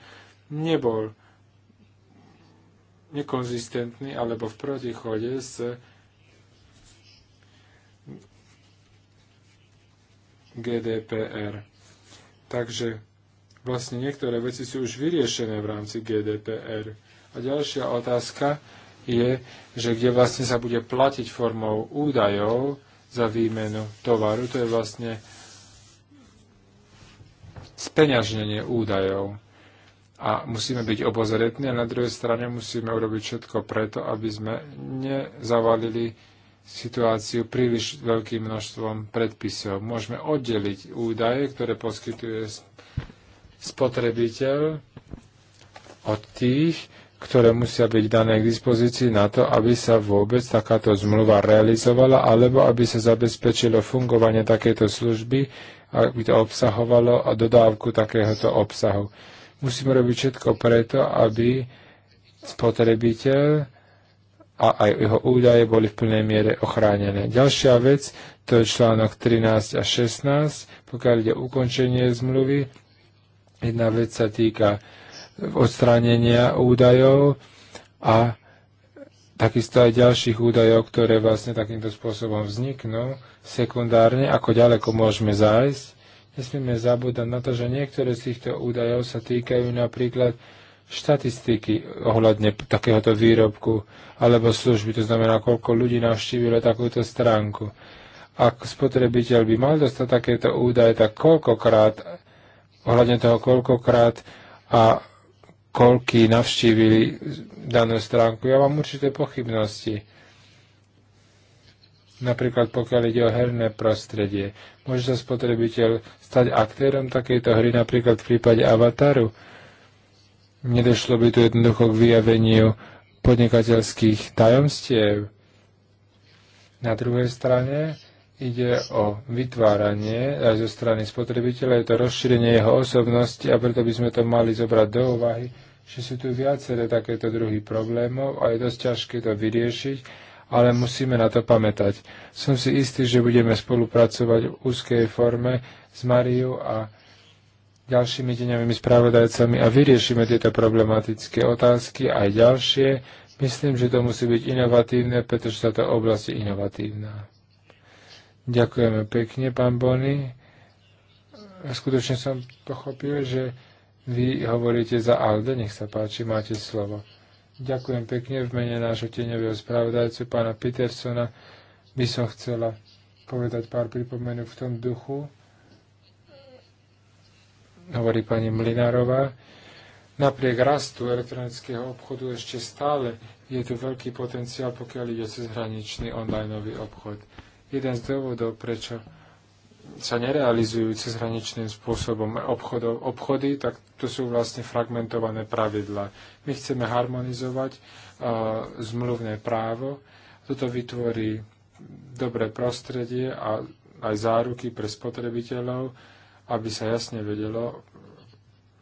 nebol nekonzistentný alebo v protichode s GDPR. Takže vlastne niektoré veci sú už vyriešené v rámci GDPR. A ďalšia otázka je, že kde vlastne sa bude platiť formou údajov za výmenu tovaru. To je vlastne speňažnenie údajov a musíme byť obozretní a na druhej strane musíme urobiť všetko preto, aby sme nezavalili situáciu príliš veľkým množstvom predpisov. Môžeme oddeliť údaje, ktoré poskytuje spotrebiteľ od tých, ktoré musia byť dané k dispozícii na to, aby sa vôbec takáto zmluva realizovala, alebo aby sa zabezpečilo fungovanie takéto služby, aby to obsahovalo a dodávku takéhoto obsahu. Musíme robiť všetko preto, aby spotrebiteľ a aj jeho údaje boli v plnej miere ochránené. Ďalšia vec, to je článok 13 a 16, pokiaľ ide o ukončenie zmluvy. Jedna vec sa týka odstránenia údajov a takisto aj ďalších údajov, ktoré vlastne takýmto spôsobom vzniknú sekundárne, ako ďaleko môžeme zájsť. Nesmieme zabúdať na to, že niektoré z týchto údajov sa týkajú napríklad štatistiky ohľadne takéhoto výrobku alebo služby, to znamená, koľko ľudí navštívilo takúto stránku. Ak spotrebiteľ by mal dostať takéto údaje, tak koľkokrát, ohľadne toho koľkokrát a koľky navštívili danú stránku, ja mám určité pochybnosti napríklad pokiaľ ide o herné prostredie. Môže sa spotrebiteľ stať aktérom takejto hry napríklad v prípade avataru. Nedošlo by tu jednoducho k vyjaveniu podnikateľských tajomstiev. Na druhej strane ide o vytváranie aj zo strany spotrebiteľa, je to rozšírenie jeho osobnosti a preto by sme to mali zobrať do úvahy, že sú tu viaceré takéto druhy problémov a je dosť ťažké to vyriešiť ale musíme na to pamätať. Som si istý, že budeme spolupracovať v úzkej forme s Mariou a ďalšími deňovými spravodajcami a vyriešime tieto problematické otázky aj ďalšie. Myslím, že to musí byť inovatívne, pretože táto oblasť je inovatívna. Ďakujeme pekne, pán Bony. Skutočne som pochopil, že vy hovoríte za Alde. Nech sa páči, máte slovo. Ďakujem pekne v mene nášho tieňového spravodajcu pána Petersona. By som chcela povedať pár pripomenú v tom duchu. Hovorí pani Mlinárová. Napriek rastu elektronického obchodu ešte stále je tu veľký potenciál, pokiaľ ide cezhraničný onlineový obchod. Jeden z dôvodov, prečo sa nerealizujú cezhraničným spôsobom obchodov, obchody, tak to sú vlastne fragmentované pravidla. My chceme harmonizovať uh, zmluvné právo. Toto vytvorí dobré prostredie a aj záruky pre spotrebiteľov, aby sa jasne vedelo,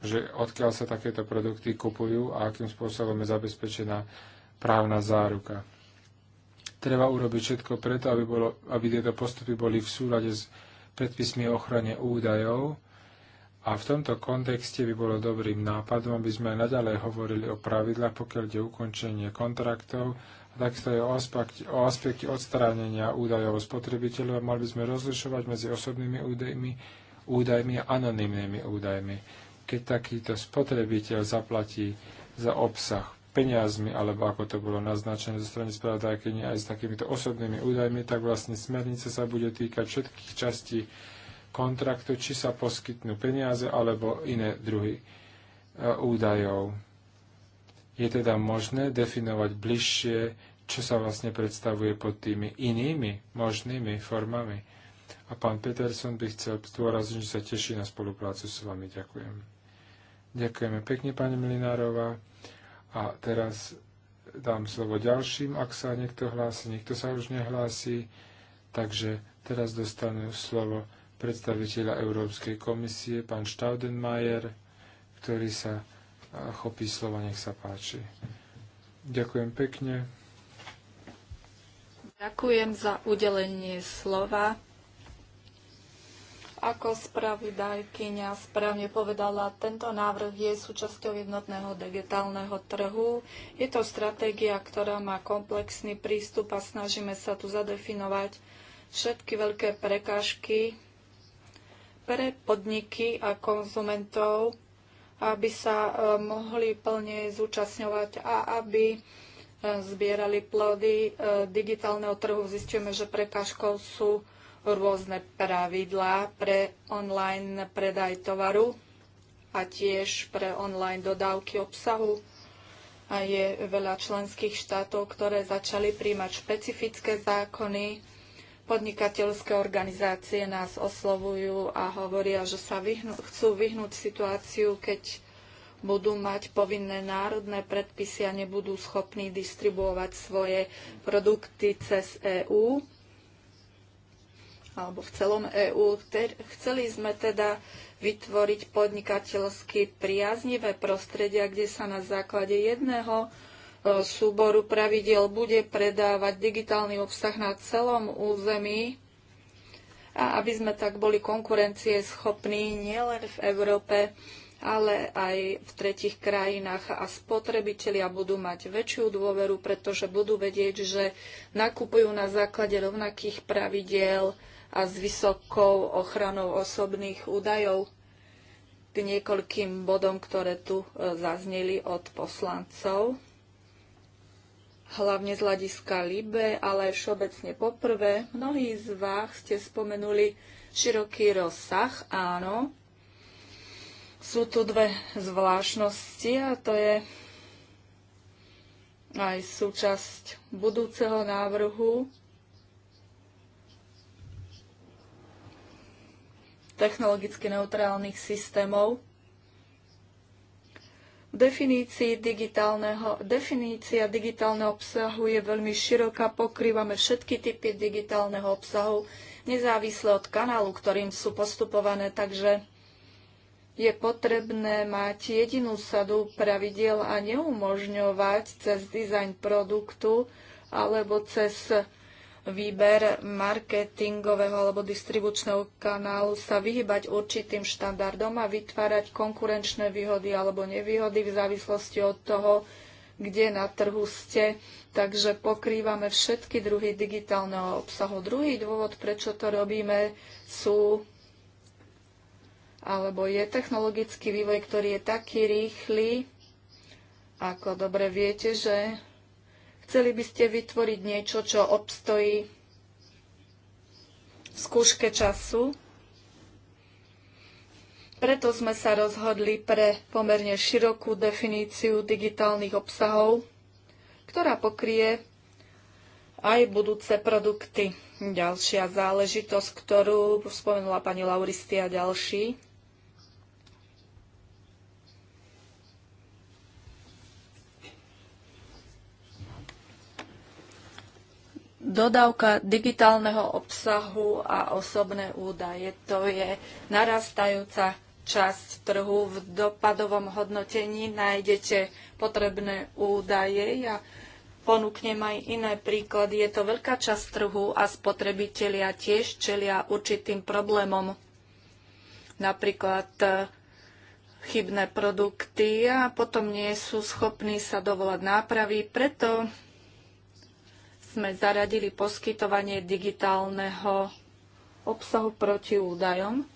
že odkiaľ sa takéto produkty kupujú a akým spôsobom je zabezpečená právna záruka. Treba urobiť všetko preto, aby, bolo, aby tieto postupy boli v súlade s predpismi o ochrane údajov, a v tomto kontexte by bolo dobrým nápadom, aby sme naďalej hovorili o pravidlách, pokiaľ ide ukončenie kontraktov, a takisto je o, o aspekte odstránenia údajov spotrebiteľov a mali by sme rozlišovať medzi osobnými údajmi, údajmi a anonymnými údajmi. Keď takýto spotrebiteľ zaplatí za obsah peniazmi, alebo ako to bolo naznačené zo strany spravodajkyne aj s takýmito osobnými údajmi, tak vlastne smernica sa bude týkať všetkých častí kontraktu, či sa poskytnú peniaze alebo iné druhy e, údajov. Je teda možné definovať bližšie, čo sa vlastne predstavuje pod tými inými možnými formami. A pán Peterson by chcel zdôrazniť, že sa teší na spoluprácu s vami. Ďakujem. Ďakujeme pekne, pani Mlinárová. A teraz dám slovo ďalším, ak sa niekto hlási, niekto sa už nehlási. Takže teraz dostanú slovo predstaviteľa Európskej komisie, pán Staudenmayer, ktorý sa chopí slova, nech sa páči. Ďakujem pekne. Ďakujem za udelenie slova. Ako spravodajkyňa správne povedala, tento návrh je súčasťou jednotného digitálneho trhu. Je to stratégia, ktorá má komplexný prístup a snažíme sa tu zadefinovať všetky veľké prekážky, pre podniky a konzumentov, aby sa e, mohli plne zúčastňovať a aby e, zbierali plody e, digitálneho trhu. Zistíme, že prekážkou sú rôzne pravidlá pre online predaj tovaru a tiež pre online dodávky obsahu. A je veľa členských štátov, ktoré začali príjmať špecifické zákony, podnikateľské organizácie nás oslovujú a hovoria, že sa vyhnú, chcú vyhnúť situáciu, keď budú mať povinné národné predpisy a nebudú schopní distribuovať svoje produkty cez EÚ alebo v celom EÚ. Chceli sme teda vytvoriť podnikateľsky priaznivé prostredia, kde sa na základe jedného súboru pravidel bude predávať digitálny obsah na celom území a aby sme tak boli konkurencie schopní nielen v Európe, ale aj v tretich krajinách a spotrebitelia budú mať väčšiu dôveru, pretože budú vedieť, že nakupujú na základe rovnakých pravidiel a s vysokou ochranou osobných údajov k niekoľkým bodom, ktoré tu e, zazneli od poslancov hlavne z hľadiska Libe, ale aj všeobecne poprvé. Mnohí z vás ste spomenuli široký rozsah, áno. Sú tu dve zvláštnosti a to je aj súčasť budúceho návrhu. technologicky neutrálnych systémov Definícii digitálneho, definícia digitálneho obsahu je veľmi široká, pokrývame všetky typy digitálneho obsahu, nezávisle od kanálu, ktorým sú postupované, takže je potrebné mať jedinú sadu pravidiel a neumožňovať cez dizajn produktu alebo cez výber marketingového alebo distribučného kanálu sa vyhybať určitým štandardom a vytvárať konkurenčné výhody alebo nevýhody v závislosti od toho, kde na trhu ste. Takže pokrývame všetky druhy digitálneho obsahu. Druhý dôvod, prečo to robíme, sú alebo je technologický vývoj, ktorý je taký rýchly, ako dobre viete, že Chceli by ste vytvoriť niečo, čo obstojí v skúške času. Preto sme sa rozhodli pre pomerne širokú definíciu digitálnych obsahov, ktorá pokrie aj budúce produkty. Ďalšia záležitosť, ktorú spomenula pani Lauristi a ďalší, Dodávka digitálneho obsahu a osobné údaje to je narastajúca časť trhu. V dopadovom hodnotení nájdete potrebné údaje. Ja ponúknem aj iné príklady. Je to veľká časť trhu a spotrebitelia tiež čelia určitým problémom. Napríklad eh, chybné produkty a potom nie sú schopní sa dovolať nápravy. Preto sme zaradili poskytovanie digitálneho obsahu proti údajom.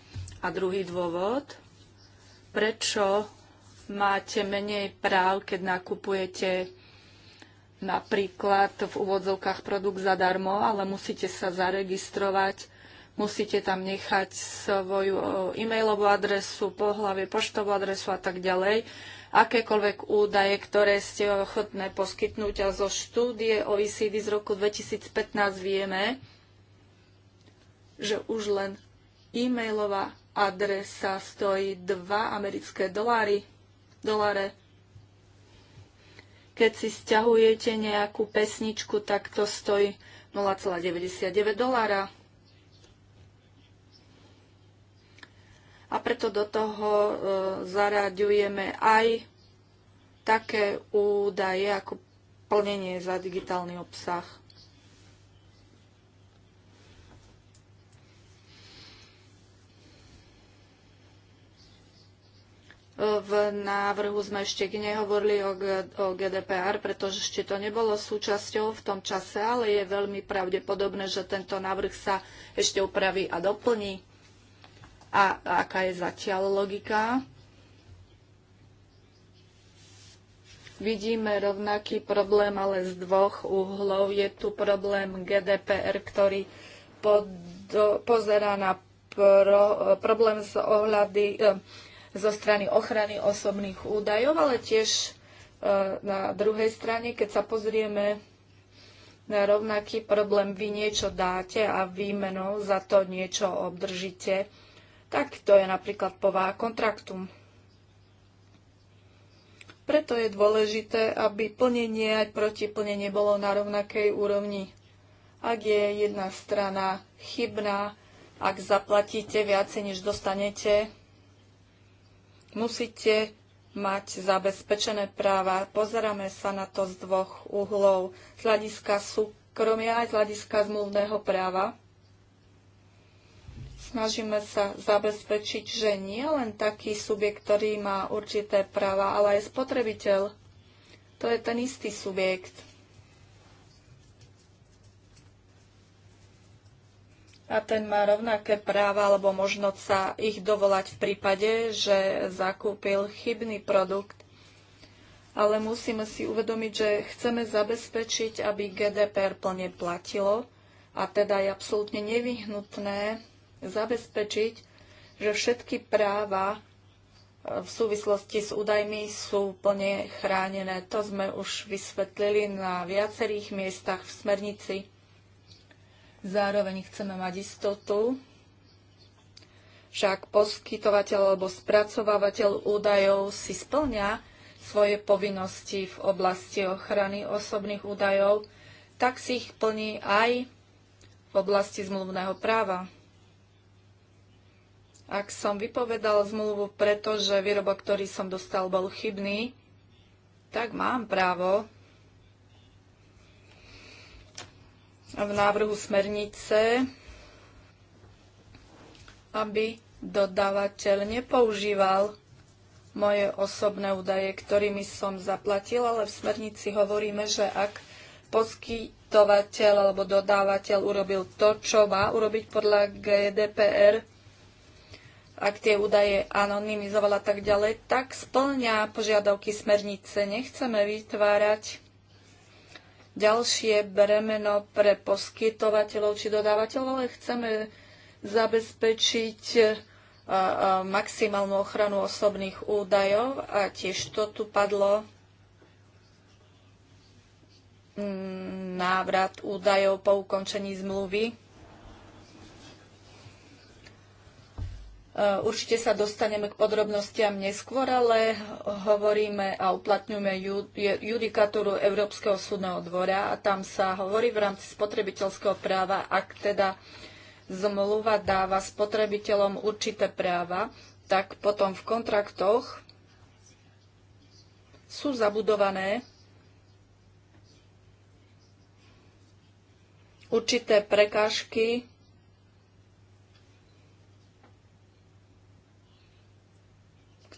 A druhý dôvod, prečo máte menej práv, keď nakupujete napríklad v úvodzovkách produkt zadarmo, ale musíte sa zaregistrovať, musíte tam nechať svoju e-mailovú adresu, pohlavie, poštovú adresu a tak ďalej akékoľvek údaje, ktoré ste ochotné poskytnúť. A zo štúdie OECD z roku 2015 vieme, že už len e-mailová adresa stojí 2 americké doláry, dolare. Keď si stiahujete nejakú pesničku, tak to stojí 0,99 dolára. a preto do toho e, zaraďujeme aj také údaje ako plnenie za digitálny obsah. E, v návrhu sme ešte nehovorili o GDPR, pretože ešte to nebolo súčasťou v tom čase, ale je veľmi pravdepodobné, že tento návrh sa ešte upraví a doplní a aká je zatiaľ logika. Vidíme rovnaký problém, ale z dvoch uhlov. Je tu problém GDPR, ktorý pod, pozera na pro, problém z ohľady, e, zo strany ochrany osobných údajov, ale tiež eh, na druhej strane, keď sa pozrieme na rovnaký problém, vy niečo dáte a výmenou za to niečo obdržíte. Tak to je napríklad povaha kontraktum. Preto je dôležité, aby plnenie aj protiplnenie bolo na rovnakej úrovni. Ak je jedna strana chybná, ak zaplatíte viacej, než dostanete, musíte mať zabezpečené práva. Pozeráme sa na to z dvoch uhlov, z hľadiska súkromia aj z hľadiska zmluvného práva snažíme sa zabezpečiť, že nie len taký subjekt, ktorý má určité práva, ale aj spotrebiteľ. To je ten istý subjekt. A ten má rovnaké práva, alebo možno sa ich dovolať v prípade, že zakúpil chybný produkt. Ale musíme si uvedomiť, že chceme zabezpečiť, aby GDPR plne platilo a teda je absolútne nevyhnutné, zabezpečiť, že všetky práva e, v súvislosti s údajmi sú plne chránené. To sme už vysvetlili na viacerých miestach v smernici. Zároveň chceme mať istotu, však poskytovateľ alebo spracovávateľ údajov si splňa svoje povinnosti v oblasti ochrany osobných údajov, tak si ich plní aj v oblasti zmluvného práva. Ak som vypovedal zmluvu preto, že výrobok, ktorý som dostal, bol chybný, tak mám právo v návrhu smernice, aby dodávateľ nepoužíval moje osobné údaje, ktorými som zaplatil, ale v smernici hovoríme, že ak poskytovateľ alebo dodávateľ urobil to, čo má urobiť podľa GDPR, ak tie údaje anonymizovala tak ďalej, tak splňa požiadavky smernice. Nechceme vytvárať ďalšie bremeno pre poskytovateľov či dodávateľov, ale chceme zabezpečiť e, e, maximálnu ochranu osobných údajov a tiež to tu padlo mm, návrat údajov po ukončení zmluvy. Eh, určite sa dostaneme k podrobnostiam neskôr, ale hovoríme a uplatňujeme judikatúru Európskeho súdneho dvora a tam sa hovorí v rámci spotrebiteľského práva, ak teda zmluva dáva spotrebiteľom určité práva, tak potom v kontraktoch sú zabudované určité prekážky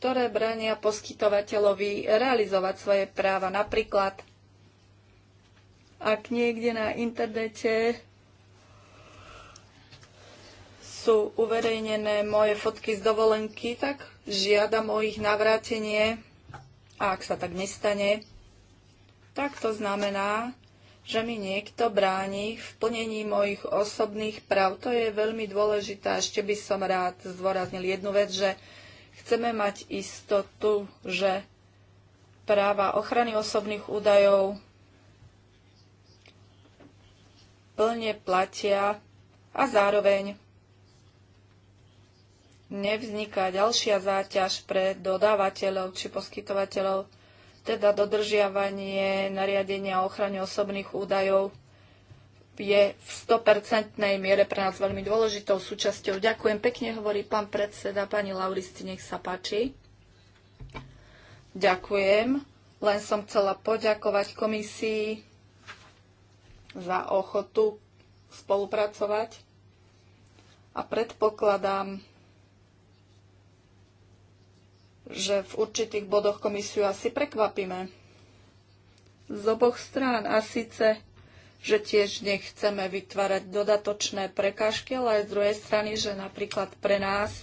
ktoré bránia poskytovateľovi realizovať svoje práva. Napríklad, ak niekde na internete sú uverejnené moje fotky z dovolenky, tak žiadam o ich navrátenie a ak sa tak nestane, tak to znamená, že mi niekto bráni v plnení mojich osobných práv. To je veľmi dôležité. Ešte by som rád zdôraznil jednu vec, že Chceme mať istotu, že práva ochrany osobných údajov plne platia a zároveň nevzniká ďalšia záťaž pre dodávateľov či poskytovateľov, teda dodržiavanie nariadenia o ochrane osobných údajov je v 100% miere pre nás veľmi dôležitou súčasťou. Ďakujem pekne, hovorí pán predseda, pani Lauristi, nech sa páči. Ďakujem. Len som chcela poďakovať komisii za ochotu spolupracovať a predpokladám, že v určitých bodoch komisiu asi prekvapíme. Z oboch strán a síce že tiež nechceme vytvárať dodatočné prekážky, ale aj z druhej strany, že napríklad pre nás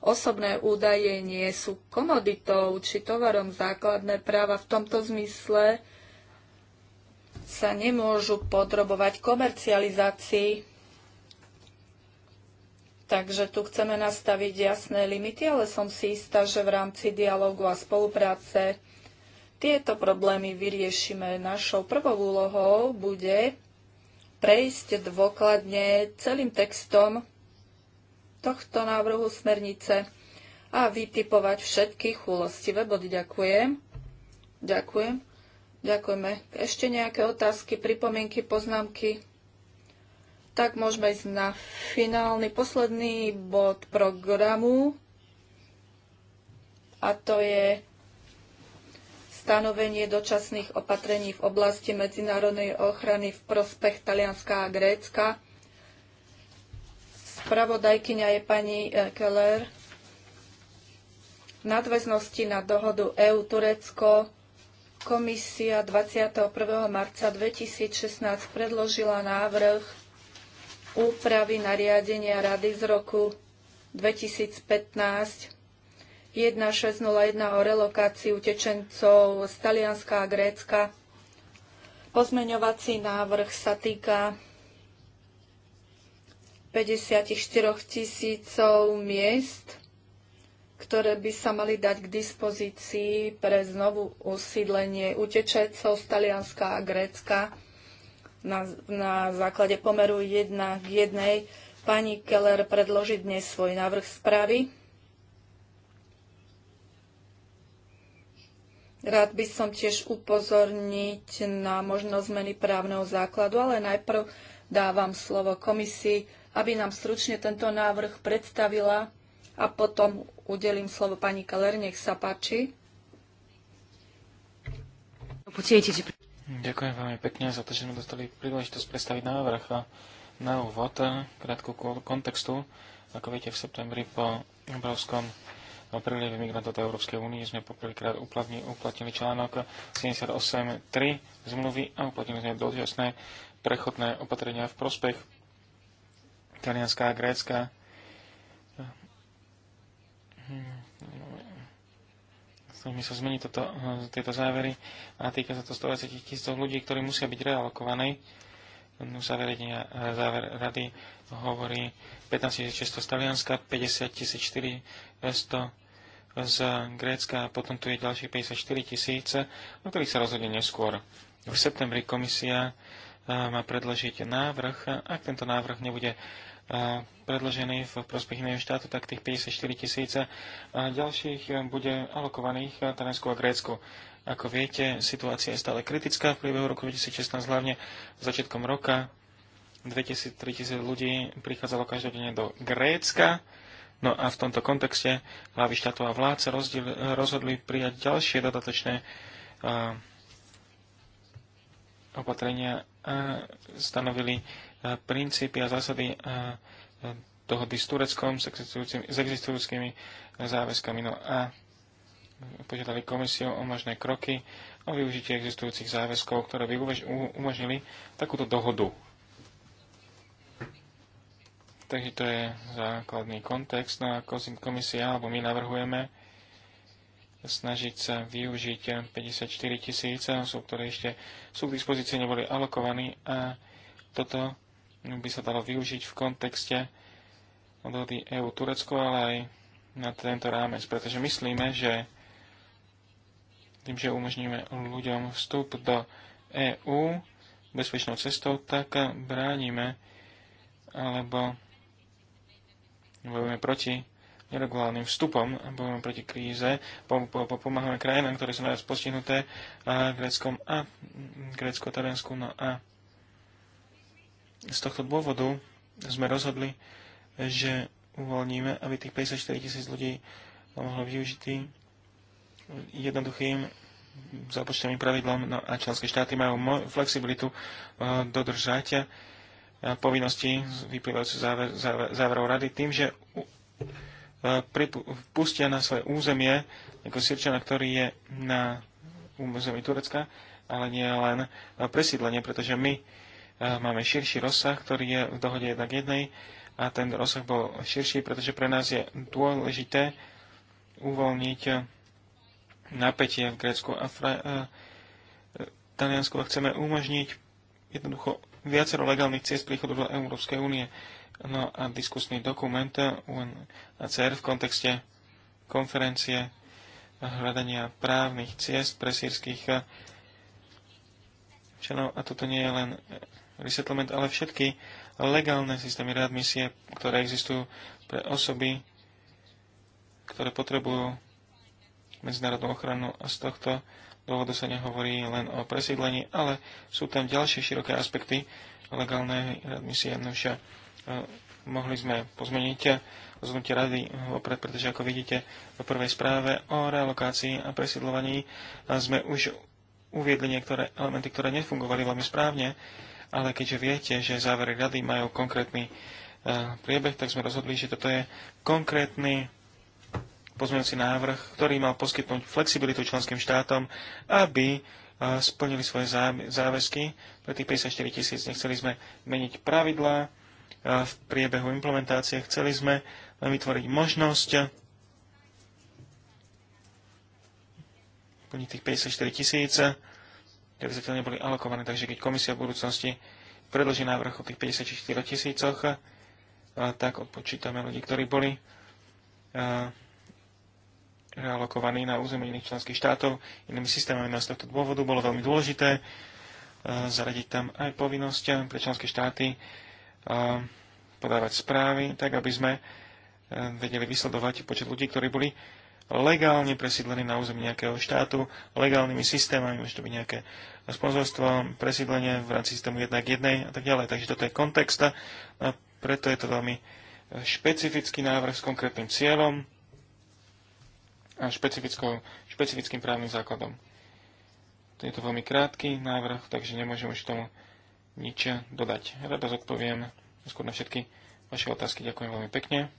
osobné údaje nie sú komoditou či tovarom základné práva v tomto zmysle sa nemôžu podrobovať komercializácii. Takže tu chceme nastaviť jasné limity, ale som si istá, že v rámci dialogu a spolupráce tieto problémy vyriešime. Našou prvou úlohou bude prejsť dôkladne celým textom tohto návrhu smernice a vytipovať všetky chulostivé body. Ďakujem. Ďakujem. Ďakujeme. Ešte nejaké otázky, pripomienky, poznámky? Tak môžeme ísť na finálny, posledný bod programu a to je stanovenie dočasných opatrení v oblasti medzinárodnej ochrany v prospech Talianska a Grécka. Spravodajkyňa je pani eh, Keller. V nadväznosti na dohodu EU-Turecko komisia 21. marca 2016 predložila návrh úpravy nariadenia Rady z roku 2015 1601 o relokácii utečencov z Talianska a Grécka. Pozmeňovací návrh sa týka 54 tisícov miest, ktoré by sa mali dať k dispozícii pre znovu usídlenie utečencov z Talianska a Grécka na, na základe pomeru 1 k 1. Pani Keller predloží dnes svoj návrh správy. Rád by som tiež upozorniť na možnosť zmeny právneho základu, ale najprv dávam slovo komisii, aby nám stručne tento návrh predstavila a potom udelím slovo pani Keller. Nech sa páči. Ďakujem veľmi pekne za to, že sme dostali príležitosť predstaviť návrh na úvod, eh, krátku kontextu. Ako viete, v septembri po obrovskom o prílive migrantov do Európskej únie sme poprvýkrát uplatnili, uplatnili článok 78.3 zmluvy a uplatnili sme dočasné prechodné opatrenia v prospech Talianska a Grécka. Chceme sa zmeniť toto, tieto závery a týka sa to 120 tisícov ľudí, ktorí musia byť realokovaní. No, Záverenia, záver rady hovorí 15 600 z Talianska, 50 400 z Grécka a potom tu je ďalších 54 tisíce, o ktorých sa rozhodne neskôr. V septembri komisia e, má predložiť návrh. Ak tento návrh nebude e, predložený v prospech iného štátu, tak tých 54 tisíce e, ďalších bude alokovaných Taliansku a Grécku. Ako viete, situácia je stále kritická v priebehu roku 2016, hlavne začiatkom roka 2000-3000 ľudí prichádzalo každodenne do Grécka No a v tomto kontexte hlavy štátov a vládce rozdiel, rozhodli prijať ďalšie dodatočné a, opatrenia a stanovili a, princípy a zásady a, a dohody s Tureckom, s existujúcimi, s existujúcimi záväzkami. No a požiadali komisiu o možné kroky o využitie existujúcich záväzkov, ktoré by umožnili takúto dohodu Takže to je základný kontext. No a komisia, alebo my navrhujeme snažiť sa využiť 54 tisíc sú, ktoré ešte sú k dispozícii, neboli alokovaní a toto by sa dalo využiť v kontexte dohody EU-Turecko, ale aj na tento rámec, pretože myslíme, že tým, že umožníme ľuďom vstup do EÚ bezpečnou cestou, tak bránime alebo bojujeme proti neregulárnym vstupom, bojujeme proti kríze, po, po, po, pomáhame krajinám, ktoré sú najviac postihnuté, a Gréckom a Grécko-Terensku. No a z tohto dôvodu sme rozhodli, že uvoľníme, aby tých 54 tisíc ľudí mohlo využitý jednoduchým zápočtovým pravidlom no a členské štáty majú flexibilitu e, dodržať Eh, povinnosti vyplývajúce záver, záver, záverov rady tým, že eh, pustia na svoje územie ako Sirčana, ktorý je na území Turecka, ale nie len eh, presídlenie, pretože my máme širší rozsah, ktorý je v dohode jednak jednej a ten rozsah bol širší, pretože pre nás je dôležité uvoľniť napätie v Grécku a Taliansku a chceme umožniť jednoducho viacero legálnych ciest príchodu do Európskej únie. No a diskusný dokument UNHCR v kontexte konferencie hľadania právnych ciest pre sírskych eh, členov. A toto nie je len resettlement, ale všetky legálne systémy readmisie, ktoré existujú pre osoby, ktoré potrebujú medzinárodnú ochranu a z tohto dôvodu sa nehovorí len o presídlení, ale sú tam ďalšie široké aspekty legálnej misie Nuša. No e, mohli sme pozmeniť rozhodnutie rady opred, pretože ako vidíte v prvej správe o realokácii a presídlovaní sme už uviedli niektoré elementy, ktoré nefungovali veľmi správne, ale keďže viete, že závery rady majú konkrétny e, priebeh, tak sme rozhodli, že toto je konkrétny pozmeňujúci návrh, ktorý mal poskytnúť flexibilitu členským štátom, aby eh, splnili svoje záväzky pre tých 54 tisíc. Nechceli sme meniť pravidlá eh, v priebehu implementácie. Chceli sme len vytvoriť možnosť plniť tých 54 tisíc, ktoré zatiaľ neboli alokované. Takže keď komisia v budúcnosti predloží návrh o tých 54 tisícoch, eh, tak odpočítame ľudí, ktorí boli realokovaní na území iných členských štátov inými systémami. z tohto dôvodu bolo veľmi dôležité eh, zaradiť tam aj povinnosť eh, pre členské štáty eh, podávať správy, tak aby sme vedeli vysledovať počet ľudí, ktorí boli legálne presídlení na území nejakého štátu, legálnymi systémami, môže to byť nejaké sponzorstvo, presídlenie v rámci systému 1 k 1 a tak ďalej. Takže toto je kontext a preto je to veľmi špecifický návrh s konkrétnym cieľom špecifickým právnym základom. To je to veľmi krátky návrh, takže nemôžem už tomu nič dodať. Rada zodpoviem skôr na všetky vaše otázky. Ďakujem veľmi pekne.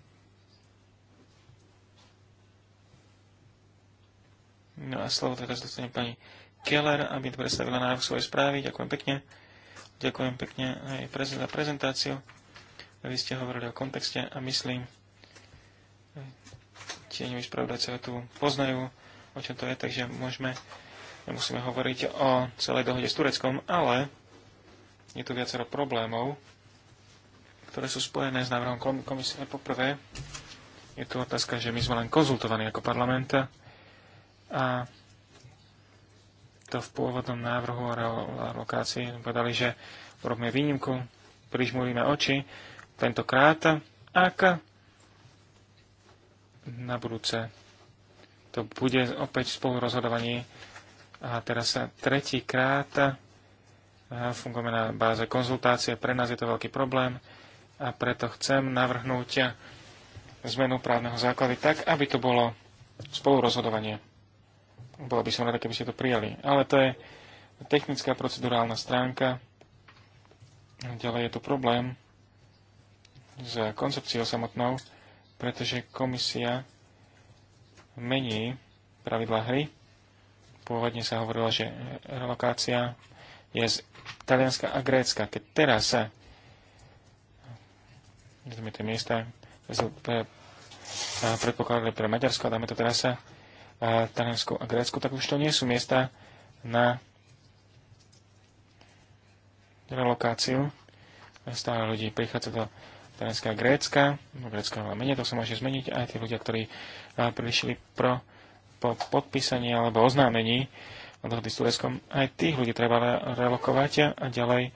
No a slovo teraz dostane pani Keller, aby predstavila návrh svojej správy. Ďakujem pekne. Ďakujem pekne aj za prezentáciu. Vy ste hovorili o kontexte a myslím, tieňoví spravodajcovia tu poznajú, o čom to je, takže môžeme, nemusíme hovoriť o celej dohode s Tureckom, ale je tu viacero problémov, ktoré sú spojené s návrhom komisie. Poprvé, je tu otázka, že my sme len konzultovaní ako parlament a to v pôvodnom návrhu o relokácii povedali, že robíme výnimku, prižmúrime oči tentokrát, ak na budúce. To bude opäť spolu rozhodovanie. A teraz sa tretí krát fungujeme na báze konzultácie. Pre nás je to veľký problém a preto chcem navrhnúť zmenu právneho základy tak, aby to bolo spolu rozhodovanie. Bola by som rada, keby ste to prijali. Ale to je technická procedurálna stránka. Ďalej je tu problém s koncepciou samotnou pretože komisia mení pravidla hry. Pôvodne sa hovorilo, že relokácia je z Talianska a Grécka. Keď teraz sa dáme tie miesta predpokladali pre Maďarsko a dáme to teraz sa Taliansku a Grécku, tak už to nie sú miesta na relokáciu. Stále ľudí prichádza do Talianska a Grécka, no, Grécka ale menej, to sa môže zmeniť, aj tí ľudia, ktorí prišli pro, po podpísaní alebo oznámení dohody s Tureckom, aj tých ľudí treba relokovať a ďalej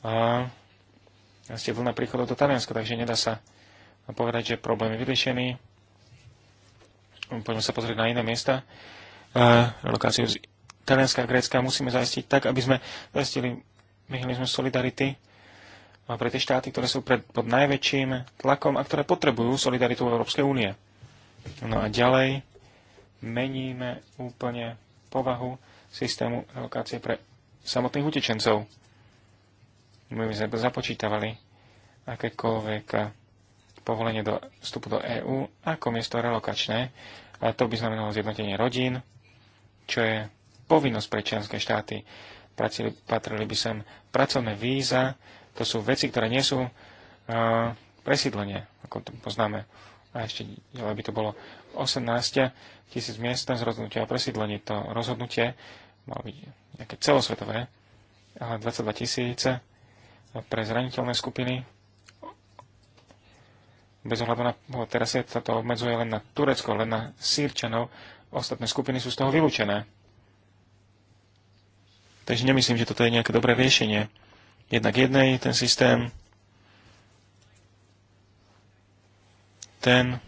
a, a ste vlna príchodov do Talianska, takže nedá sa povedať, že problém je vyriešený. Poďme sa pozrieť na iné miesta. A, relokáciu z Talianska a Grécka musíme zaistiť tak, aby sme zaistili mechanizmus solidarity pre tie štáty, ktoré sú pred, pod najväčším tlakom a ktoré potrebujú solidaritu Európskej únie. No a ďalej meníme úplne povahu systému relokácie pre samotných utečencov. My by sme započítavali akékoľvek povolenie do vstupu do EÚ ako miesto relokačné. A to by znamenalo zjednotenie rodín, čo je povinnosť pre členské štáty. Patrili by sem pracovné víza, to sú veci, ktoré nie sú eh, presídlenie, ako to poznáme. A ešte ďalej by to bolo 18 tisíc miest z rozhodnutia o presídlení. To rozhodnutie malo byť nejaké celosvetové, ale 22 tisíce pre zraniteľné skupiny. Bez ohľadu na... Teraz sa to obmedzuje len na Turecko, len na Sýrčanov. Ostatné skupiny sú z toho vylúčené. Takže nemyslím, že toto je nejaké dobré riešenie jednak jednej, ten systém, ten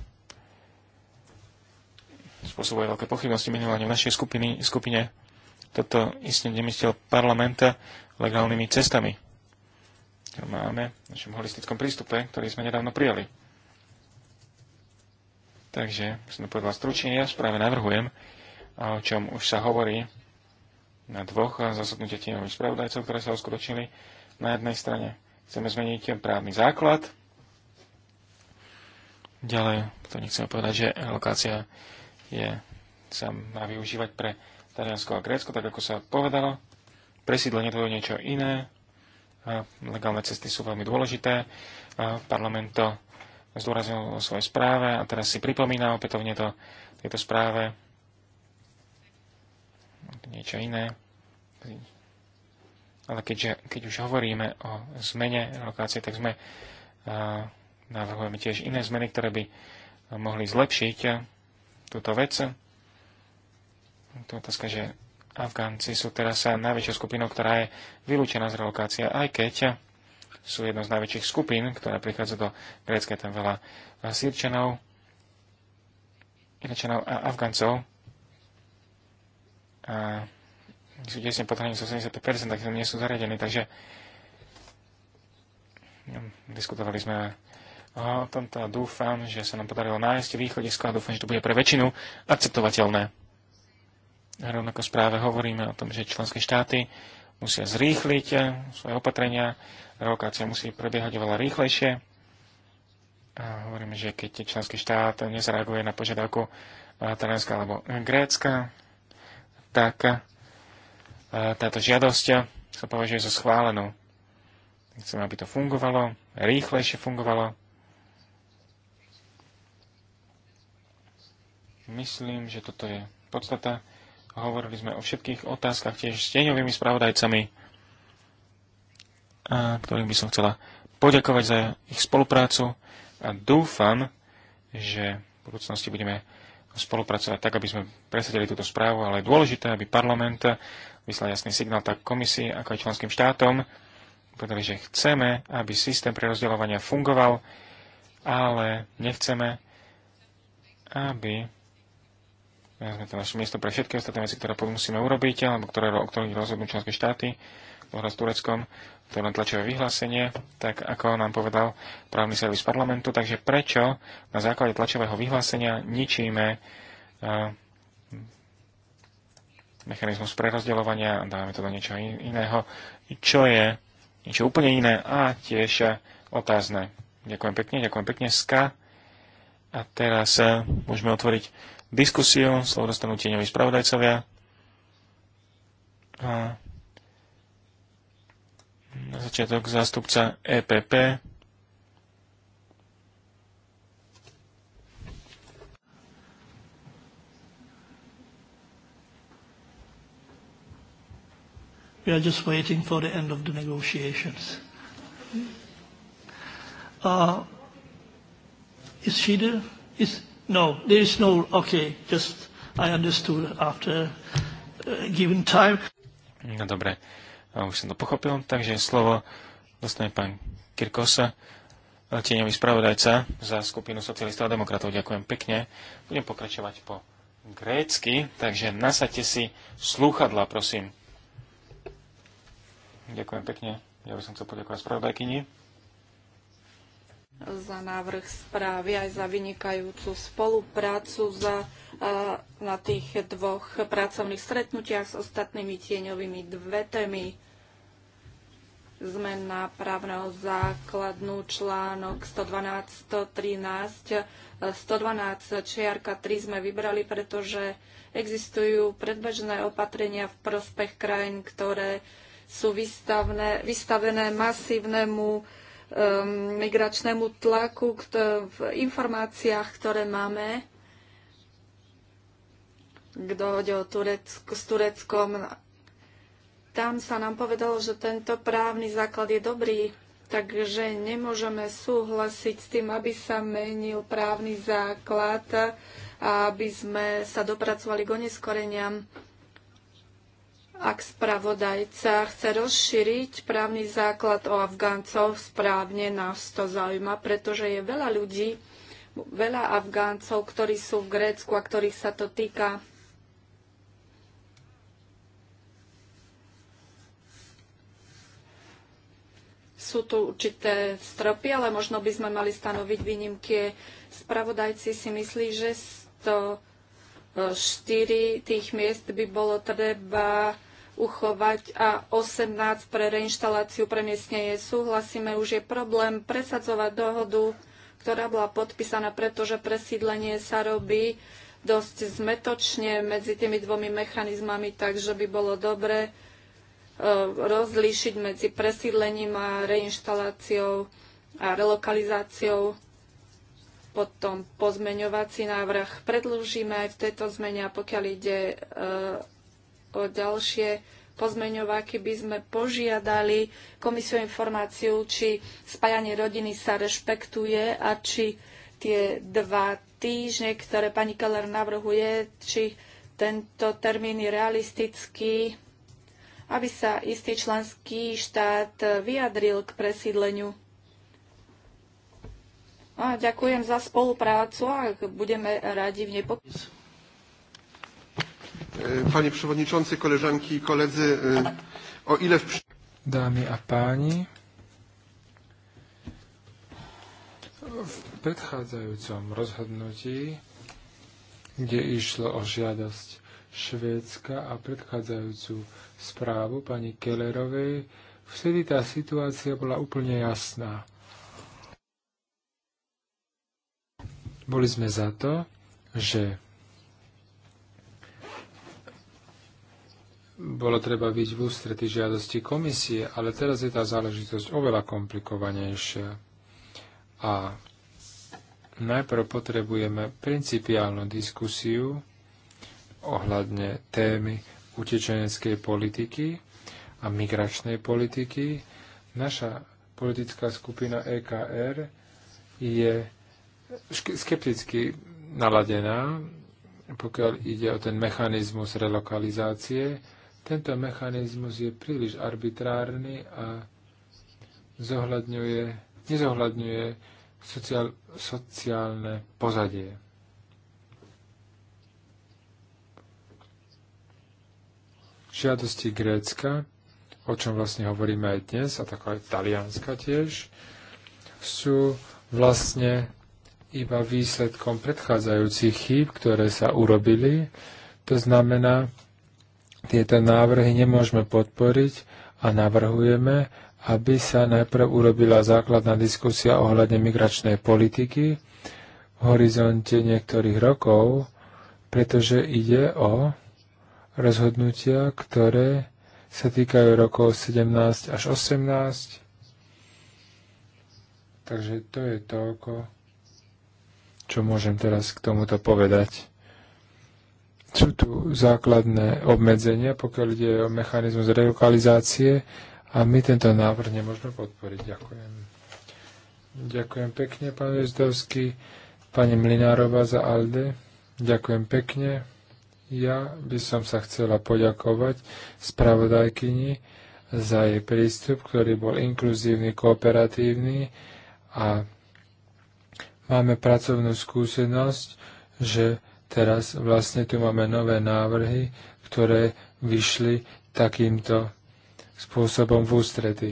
spôsobuje veľké pochybnosti minimálne v našej skupiny, skupine. Toto istne nemyslel parlamenta legálnymi cestami. To máme v našom holistickom prístupe, ktorý sme nedávno prijali. Takže, som to povedal stručne, ja práve navrhujem, o čom už sa hovorí na dvoch zasadnutia tieňových spravodajcov, ktoré sa uskutočnili na jednej strane chceme zmeniť právny základ, ďalej, to nechceme povedať, že lokácia je, sa má využívať pre Taliansko a Grécko, tak ako sa povedalo. Presídlenie to je niečo iné. A legálne cesty sú veľmi dôležité. A parlament to zdôraznil vo svojej správe a teraz si pripomína opätovne to tejto správe niečo iné ale keďže, keď už hovoríme o zmene lokácie, tak sme navrhujeme tiež iné zmeny, ktoré by mohli zlepšiť túto vec. Tu otázka, že Afgánci sú teraz najväčšou skupinou, ktorá je vylúčená z relokácie, aj keď sú jednou z najväčších skupín, ktorá prichádza do Grécka, tam veľa sírčanov, Iračanov a Afgáncov. A sú tesne pod hranicou 70%, tak tam nie sú zaradení, takže no, diskutovali sme o tomto a dúfam, že sa nám podarilo nájsť východisko a dúfam, že to bude pre väčšinu akceptovateľné. A rovnako správe hovoríme o tom, že členské štáty musia zrýchliť eh, svoje opatrenia, relokácia musí prebiehať oveľa rýchlejšie. A hovoríme, že keď členský štát nezareaguje na požiadavku eh, Talianska alebo Grécka, tak eh, táto žiadosť sa považuje za schválenú. Chcem, aby to fungovalo, rýchlejšie fungovalo. Myslím, že toto je podstata. Hovorili sme o všetkých otázkach tiež s tieňovými spravodajcami, ktorým by som chcela poďakovať za ich spoluprácu a dúfam, že v budúcnosti budeme spolupracovať tak, aby sme presadili túto správu, ale je dôležité, aby parlament vyslal jasný signál tak komisii, ako aj členským štátom. Povedali, že chceme, aby systém rozdeľovania fungoval, ale nechceme, aby ja sme to naše miesto pre všetky ostatné veci, ktoré musíme urobiť, alebo ktoré, o ktorých rozhodnú členské štáty, dohoda s Tureckom, to len tlačové vyhlásenie, tak ako nám povedal právny servis parlamentu, takže prečo na základe tlačového vyhlásenia ničíme uh, mechanizmus prerozdeľovania, dáme to do niečo iného, čo je niečo úplne iné a tiež otázne. Ďakujem pekne, ďakujem pekne, Ska. A teraz eh, môžeme otvoriť diskusiu, slovo dostanú tieňoví spravodajcovia. A na začiatok zástupca EPP, We are just waiting for the end of the negotiations. Uh, is she there? Is, no, there is no, okay, just I understood after uh, given time. No dobre, uh, už som to pochopil, takže slovo dostane pán Kirkosa, uh, tieňový spravodajca za skupinu socialistov a demokratov. Ďakujem pekne. Budem pokračovať po grécky, takže nasaďte si slúchadla, prosím. Ďakujem pekne. Ja by som chcel poďakovať spravodajkyni za návrh správy aj za vynikajúcu spoluprácu za, na tých dvoch pracovných stretnutiach s ostatnými tieňovými dve témy zmena právneho základnú článok 112, 113. 112 čiarka 3 sme vybrali, pretože existujú predbežné opatrenia v prospech krajín, ktoré sú vystavné, vystavené masívnemu um, migračnému tlaku v informáciách, ktoré máme k dohode o s Tureckom. Tam sa nám povedalo, že tento právny základ je dobrý, takže nemôžeme súhlasiť s tým, aby sa menil právny základ a aby sme sa dopracovali k oneskoreniam. Ak spravodajca chce rozšíriť právny základ o Afgáncov, správne nás to zaujíma, pretože je veľa ľudí, veľa Afgáncov, ktorí sú v Grécku a ktorých sa to týka. Sú tu určité stropy, ale možno by sme mali stanoviť výnimky. Spravodajci si myslí, že 104 e, tých miest by bolo treba uchovať a 18 pre reinštaláciu je Súhlasíme, už je problém presadzovať dohodu, ktorá bola podpísaná, pretože presídlenie sa robí dosť zmetočne medzi tými dvomi mechanizmami, takže by bolo dobre e, rozlíšiť medzi presídlením a reinštaláciou a relokalizáciou. Potom pozmeňovací návrh predlúžime aj v tejto zmene a pokiaľ ide e, o ďalšie pozmeňováky by sme požiadali komisiu informáciu, či spájanie rodiny sa rešpektuje a či tie dva týždne, ktoré pani Keller navrhuje, či tento termín je realistický, aby sa istý členský štát vyjadril k presídleniu. A ďakujem za spoluprácu a budeme radi v nej E, panie Przewodniczący, koleżanki i koledzy, e, o ile w... Dami a pani. w przedchodzącym rozhodnutí, gdzie išlo o žiadosť Švédska a predchádzajúcu správu pani Kellerovej, vtedy tá situácia bola úplne jasná. Boli sme za to, že bolo treba byť v ústretí žiadosti komisie, ale teraz je tá záležitosť oveľa komplikovanejšia. A najprv potrebujeme principiálnu diskusiu ohľadne témy utečeneckej politiky a migračnej politiky. Naša politická skupina EKR je skepticky naladená, pokiaľ ide o ten mechanizmus relokalizácie, tento mechanizmus je príliš arbitrárny a zohľadňuje, nezohľadňuje sociál, sociálne pozadie. Žiadosti Grécka, o čom vlastne hovoríme aj dnes, a taká aj Talianska tiež, sú vlastne iba výsledkom predchádzajúcich chýb, ktoré sa urobili. To znamená, tieto návrhy nemôžeme podporiť a navrhujeme, aby sa najprv urobila základná diskusia ohľadne migračnej politiky v horizonte niektorých rokov, pretože ide o rozhodnutia, ktoré sa týkajú rokov 17 až 18. Takže to je toľko, čo môžem teraz k tomuto povedať sú tu základné obmedzenia, pokiaľ ide o mechanizmus relokalizácie a my tento návrh nemôžeme podporiť. Ďakujem. Ďakujem pekne, pán Vezdovský, pani Mlinárova za ALDE. Ďakujem pekne. Ja by som sa chcela poďakovať spravodajkyni za jej prístup, ktorý bol inkluzívny, kooperatívny a máme pracovnú skúsenosť, že Teraz vlastne tu máme nové návrhy, ktoré vyšli takýmto spôsobom v ústredy.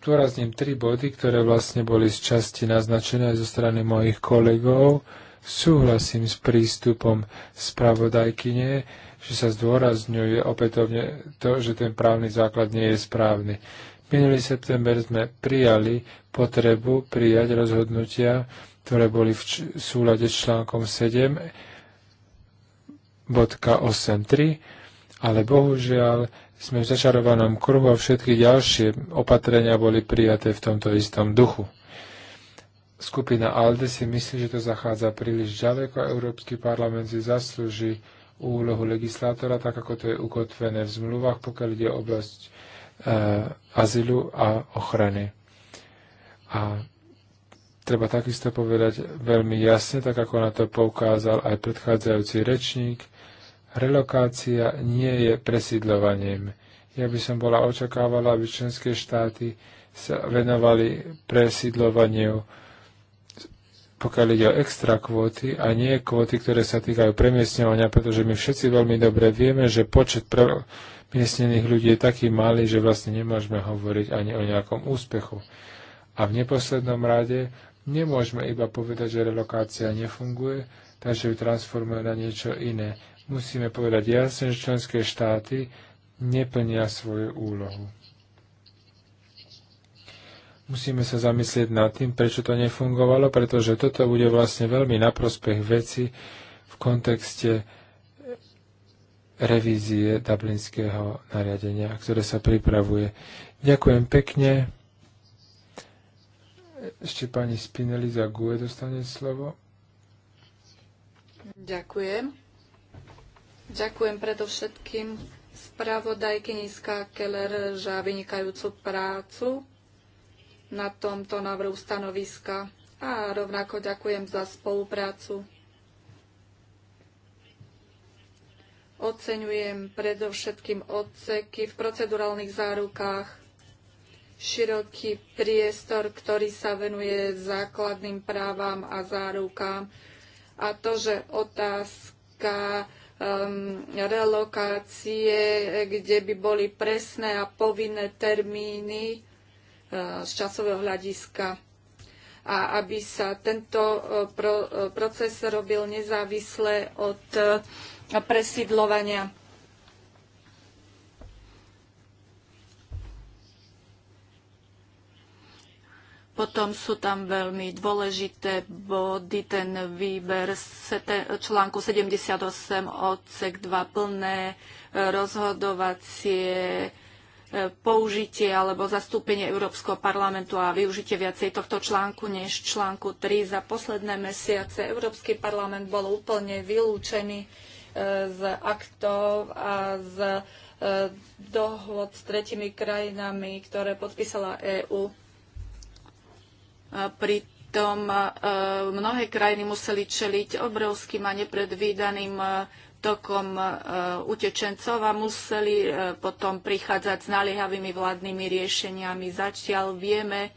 Zdôrazním tri body, ktoré vlastne boli z časti naznačené zo strany mojich kolegov. Súhlasím s prístupom spravodajkyne, že sa zdôrazňuje opätovne to, že ten právny základ nie je správny. Minulý september sme prijali potrebu prijať rozhodnutia, ktoré boli v súlade s článkom 7.8.3, ale bohužiaľ sme v začarovanom kruhu a všetky ďalšie opatrenia boli prijaté v tomto istom duchu. Skupina ALDE si myslí, že to zachádza príliš ďaleko a Európsky parlament si zaslúži úlohu legislátora, tak ako to je ukotvené v zmluvách, pokiaľ ide oblasť Eh, azylu a ochrany. A treba takisto povedať veľmi jasne, tak ako na to poukázal aj predchádzajúci rečník, relokácia nie je presídlovaním. Ja by som bola očakávala, aby členské štáty sa venovali presídľovaniu, pokiaľ ide o extra kvóty a nie kvóty, ktoré sa týkajú premiestňovania, pretože my všetci veľmi dobre vieme, že počet pre Miestnených ľudí je taký malý, že vlastne nemôžeme hovoriť ani o nejakom úspechu. A v neposlednom rade nemôžeme iba povedať, že relokácia nefunguje, takže ju transformuje na niečo iné. Musíme povedať jasne, že členské štáty neplnia svoju úlohu. Musíme sa zamyslieť nad tým, prečo to nefungovalo, pretože toto bude vlastne veľmi na prospech veci v kontexte revízie Dublinského nariadenia, ktoré sa pripravuje. Ďakujem pekne. Ešte pani Spinelli za GUE dostane slovo. Ďakujem. Ďakujem predovšetkým spravodajkyni Niska Keller za vynikajúcu prácu na tomto návrhu stanoviska a rovnako ďakujem za spoluprácu Oceňujem predovšetkým odseky v procedurálnych zárukách, široký priestor, ktorý sa venuje základným právam a zárukám a to, že otázka um, relokácie, kde by boli presné a povinné termíny uh, z časového hľadiska a aby sa tento uh, uh, proces robil nezávisle od uh, presídlovania. Potom sú tam veľmi dôležité body, ten výber článku 78 odsek 2 plné e, rozhodovacie e, použitie alebo zastúpenie Európskeho parlamentu a využitie viacej tohto článku než článku 3. Za posledné mesiace Európsky parlament bol úplne vylúčený z aktov a z e, dohod s tretimi krajinami, ktoré podpísala EÚ. Pritom e, mnohé krajiny museli čeliť obrovským a nepredvídaným e, tokom utečencov a museli potom prichádzať s naliehavými vládnymi riešeniami. Začiaľ vieme,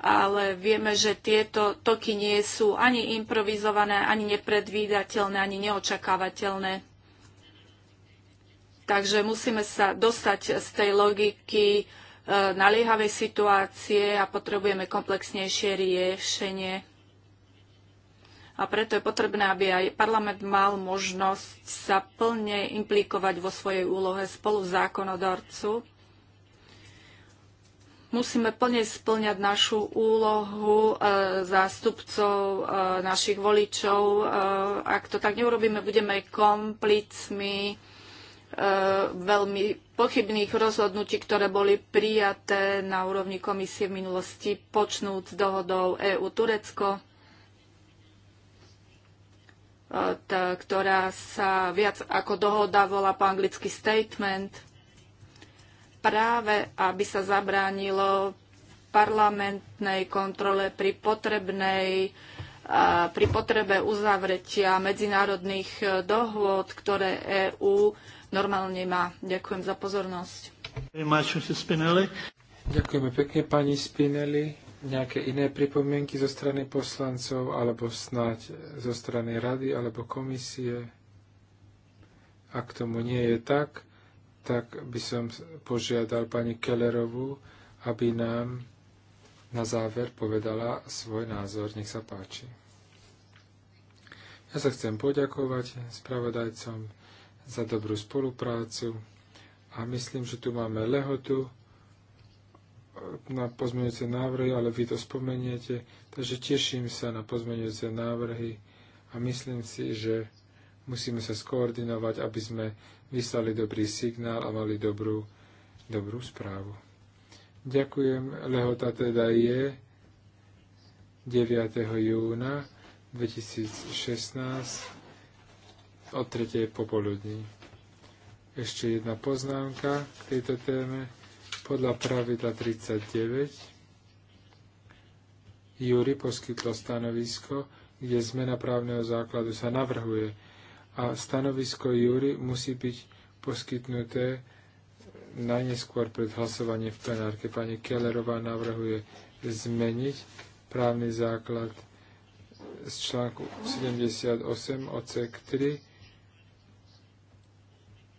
ale vieme, že tieto toky nie sú ani improvizované, ani nepredvídateľné, ani neočakávateľné. Takže musíme sa dostať z tej logiky e, naliehavej situácie a potrebujeme komplexnejšie riešenie. A preto je potrebné, aby aj parlament mal možnosť sa plne implikovať vo svojej úlohe spolu zákonodarcu musíme plne splňať našu úlohu e, zástupcov e, našich voličov. E, ak to tak neurobíme, budeme komplicmi e, veľmi pochybných rozhodnutí, ktoré boli prijaté na úrovni komisie v minulosti, počnúť s dohodou EU-Turecko, e, e ktorá sa viac ako dohoda volá po anglicky statement – práve aby sa zabránilo parlamentnej kontrole pri potrebnej pri potrebe uzavretia medzinárodných e, dohôd, ktoré EÚ normálne má. Ďakujem za pozornosť. Ďakujeme pekne, pani Spinelli. Nejaké iné pripomienky zo strany poslancov, alebo snáď zo strany rady, alebo komisie? Ak tomu nie je tak, tak by som požiadal pani Kellerovú, aby nám na záver povedala svoj názor. Nech sa páči. Ja sa chcem poďakovať spravodajcom za dobrú spoluprácu a myslím, že tu máme lehotu na pozmeňujúce návrhy, ale vy to spomeniete. Takže teším sa na pozmeňujúce návrhy a myslím si, že Musíme sa skoordinovať, aby sme vyslali dobrý signál a mali dobrú, dobrú správu. Ďakujem. Lehota teda je 9. júna 2016 o 3. popoludní. Ešte jedna poznámka k tejto téme. Podľa pravidla 39 Júri poskytlo stanovisko, kde zmena právneho základu sa navrhuje a stanovisko Júry musí byť poskytnuté najneskôr pred hlasovaním v plenárke. Pani Kellerová navrhuje zmeniť právny základ z článku 78 odsek 3.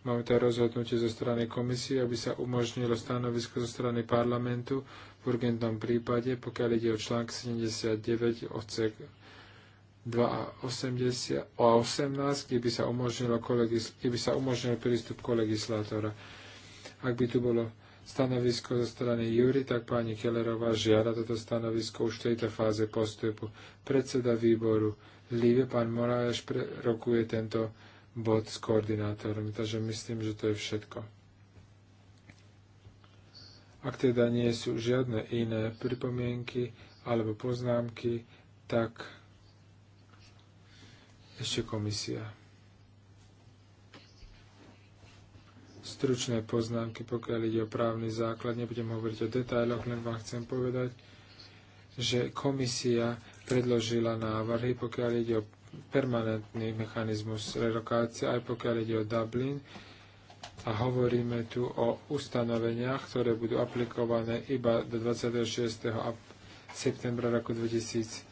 Máme to rozhodnutie zo strany komisie, aby sa umožnilo stanovisko zo strany parlamentu v urgentnom prípade, pokiaľ ide o článk 79 odsek 2 a 18, kde by sa, umožnilo kde by sa umožnil prístup kolegislátora. Ak by tu bolo stanovisko zo strany Júry, tak pani Kellerová žiada toto stanovisko už v tejto fáze postupu. Predseda výboru Líve, pán Moráš, rokuje tento bod s koordinátorom. Takže myslím, že to je všetko. Ak teda nie sú žiadne iné pripomienky alebo poznámky, tak ešte komisia. Stručné poznámky, pokiaľ ide o právny základ, nebudem hovoriť o detailoch, len vám chcem povedať, že komisia predložila návrhy, pokiaľ ide o permanentný mechanizmus relokácie, aj pokiaľ ide o Dublin. A hovoríme tu o ustanoveniach, ktoré budú aplikované iba do 26. septembra roku 2017.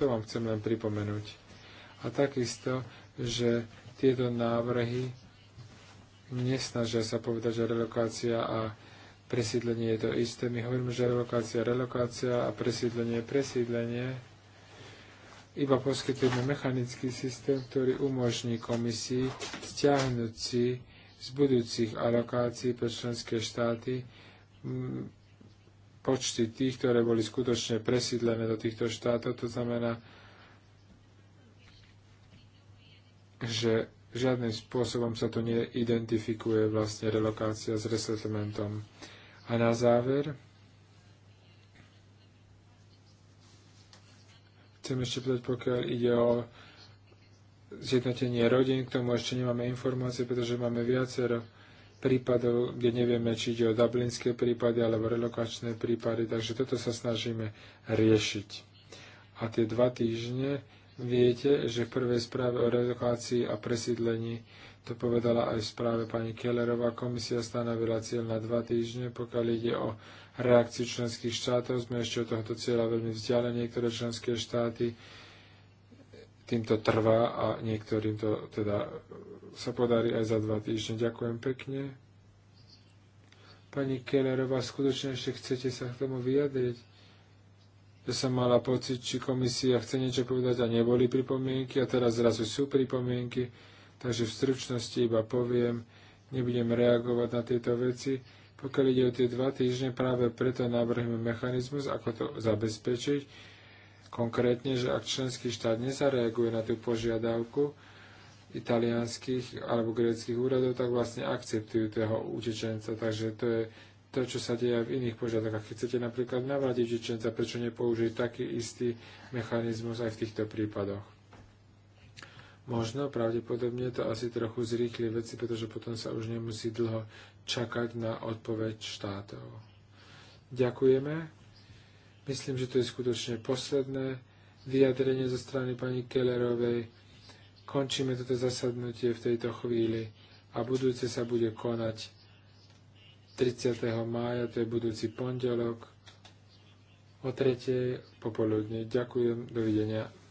To vám chcem len pripomenúť a takisto, že tieto návrhy nesnažia sa povedať, že relokácia a presídlenie je to isté. My hovoríme, že relokácia je relokácia a presídlenie je presídlenie. Iba poskytujeme mechanický systém, ktorý umožní komisii stiahnuť si z budúcich alokácií pre členské štáty mm, počty tých, ktoré boli skutočne presídlené do týchto štátov. To znamená, že žiadnym spôsobom sa to neidentifikuje vlastne relokácia s resettlementom. A na záver chcem ešte povedať, pokiaľ ide o zjednotenie rodín, k tomu ešte nemáme informácie, pretože máme viacero prípadov, kde nevieme, či ide o dublinské prípady alebo relokačné prípady, takže toto sa snažíme riešiť. A tie dva týždne Viete, že v prvej správe o relokácii a presídlení to povedala aj v správe pani Kellerová. Komisia stanovila cieľ na dva týždne. Pokiaľ ide o reakciu členských štátov, sme ešte od tohto cieľa veľmi vzdialení. Niektoré členské štáty týmto trvá a niektorým to teda sa podarí aj za dva týždne. Ďakujem pekne. Pani Kellerová, skutočne ešte chcete sa k tomu vyjadriť? že som mala pocit, či komisia chce niečo povedať a neboli pripomienky a teraz zrazu sú pripomienky, takže v stručnosti iba poviem, nebudem reagovať na tieto veci. Pokiaľ ide o tie dva týždne, práve preto navrhujeme mechanizmus, ako to zabezpečiť. Konkrétne, že ak členský štát nezareaguje na tú požiadavku italianských alebo gréckých úradov, tak vlastne akceptujú toho utečenca. Takže to je to, čo sa deje v iných požiadavkách. Keď chcete napríklad navádiť žičenca, prečo nepoužiť taký istý mechanizmus aj v týchto prípadoch? Možno, pravdepodobne to asi trochu zrýchli veci, pretože potom sa už nemusí dlho čakať na odpoveď štátov. Ďakujeme. Myslím, že to je skutočne posledné vyjadrenie zo strany pani Kellerovej. Končíme toto zasadnutie v tejto chvíli a budúce sa bude konať 30. mája, to je budúci pondelok, o tretej popoludne. Ďakujem, dovidenia.